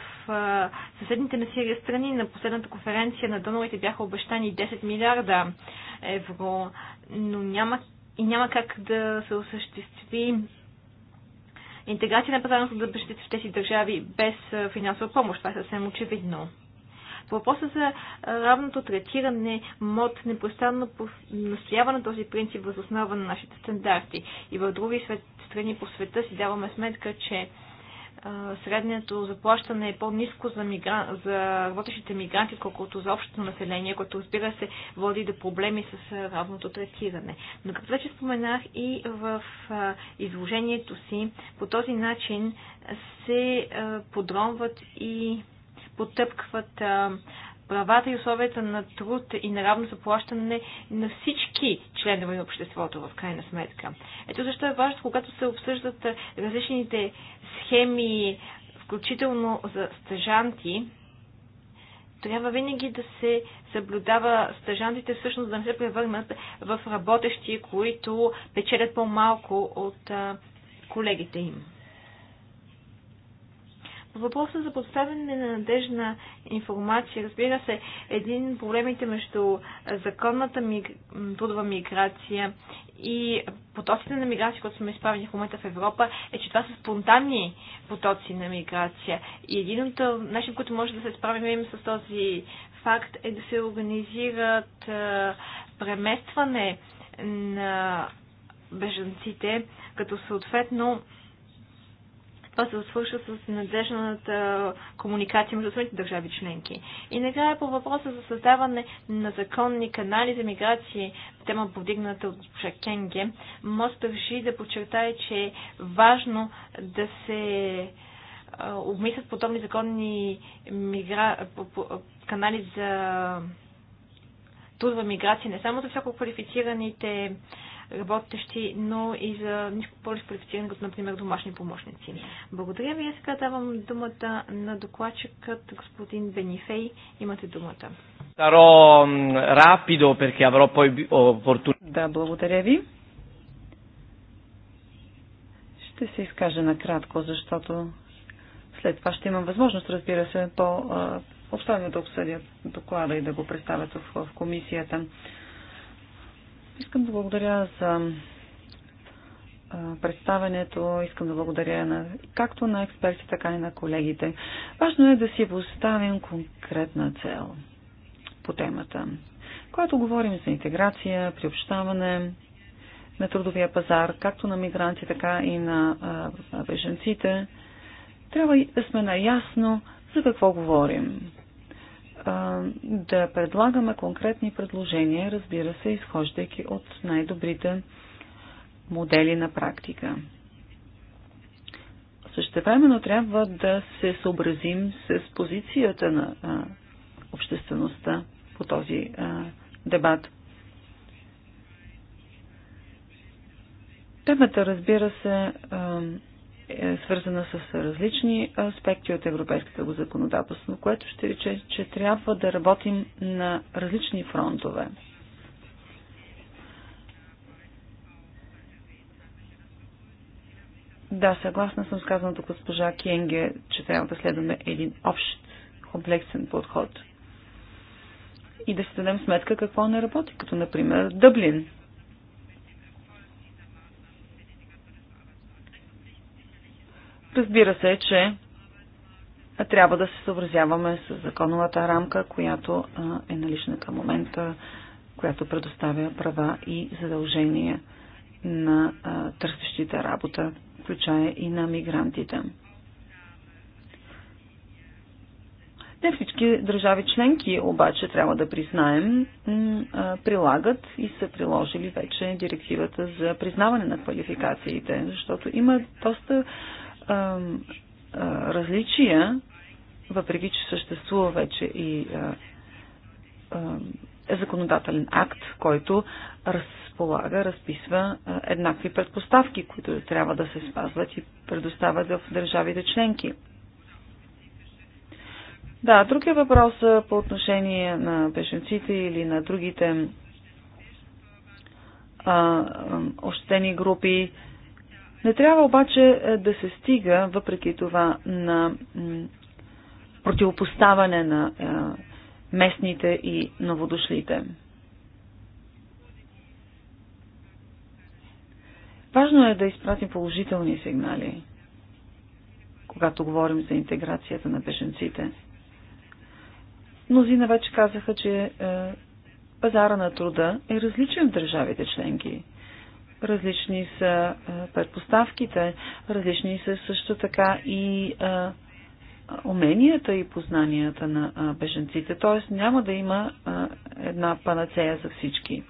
съседните на Сирия страни. На последната конференция на донорите бяха обещани 10 милиарда евро, но няма и няма как да се осъществи интеграция на пазарното да бъдещите в тези държави без финансова помощ. Това е съвсем очевидно. Въпросът за равното третиране, МОД непрестанно настоява на този принцип въз основа на нашите стандарти. И в други страни по света си даваме сметка, че средното заплащане е по-низко за, мигра... за работещите мигранти, колкото за общото население, което разбира се води до проблеми с равното третиране. Но както вече споменах и в изложението си, по този начин се подронват и потъпкват правата и условията на труд и на равно заплащане на всички членове на обществото, в крайна сметка. Ето защо е важно, когато се обсъждат различните схеми, включително за стъжанти, трябва винаги да се съблюдава стъжантите всъщност да не се превърнат в работещи, които печелят по-малко от колегите им въпроса за подставяне на надежна информация, разбира се, един от проблемите между законната миг... трудова миграция и потоците на миграция, които сме изправени в момента в Европа, е, че това са спонтанни потоци на миграция. И един от начин, който може да се справим им с този факт е да се организират преместване на бежанците, като съответно това се свършва с надежната комуникация между самите държави членки. И накрая по въпроса за създаване на законни канали за миграции, тема повдигната от госпожа Кенге, МОС реши да подчертае, че е важно да се обмислят подобни законни мигра... канали за трудова миграция не само за всяко квалифицираните работещи, но и за ниско по-квалифицирани, като например домашни помощници. Благодаря ви. Сега давам думата на докладчикът господин Бенифей. Имате думата. Старо рапидо, perché avrò poi Да, благодаря ви. Ще се изкажа накратко, защото след това ще имам възможност, разбира се, по-обстойно да обсъдят доклада и да го представят в комисията. Искам да благодаря за представянето. Искам да благодаря на, както на експертите, така и на колегите. Важно е да си поставим конкретна цел по темата. Когато говорим за интеграция, приобщаване на трудовия пазар, както на мигранти, така и на беженците, трябва да сме наясно за какво говорим да предлагаме конкретни предложения, разбира се, изхождайки от най-добрите модели на практика. Същевременно трябва да се съобразим с позицията на а, обществеността по този а, дебат. Темата, разбира се, а, е свързана с различни аспекти от европейската го законодателство, което ще рече, че трябва да работим на различни фронтове. Да, съгласна съм с казаното госпожа Кенге, че трябва да следваме един общ комплексен подход и да си дадем сметка какво не работи, като например Дъблин – Разбира се, че трябва да се съобразяваме с законовата рамка, която е налична към момента, която предоставя права и задължения на търсещите работа, включая и на мигрантите. Не всички държави членки обаче трябва да признаем прилагат и са приложили вече директивата за признаване на квалификациите, защото има доста а, а, различия, въпреки че съществува вече и а, а, законодателен акт, който разполага, разписва а, еднакви предпоставки, които трябва да се спазват и предоставят в държавите членки. Да, другия е въпрос по отношение на беженците или на другите а, ощетени групи. Не трябва обаче е, да се стига, въпреки това, на противопоставане на е, местните и новодошлите. Важно е да изпратим положителни сигнали, когато говорим за интеграцията на беженците. Мнозина вече казаха, че е, пазара на труда е различен в държавите членки. Различни са предпоставките, различни са също така и уменията и познанията на беженците, т.е. няма да има една панацея за всички.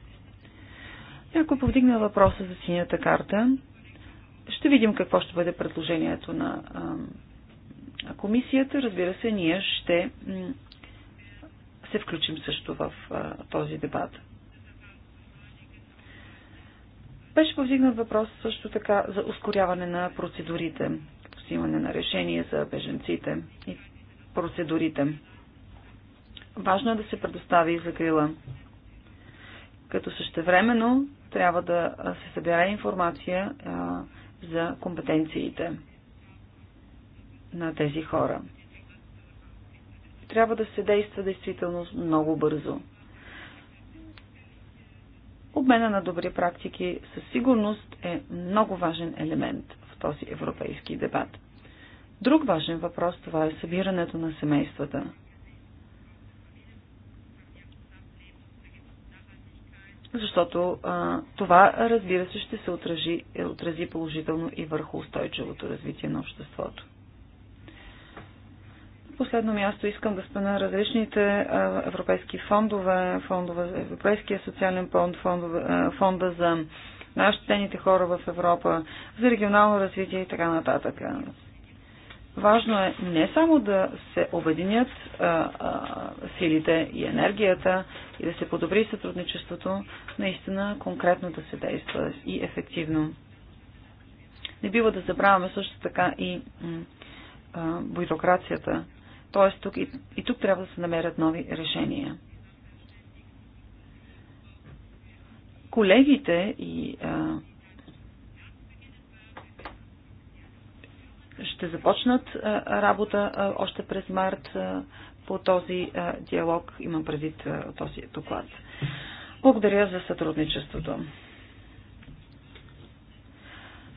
Някой повдигна въпроса за синята карта. Ще видим какво ще бъде предложението на комисията. Разбира се, ние ще се включим също в този дебат. Беше повдигнат въпрос също така за ускоряване на процедурите, взимане на решение за беженците и процедурите. Важно е да се предостави закрила. Като същевременно трябва да се събира информация а, за компетенциите на тези хора. Трябва да се действа действително много бързо. Обмена на добри практики със сигурност е много важен елемент в този европейски дебат. Друг важен въпрос това е събирането на семействата. Защото а, това, разбира се, ще се отрази, е, отрази положително и върху устойчивото развитие на обществото последно място искам да спомена различните европейски фондове, фондове за Европейския социален фонд, фондове, фонда за нашите хора в Европа, за регионално развитие и така нататък. Важно е не само да се обединят а, а, силите и енергията и да се подобри сътрудничеството, наистина конкретно да се действа и ефективно. Не бива да забравяме също така и бюрокрацията. Т.е. тук и, и тук трябва да се намерят нови решения. Колегите и а, ще започнат а, работа а, още през март а, по този а, диалог, имам предвид а, този доклад. Благодаря за сътрудничеството.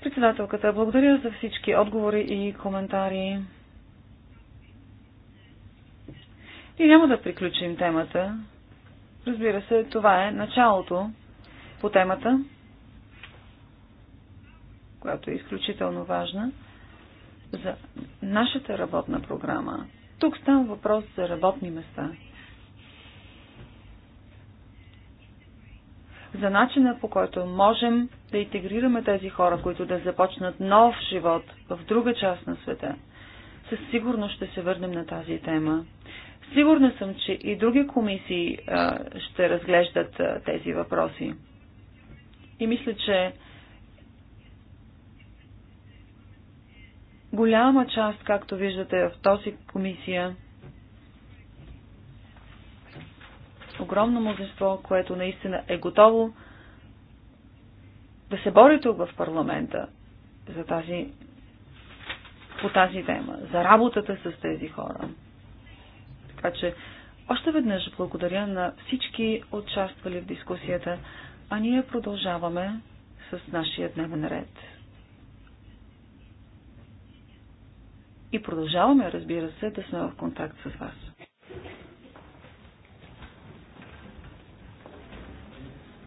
Председателката, благодаря за всички отговори и коментари. И няма да приключим темата. Разбира се, това е началото по темата, която е изключително важна за нашата работна програма. Тук става въпрос за работни места. За начина по който можем да интегрираме тези хора, които да започнат нов живот в друга част на света. Със сигурност ще се върнем на тази тема. Сигурна съм, че и други комисии а, ще разглеждат а, тези въпроси. И мисля, че голяма част, както виждате в този комисия, огромно мнозинство, което наистина е готово да се бори тук в парламента за тази, по тази тема, за работата с тези хора. Така че още веднъж благодаря на всички участвали в дискусията, а ние продължаваме с нашия дневен ред. И продължаваме, разбира се, да сме в контакт с вас.